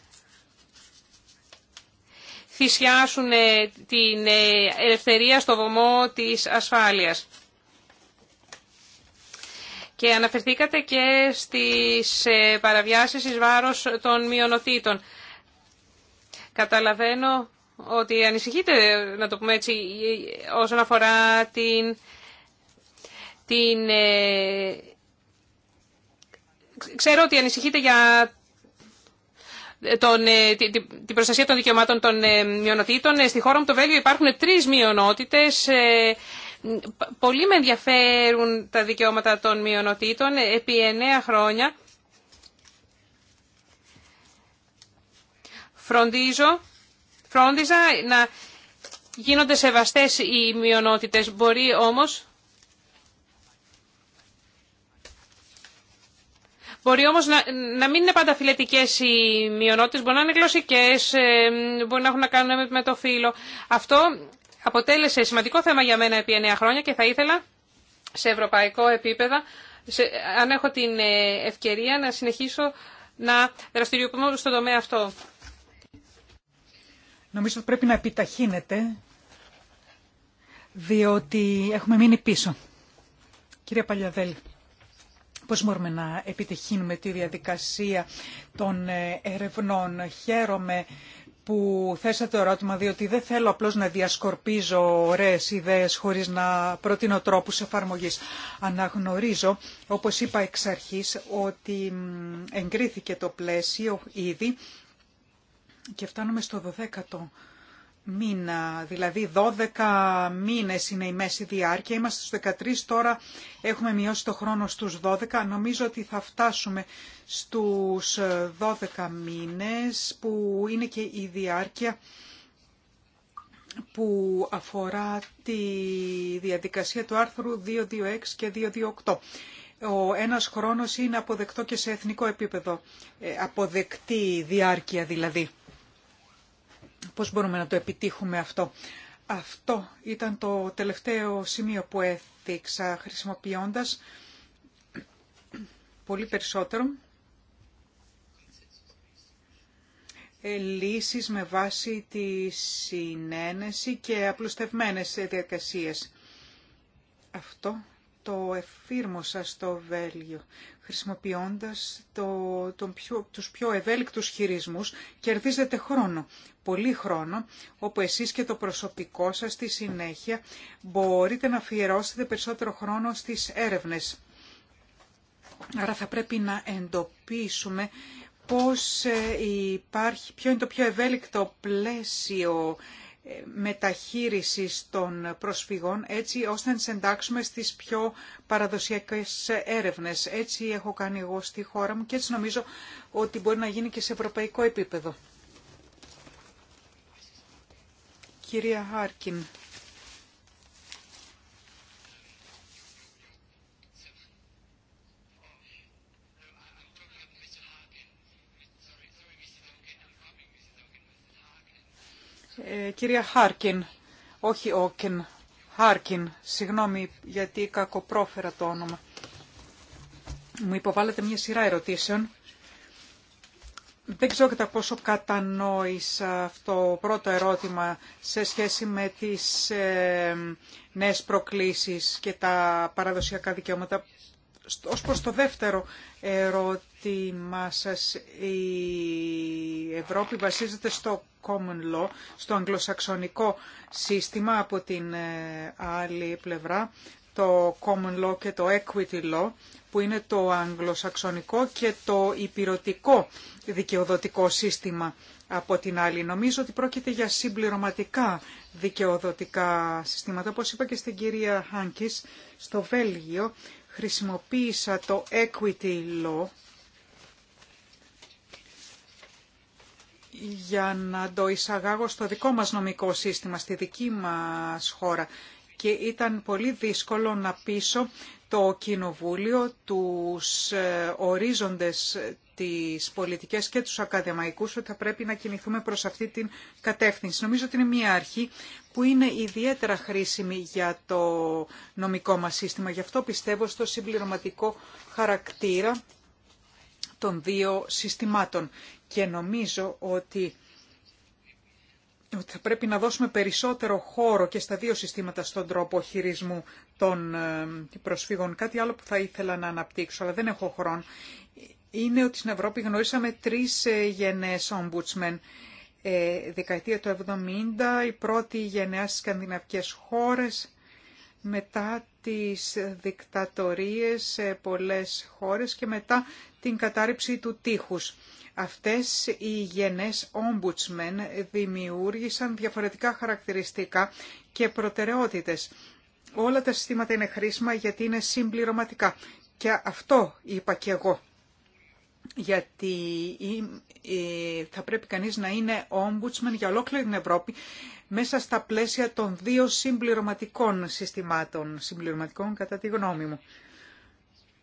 θυσιάσουν ε, την ε, ελευθερία στο βωμό της ασφάλειας. Και αναφερθήκατε και στις παραβιάσεις εις βάρος των μειονοτήτων. Καταλαβαίνω ότι ανησυχείτε, να το πούμε έτσι, όσον αφορά την, την ε, ξέρω ότι ανησυχείτε για τον, ε, την προστασία των δικαιωμάτων των ε, μειονοτήτων. Στη χώρα μου το Βέλγιο υπάρχουν τρεις μειονότητες. Πολύ με ενδιαφέρουν τα δικαιώματα των μειονοτήτων επί εννέα χρόνια. Φροντίζω φρόντιζα να γίνονται σεβαστές οι μειονότητες. Μπορεί όμως... Μπορεί όμως να, μην είναι πάντα φιλετικές οι μειονότητες, μπορεί να είναι γλωσσικές, ε, μπορεί να έχουν να κάνουν με το φύλλο. Αυτό αποτέλεσε σημαντικό θέμα για μένα επί 9 χρόνια και θα ήθελα σε ευρωπαϊκό επίπεδο, αν έχω την ε, ευκαιρία, να συνεχίσω να δραστηριοποιούμε στον τομέα αυτό. Νομίζω ότι πρέπει να επιταχύνεται, διότι έχουμε μείνει πίσω. Κυρία Παλιαδέλη, πώς μπορούμε να επιτυχύνουμε τη διαδικασία των ε, ερευνών. Χαίρομαι που θέσατε ερώτημα, διότι δεν θέλω απλώς να διασκορπίζω ωραίες ιδέες χωρίς να προτείνω τρόπους εφαρμογής. Αναγνωρίζω, όπως είπα εξ αρχής, ότι εγκρίθηκε το πλαίσιο ήδη και φτάνουμε στο 12ο μήνα, δηλαδή 12 μήνες είναι η μέση διάρκεια. Είμαστε στους 13, τώρα έχουμε μειώσει το χρόνο στους 12. Νομίζω ότι θα φτάσουμε στους 12 μήνες που είναι και η διάρκεια που αφορά τη διαδικασία του άρθρου 226 και 228. Ο ένας χρόνος είναι αποδεκτό και σε εθνικό επίπεδο, ε, αποδεκτή διάρκεια δηλαδή. Πώς μπορούμε να το επιτύχουμε αυτό. Αυτό ήταν το τελευταίο σημείο που έθιξα χρησιμοποιώντας πολύ περισσότερο ε, λύσεις με βάση τη συνένεση και απλουστευμένες διαδικασίες. Αυτό το εφήρμοσα στο Βέλγιο χρησιμοποιώντας το, τον πιο, τους πιο ευέλικτους χειρισμούς, κερδίζετε χρόνο, πολύ χρόνο, όπου εσείς και το προσωπικό σας στη συνέχεια μπορείτε να αφιερώσετε περισσότερο χρόνο στις έρευνες. Άρα θα πρέπει να εντοπίσουμε πώς ε, υπάρχει, ποιο είναι το πιο ευέλικτο πλαίσιο μεταχείρισης των προσφυγών έτσι ώστε να τις εντάξουμε στις πιο παραδοσιακές έρευνες. Έτσι έχω κάνει εγώ στη χώρα μου και έτσι νομίζω ότι μπορεί να γίνει και σε ευρωπαϊκό επίπεδο. Κυρία Χάρκιν, κυρία Χάρκιν, όχι Όκεν, Χάρκιν, συγγνώμη γιατί κακοπρόφερα το όνομα. Μου υποβάλλετε μια σειρά ερωτήσεων. Δεν ξέρω κατά πόσο κατανόησα αυτό το πρώτο ερώτημα σε σχέση με τις ε, νέες προκλήσεις και τα παραδοσιακά δικαιώματα. Ως προς το δεύτερο ερώτημα σας, η Ευρώπη βασίζεται στο common law, στο αγγλοσαξονικό σύστημα από την ε, άλλη πλευρά, το common law και το equity law, που είναι το αγγλοσαξονικό και το υπηρετικό δικαιοδοτικό σύστημα από την άλλη. Νομίζω ότι πρόκειται για συμπληρωματικά δικαιοδοτικά συστήματα. Όπως είπα και στην κυρία Χάνκης, στο Βέλγιο χρησιμοποίησα το equity law για να το εισαγάγω στο δικό μας νομικό σύστημα, στη δική μας χώρα. Και ήταν πολύ δύσκολο να πείσω το Κοινοβούλιο, τους ε, ορίζοντες τις πολιτικές και τους ακαδημαϊκούς ότι θα πρέπει να κινηθούμε προς αυτή την κατεύθυνση. Νομίζω ότι είναι μια αρχή που είναι ιδιαίτερα χρήσιμη για το νομικό μας σύστημα. Γι' αυτό πιστεύω στο συμπληρωματικό χαρακτήρα των δύο συστημάτων και νομίζω ότι θα πρέπει να δώσουμε περισσότερο χώρο και στα δύο συστήματα στον τρόπο χειρισμού των ε, προσφύγων. Κάτι άλλο που θα ήθελα να αναπτύξω, αλλά δεν έχω χρόνο, είναι ότι στην Ευρώπη γνωρίσαμε τρεις ε, γενναίες ομπούτσμεν. Ε, δεκαετία του 70, η πρώτη γενναία στις σκανδιναβικές χώρες, μετά τις δικτατορίες σε πολλές χώρες και μετά την κατάρριψη του τείχους. Αυτές οι γενές ombudsman δημιούργησαν διαφορετικά χαρακτηριστικά και προτεραιότητες. Όλα τα συστήματα είναι χρήσιμα γιατί είναι συμπληρωματικά. Και αυτό είπα και εγώ. Γιατί θα πρέπει κανείς να είναι ombudsman για ολόκληρη την Ευρώπη μέσα στα πλαίσια των δύο συμπληρωματικών συστημάτων, συμπληρωματικών κατά τη γνώμη μου.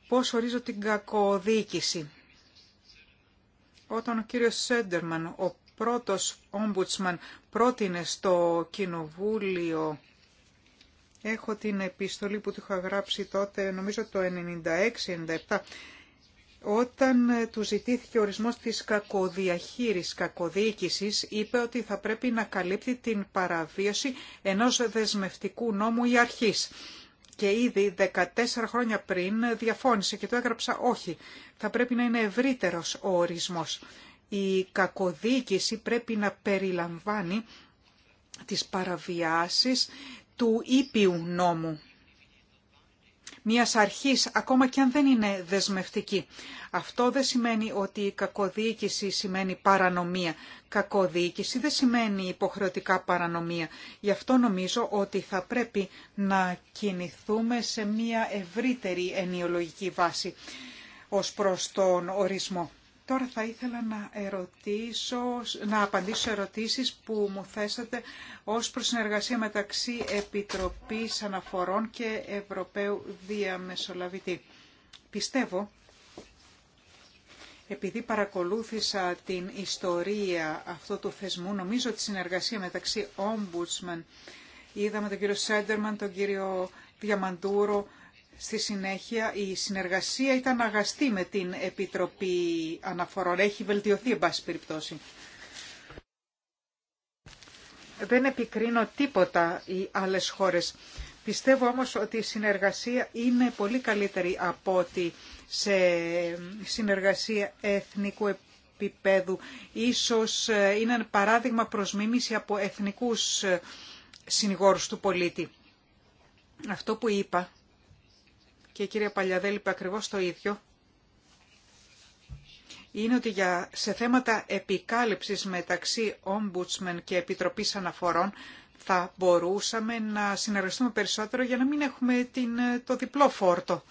Πώς ορίζω την κακοδίκηση όταν ο κύριος Σέντερμαν, ο πρώτος ομπουτσμαν, πρότεινε στο Κοινοβούλιο Έχω την επιστολή που του είχα γράψει τότε, νομίζω το 96-97, όταν ε, του ζητήθηκε ο ορισμός της κακοδιαχείρισης, κακοδιοίκησης, είπε ότι θα πρέπει να καλύπτει την παραβίωση ενός δεσμευτικού νόμου ή αρχής και ήδη 14 χρόνια πριν διαφώνησε και το έγραψα όχι. Θα πρέπει να είναι ευρύτερος ο ορισμός. Η κακοδίκηση πρέπει να περιλαμβάνει τις παραβιάσεις του ήπιου νόμου μια αρχής, ακόμα και αν δεν είναι δεσμευτική. Αυτό δεν σημαίνει ότι η κακοδιοίκηση σημαίνει παρανομία. Κακοδιοίκηση δεν σημαίνει υποχρεωτικά παρανομία. Γι' αυτό νομίζω ότι θα πρέπει να κινηθούμε σε μια ευρύτερη ενιολογική βάση ως προς τον ορισμό. Τώρα θα ήθελα να, ερωτήσω, να απαντήσω σε ερωτήσεις που μου θέσατε ως προς συνεργασία μεταξύ Επιτροπής Αναφορών και Ευρωπαίου Διαμεσολαβητή. Πιστεύω, επειδή παρακολούθησα την ιστορία αυτού του θεσμού, νομίζω ότι η συνεργασία μεταξύ Ombudsman, είδαμε τον κύριο Σέντερμαν, τον κύριο Διαμαντούρο, Στη συνέχεια η συνεργασία ήταν αγαστή με την Επιτροπή Αναφορών. Έχει βελτιωθεί, εν πάση περιπτώσει. Δεν επικρίνω τίποτα οι άλλες χώρες. Πιστεύω όμως ότι η συνεργασία είναι πολύ καλύτερη από ότι σε συνεργασία εθνικού επίπεδου. Ίσως ε, είναι ένα παράδειγμα προς από εθνικούς ε, συνηγόρους του πολίτη. Αυτό που είπα και η κυρία Παλιαδέλη είπε ακριβώς το ίδιο, είναι ότι για, σε θέματα επικάλυψης μεταξύ Ombudsman και Επιτροπής Αναφορών θα μπορούσαμε να συνεργαστούμε περισσότερο για να μην έχουμε την, το διπλό φόρτο.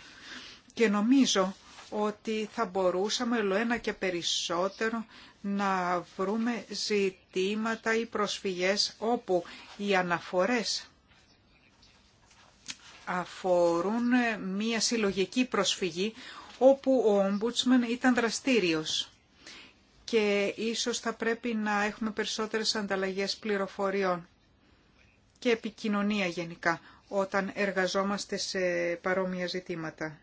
Και νομίζω ότι θα μπορούσαμε ολοένα και περισσότερο να βρούμε ζητήματα ή προσφυγές όπου οι αναφορές αφορούν ε, μία συλλογική προσφυγή όπου ο Ομπούτσμεν ήταν δραστήριος και ίσως θα πρέπει να έχουμε περισσότερες ανταλλαγές πληροφοριών και επικοινωνία γενικά όταν εργαζόμαστε σε παρόμοια ζητήματα.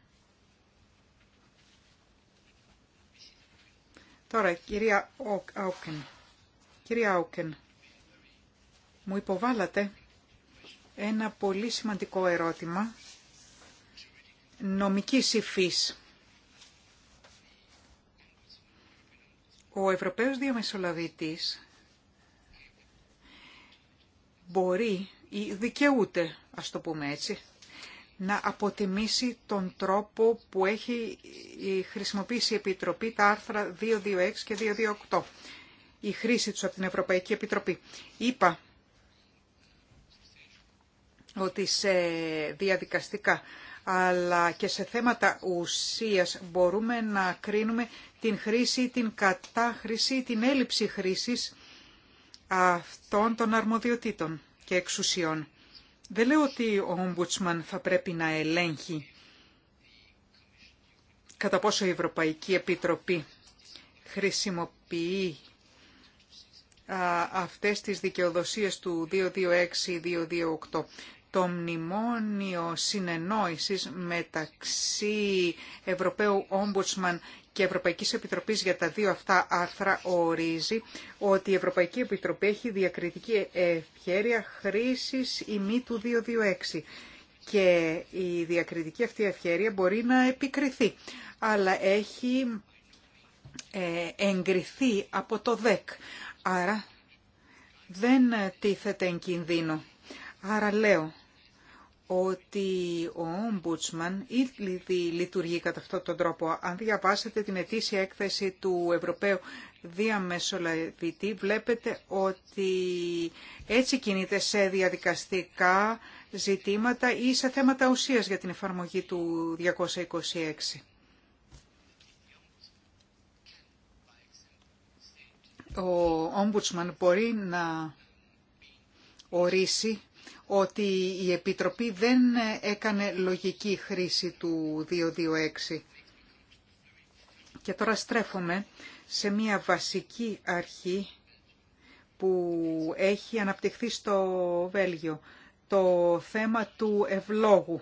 Τώρα, κυρία Άουκεν, κυρία Όκεν, μου υποβάλατε ένα πολύ σημαντικό ερώτημα νομικής υφής. Ο Ευρωπαίος Διαμεσολαβητής μπορεί ή δικαιούται, ας το πούμε έτσι, να αποτιμήσει τον τρόπο που έχει χρησιμοποιήσει η Επιτροπή τα άρθρα 226 και 228, η χρήση τους από την Ευρωπαϊκή Επιτροπή. Είπα ότι σε διαδικαστικά αλλά και σε θέματα ουσίας μπορούμε να κρίνουμε την χρήση, την κατάχρηση, την έλλειψη χρήσης αυτών των αρμοδιοτήτων και εξουσιών. Δεν λέω ότι ο ομπουτσμαν θα πρέπει να ελέγχει κατά πόσο η Ευρωπαϊκή Επιτροπή χρησιμοποιεί αυτές τις δικαιοδοσίες του 226-228 το μνημόνιο συνεννόησης μεταξύ Ευρωπαίου Ομπουτσμαν και Ευρωπαϊκής Επιτροπής για τα δύο αυτά άρθρα ορίζει ότι η Ευρωπαϊκή Επιτροπή έχει διακριτική ευχέρεια χρήσης ημί του 226 και η διακριτική αυτή ευκαιρία μπορεί να επικριθεί, αλλά έχει ε, εγκριθεί από το ΔΕΚ, άρα δεν τίθεται εν κινδύνο. Άρα λέω ότι ο Ομπούτσμαν ήδη λειτουργεί κατά αυτόν τον τρόπο. Αν διαβάσετε την ετήσια έκθεση του Ευρωπαίου Διαμεσολαβητή, βλέπετε ότι έτσι κινείται σε διαδικαστικά ζητήματα ή σε θέματα ουσίας για την εφαρμογή του 226. Ο Ombudsman μπορεί να ορίσει ότι η Επιτροπή δεν έκανε λογική χρήση του 226. Και τώρα στρέφουμε σε μια βασική αρχή που έχει αναπτυχθεί στο Βέλγιο, το θέμα του ευλόγου.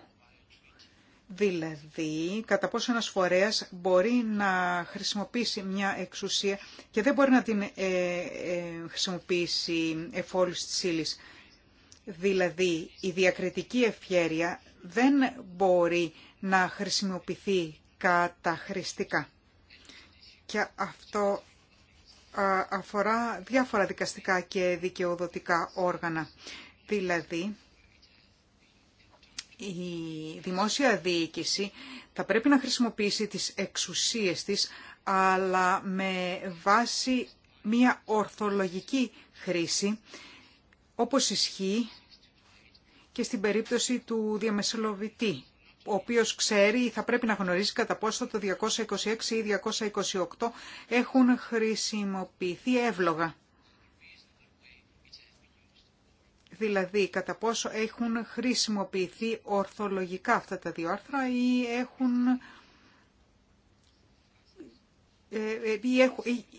Δηλαδή, κατά πόσο ένας φορέας μπορεί να χρησιμοποιήσει μια εξουσία και δεν μπορεί να την ε, ε, χρησιμοποιήσει εφόλου της ύλης. Δηλαδή, η διακριτική ευχέρεια δεν μπορεί να χρησιμοποιηθεί καταχρηστικά. Και αυτό αφορά διάφορα δικαστικά και δικαιοδοτικά όργανα. Δηλαδή, η δημόσια διοίκηση θα πρέπει να χρησιμοποιήσει τις εξουσίες της, αλλά με βάση μια ορθολογική χρήση όπως ισχύει και στην περίπτωση του διαμεσολαβητή, ο οποίος ξέρει ή θα πρέπει να γνωρίζει κατά πόσο το 226 ή 228 έχουν χρησιμοποιηθεί εύλογα. Δηλαδή, κατά πόσο έχουν χρησιμοποιηθεί ορθολογικά αυτά τα δύο άρθρα ή έχουν ε, ή, ε,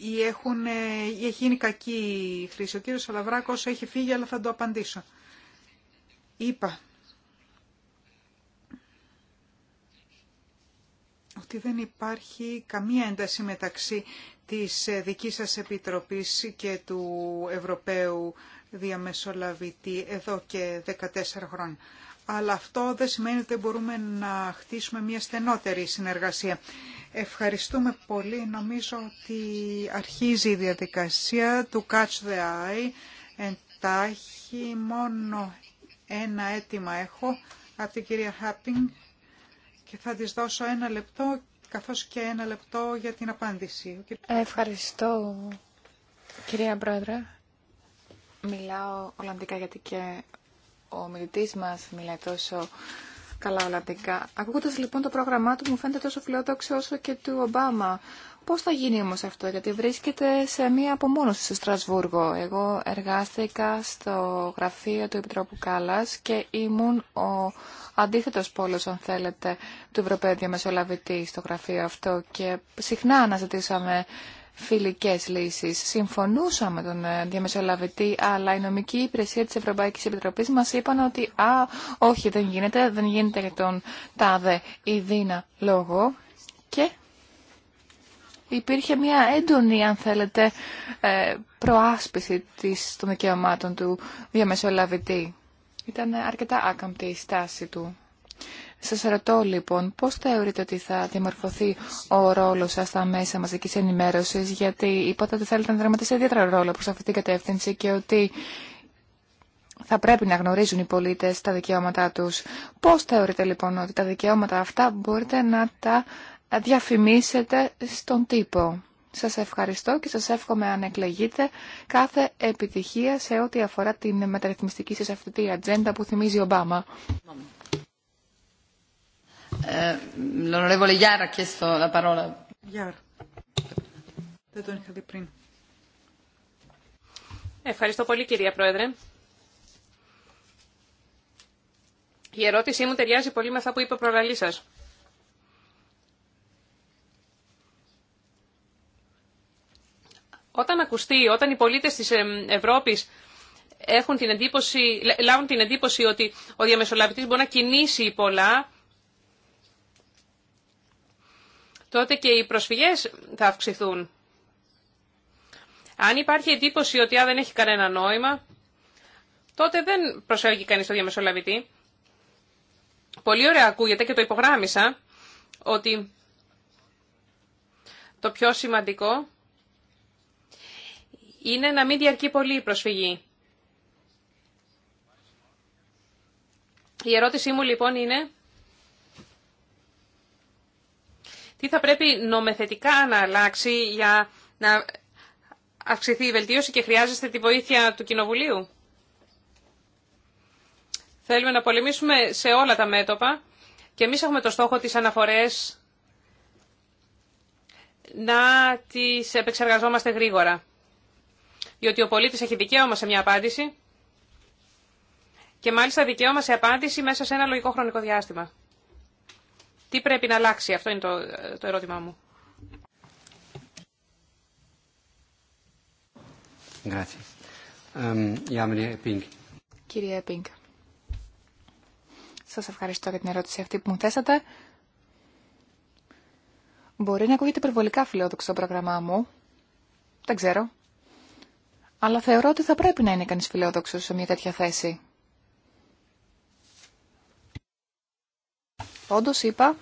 ή, έχει γίνει κακή χρήση. Ο κύριος Σαλαβράκος έχει φύγει, αλλά θα το απαντήσω. Είπα ότι δεν υπάρχει καμία ένταση μεταξύ της ε, δικής σας Επιτροπής και του Ευρωπαίου Διαμεσολαβητή εδώ και 14 χρόνια αλλά αυτό δεν σημαίνει ότι μπορούμε να χτίσουμε μια στενότερη συνεργασία. Ευχαριστούμε πολύ. Νομίζω ότι αρχίζει η διαδικασία του Catch the Eye. Εντάχει μόνο ένα αίτημα έχω από την κυρία Χάπινγκ και θα της δώσω ένα λεπτό καθώς και ένα λεπτό για την απάντηση. Ευχαριστώ κυρία Πρόεδρε. Μιλάω Ολλανδικά γιατί και ο μιλητή μα μιλάει τόσο καλά ολλανδικά. Ακούγοντα λοιπόν το πρόγραμμά του μου φαίνεται τόσο φιλόδοξο όσο και του Ομπάμα. Πώς θα γίνει όμω αυτό, γιατί βρίσκεται σε μία απομόνωση στο Στρασβούργο. Εγώ εργάστηκα στο γραφείο του Επιτρόπου Κάλλας και ήμουν ο αντίθετος πόλο αν θέλετε, του Ευρωπαίου Μεσολαβητή στο γραφείο αυτό και συχνά αναζητήσαμε φιλικές λύσεις. Συμφωνούσαμε τον ε, διαμεσολαβητή, αλλά η νομική υπηρεσία της Ευρωπαϊκής Επιτροπής μας είπαν ότι «Α, όχι, δεν γίνεται, δεν γίνεται για τον τάδε ή δίνα λόγο» και υπήρχε μια έντονη, αν θέλετε, ε, προάσπιση της, των δικαιωμάτων του διαμεσολαβητή. Ήταν αρκετά άκαμπτη η στάση του. Σας ρωτώ λοιπόν πώς θεωρείτε ότι θα διαμορφωθεί ο ρόλος σας στα μέσα μαζικής ενημέρωσης γιατί είπατε ότι θέλετε να δραματίσετε ιδιαίτερα ρόλο προς αυτή την κατεύθυνση και ότι θα πρέπει να γνωρίζουν οι πολίτες τα δικαιώματά τους. Πώς θεωρείτε λοιπόν ότι τα δικαιώματα αυτά μπορείτε να τα διαφημίσετε στον τύπο. Σας ευχαριστώ και σας εύχομαι αν εκλεγείτε κάθε επιτυχία σε ό,τι αφορά την μεταρρυθμιστική σας αυτή ατζέντα που θυμίζει ο Ομπάμα. Ευχαριστώ πολύ κυρία Πρόεδρε. Η ερώτησή μου ταιριάζει πολύ με αυτά που είπε ο προλαλή σα. Όταν ακουστεί, όταν οι πολίτες της Ευρώπης έχουν την εντύπωση, λάβουν την εντύπωση ότι ο διαμεσολαβητής μπορεί να κινήσει πολλά, τότε και οι προσφυγές θα αυξηθούν. Αν υπάρχει εντύπωση ότι δεν έχει κανένα νόημα, τότε δεν προσέγγει κανείς το διαμεσολαβητή. Πολύ ωραία ακούγεται και το υπογράμμισα ότι το πιο σημαντικό είναι να μην διαρκεί πολύ η προσφυγή. Η ερώτησή μου λοιπόν είναι Τι θα πρέπει νομοθετικά να αλλάξει για να αυξηθεί η βελτίωση και χρειάζεστε τη βοήθεια του Κοινοβουλίου. Θέλουμε να πολεμήσουμε σε όλα τα μέτωπα και εμείς έχουμε το στόχο τις αναφορές να τις επεξεργαζόμαστε γρήγορα. Διότι ο πολίτης έχει δικαίωμα σε μια απάντηση και μάλιστα δικαίωμα σε απάντηση μέσα σε ένα λογικό χρονικό διάστημα. Τι πρέπει να αλλάξει, αυτό είναι το, το ερώτημά μου. Κύριε Επίνκ, σας ευχαριστώ για την ερώτηση αυτή που μου θέσατε. Μπορεί να ακούγεται υπερβολικά φιλόδοξο το πρόγραμμά μου. Δεν ξέρω. Αλλά θεωρώ ότι θα πρέπει να είναι κανείς φιλόδοξος σε μια τέτοια θέση. Όντω είπα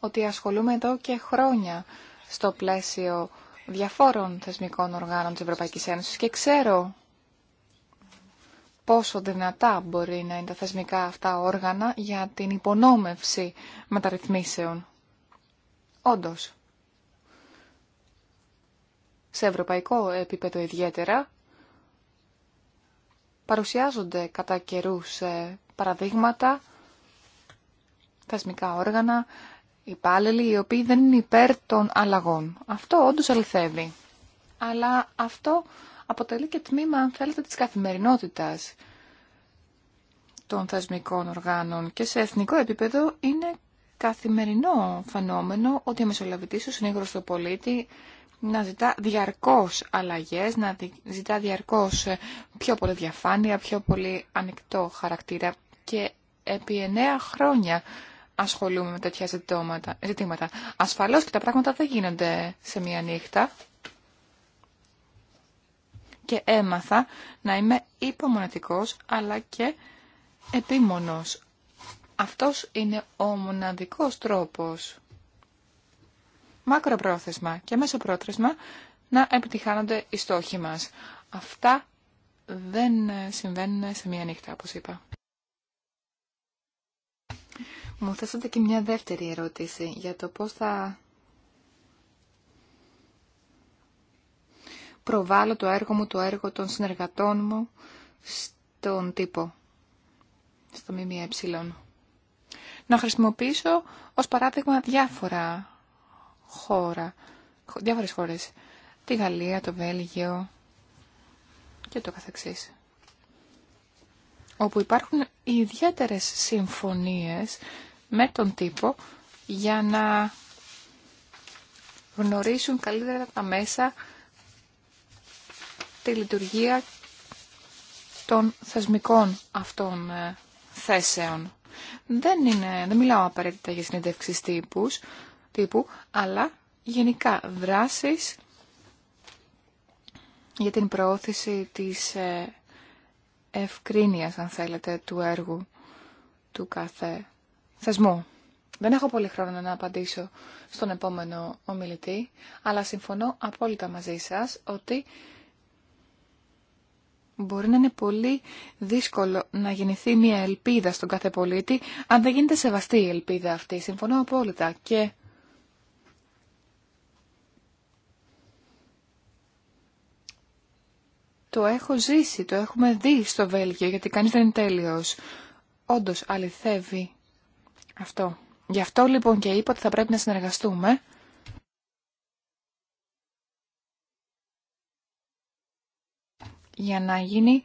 ότι ασχολούμαι εδώ και χρόνια στο πλαίσιο διαφόρων θεσμικών οργάνων της Ευρωπαϊκής Ένωσης και ξέρω πόσο δυνατά μπορεί να είναι τα θεσμικά αυτά όργανα για την υπονόμευση μεταρρυθμίσεων. Όντως, σε ευρωπαϊκό επίπεδο ιδιαίτερα, παρουσιάζονται κατά καιρούς ε, παραδείγματα θεσμικά όργανα, υπάλληλοι οι οποίοι δεν είναι υπέρ των αλλαγών. Αυτό όντως αληθεύει. Αλλά αυτό αποτελεί και τμήμα, αν θέλετε, της καθημερινότητας των θεσμικών οργάνων και σε εθνικό επίπεδο είναι καθημερινό φαινόμενο ότι ο μεσολαβητής, ο συνήγορος του πολίτη, να ζητά διαρκώς αλλαγές, να ζητά διαρκώς πιο πολύ διαφάνεια, πιο πολύ ανοιχτό χαρακτήρα και επί εννέα χρόνια ασχολούμαι με τέτοια ζητήματα. Ασφαλώς και τα πράγματα δεν γίνονται σε μία νύχτα. Και έμαθα να είμαι υπομονετικός αλλά και επίμονος. Αυτός είναι ο μοναδικός τρόπος μακροπρόθεσμα και μεσοπρόθεσμα να επιτυχάνονται οι στόχοι μας. Αυτά δεν συμβαίνουν σε μία νύχτα, όπως είπα. Μου θέσατε και μια δεύτερη ερώτηση για το πώς θα προβάλλω το έργο μου, το έργο των συνεργατών μου στον τύπο, στο ΜΜΕ. Να χρησιμοποιήσω ως παράδειγμα διάφορα χώρα, διάφορες χώρες. Τη Γαλλία, το Βέλγιο και το καθεξής. Όπου υπάρχουν ιδιαίτερες συμφωνίες με τον τύπο για να γνωρίσουν καλύτερα τα μέσα τη λειτουργία των θεσμικών αυτών ε, θέσεων. Δεν, είναι, δεν μιλάω απαραίτητα για συνέντευξη τύπους, τύπου, αλλά γενικά δράσεις για την προώθηση της ε, ευκρίνειας, αν θέλετε, του έργου του κάθε θεσμού. Δεν έχω πολύ χρόνο να απαντήσω στον επόμενο ομιλητή, αλλά συμφωνώ απόλυτα μαζί σας ότι μπορεί να είναι πολύ δύσκολο να γεννηθεί μια ελπίδα στον κάθε πολίτη αν δεν γίνεται σεβαστή η ελπίδα αυτή. Συμφωνώ απόλυτα και... Το έχω ζήσει, το έχουμε δει στο Βέλγιο, γιατί κανείς δεν είναι τέλειος. Όντως αληθεύει αυτό. Γι' αυτό λοιπόν και είπα ότι θα πρέπει να συνεργαστούμε. για να γίνει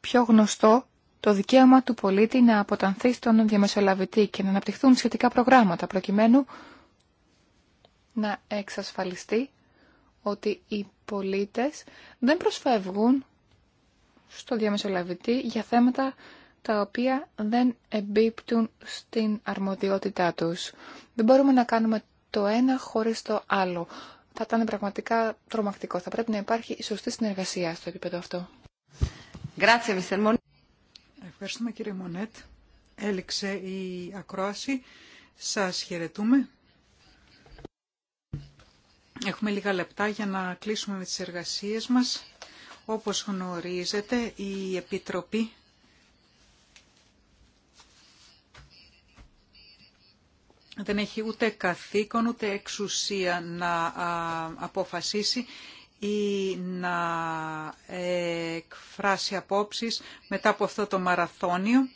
πιο γνωστό το δικαίωμα του πολίτη να αποτανθεί στον διαμεσολαβητή και να αναπτυχθούν σχετικά προγράμματα προκειμένου να εξασφαλιστεί ότι οι πολίτες δεν προσφεύγουν στο διαμεσολαβητή για θέματα τα οποία δεν εμπίπτουν στην αρμοδιότητά τους. Δεν μπορούμε να κάνουμε το ένα χωρίς το άλλο. Θα ήταν πραγματικά τρομακτικό. Θα πρέπει να υπάρχει η σωστή συνεργασία στο επίπεδο αυτό. Ευχαριστούμε κύριε Μονέτ. Έληξε η ακρόαση. Σας χαιρετούμε. Έχουμε λίγα λεπτά για να κλείσουμε με τις εργασίες μας. Όπως γνωρίζετε, η Επιτροπή δεν έχει ούτε καθήκον ούτε εξουσία να αποφασίσει ή να ε, εκφράσει απόψεις μετά από αυτό το μαραθώνιο.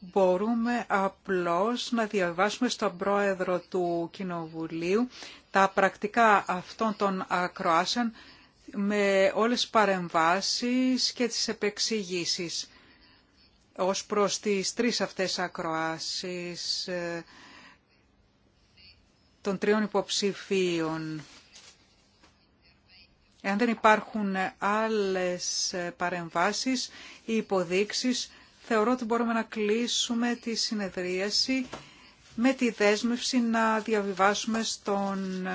Μπορούμε απλώς να διαβάσουμε στον πρόεδρο του Κοινοβουλίου τα πρακτικά αυτών των ακροάσεων με όλες τις παρεμβάσεις και τις επεξηγήσεις ως προς τις τρεις αυτές ακροάσεις ε, των τριών υποψηφίων. Εάν δεν υπάρχουν άλλες παρεμβάσεις ή υποδείξεις, θεωρώ ότι μπορούμε να κλείσουμε τη συνεδρίαση με τη δέσμευση να διαβιβάσουμε στον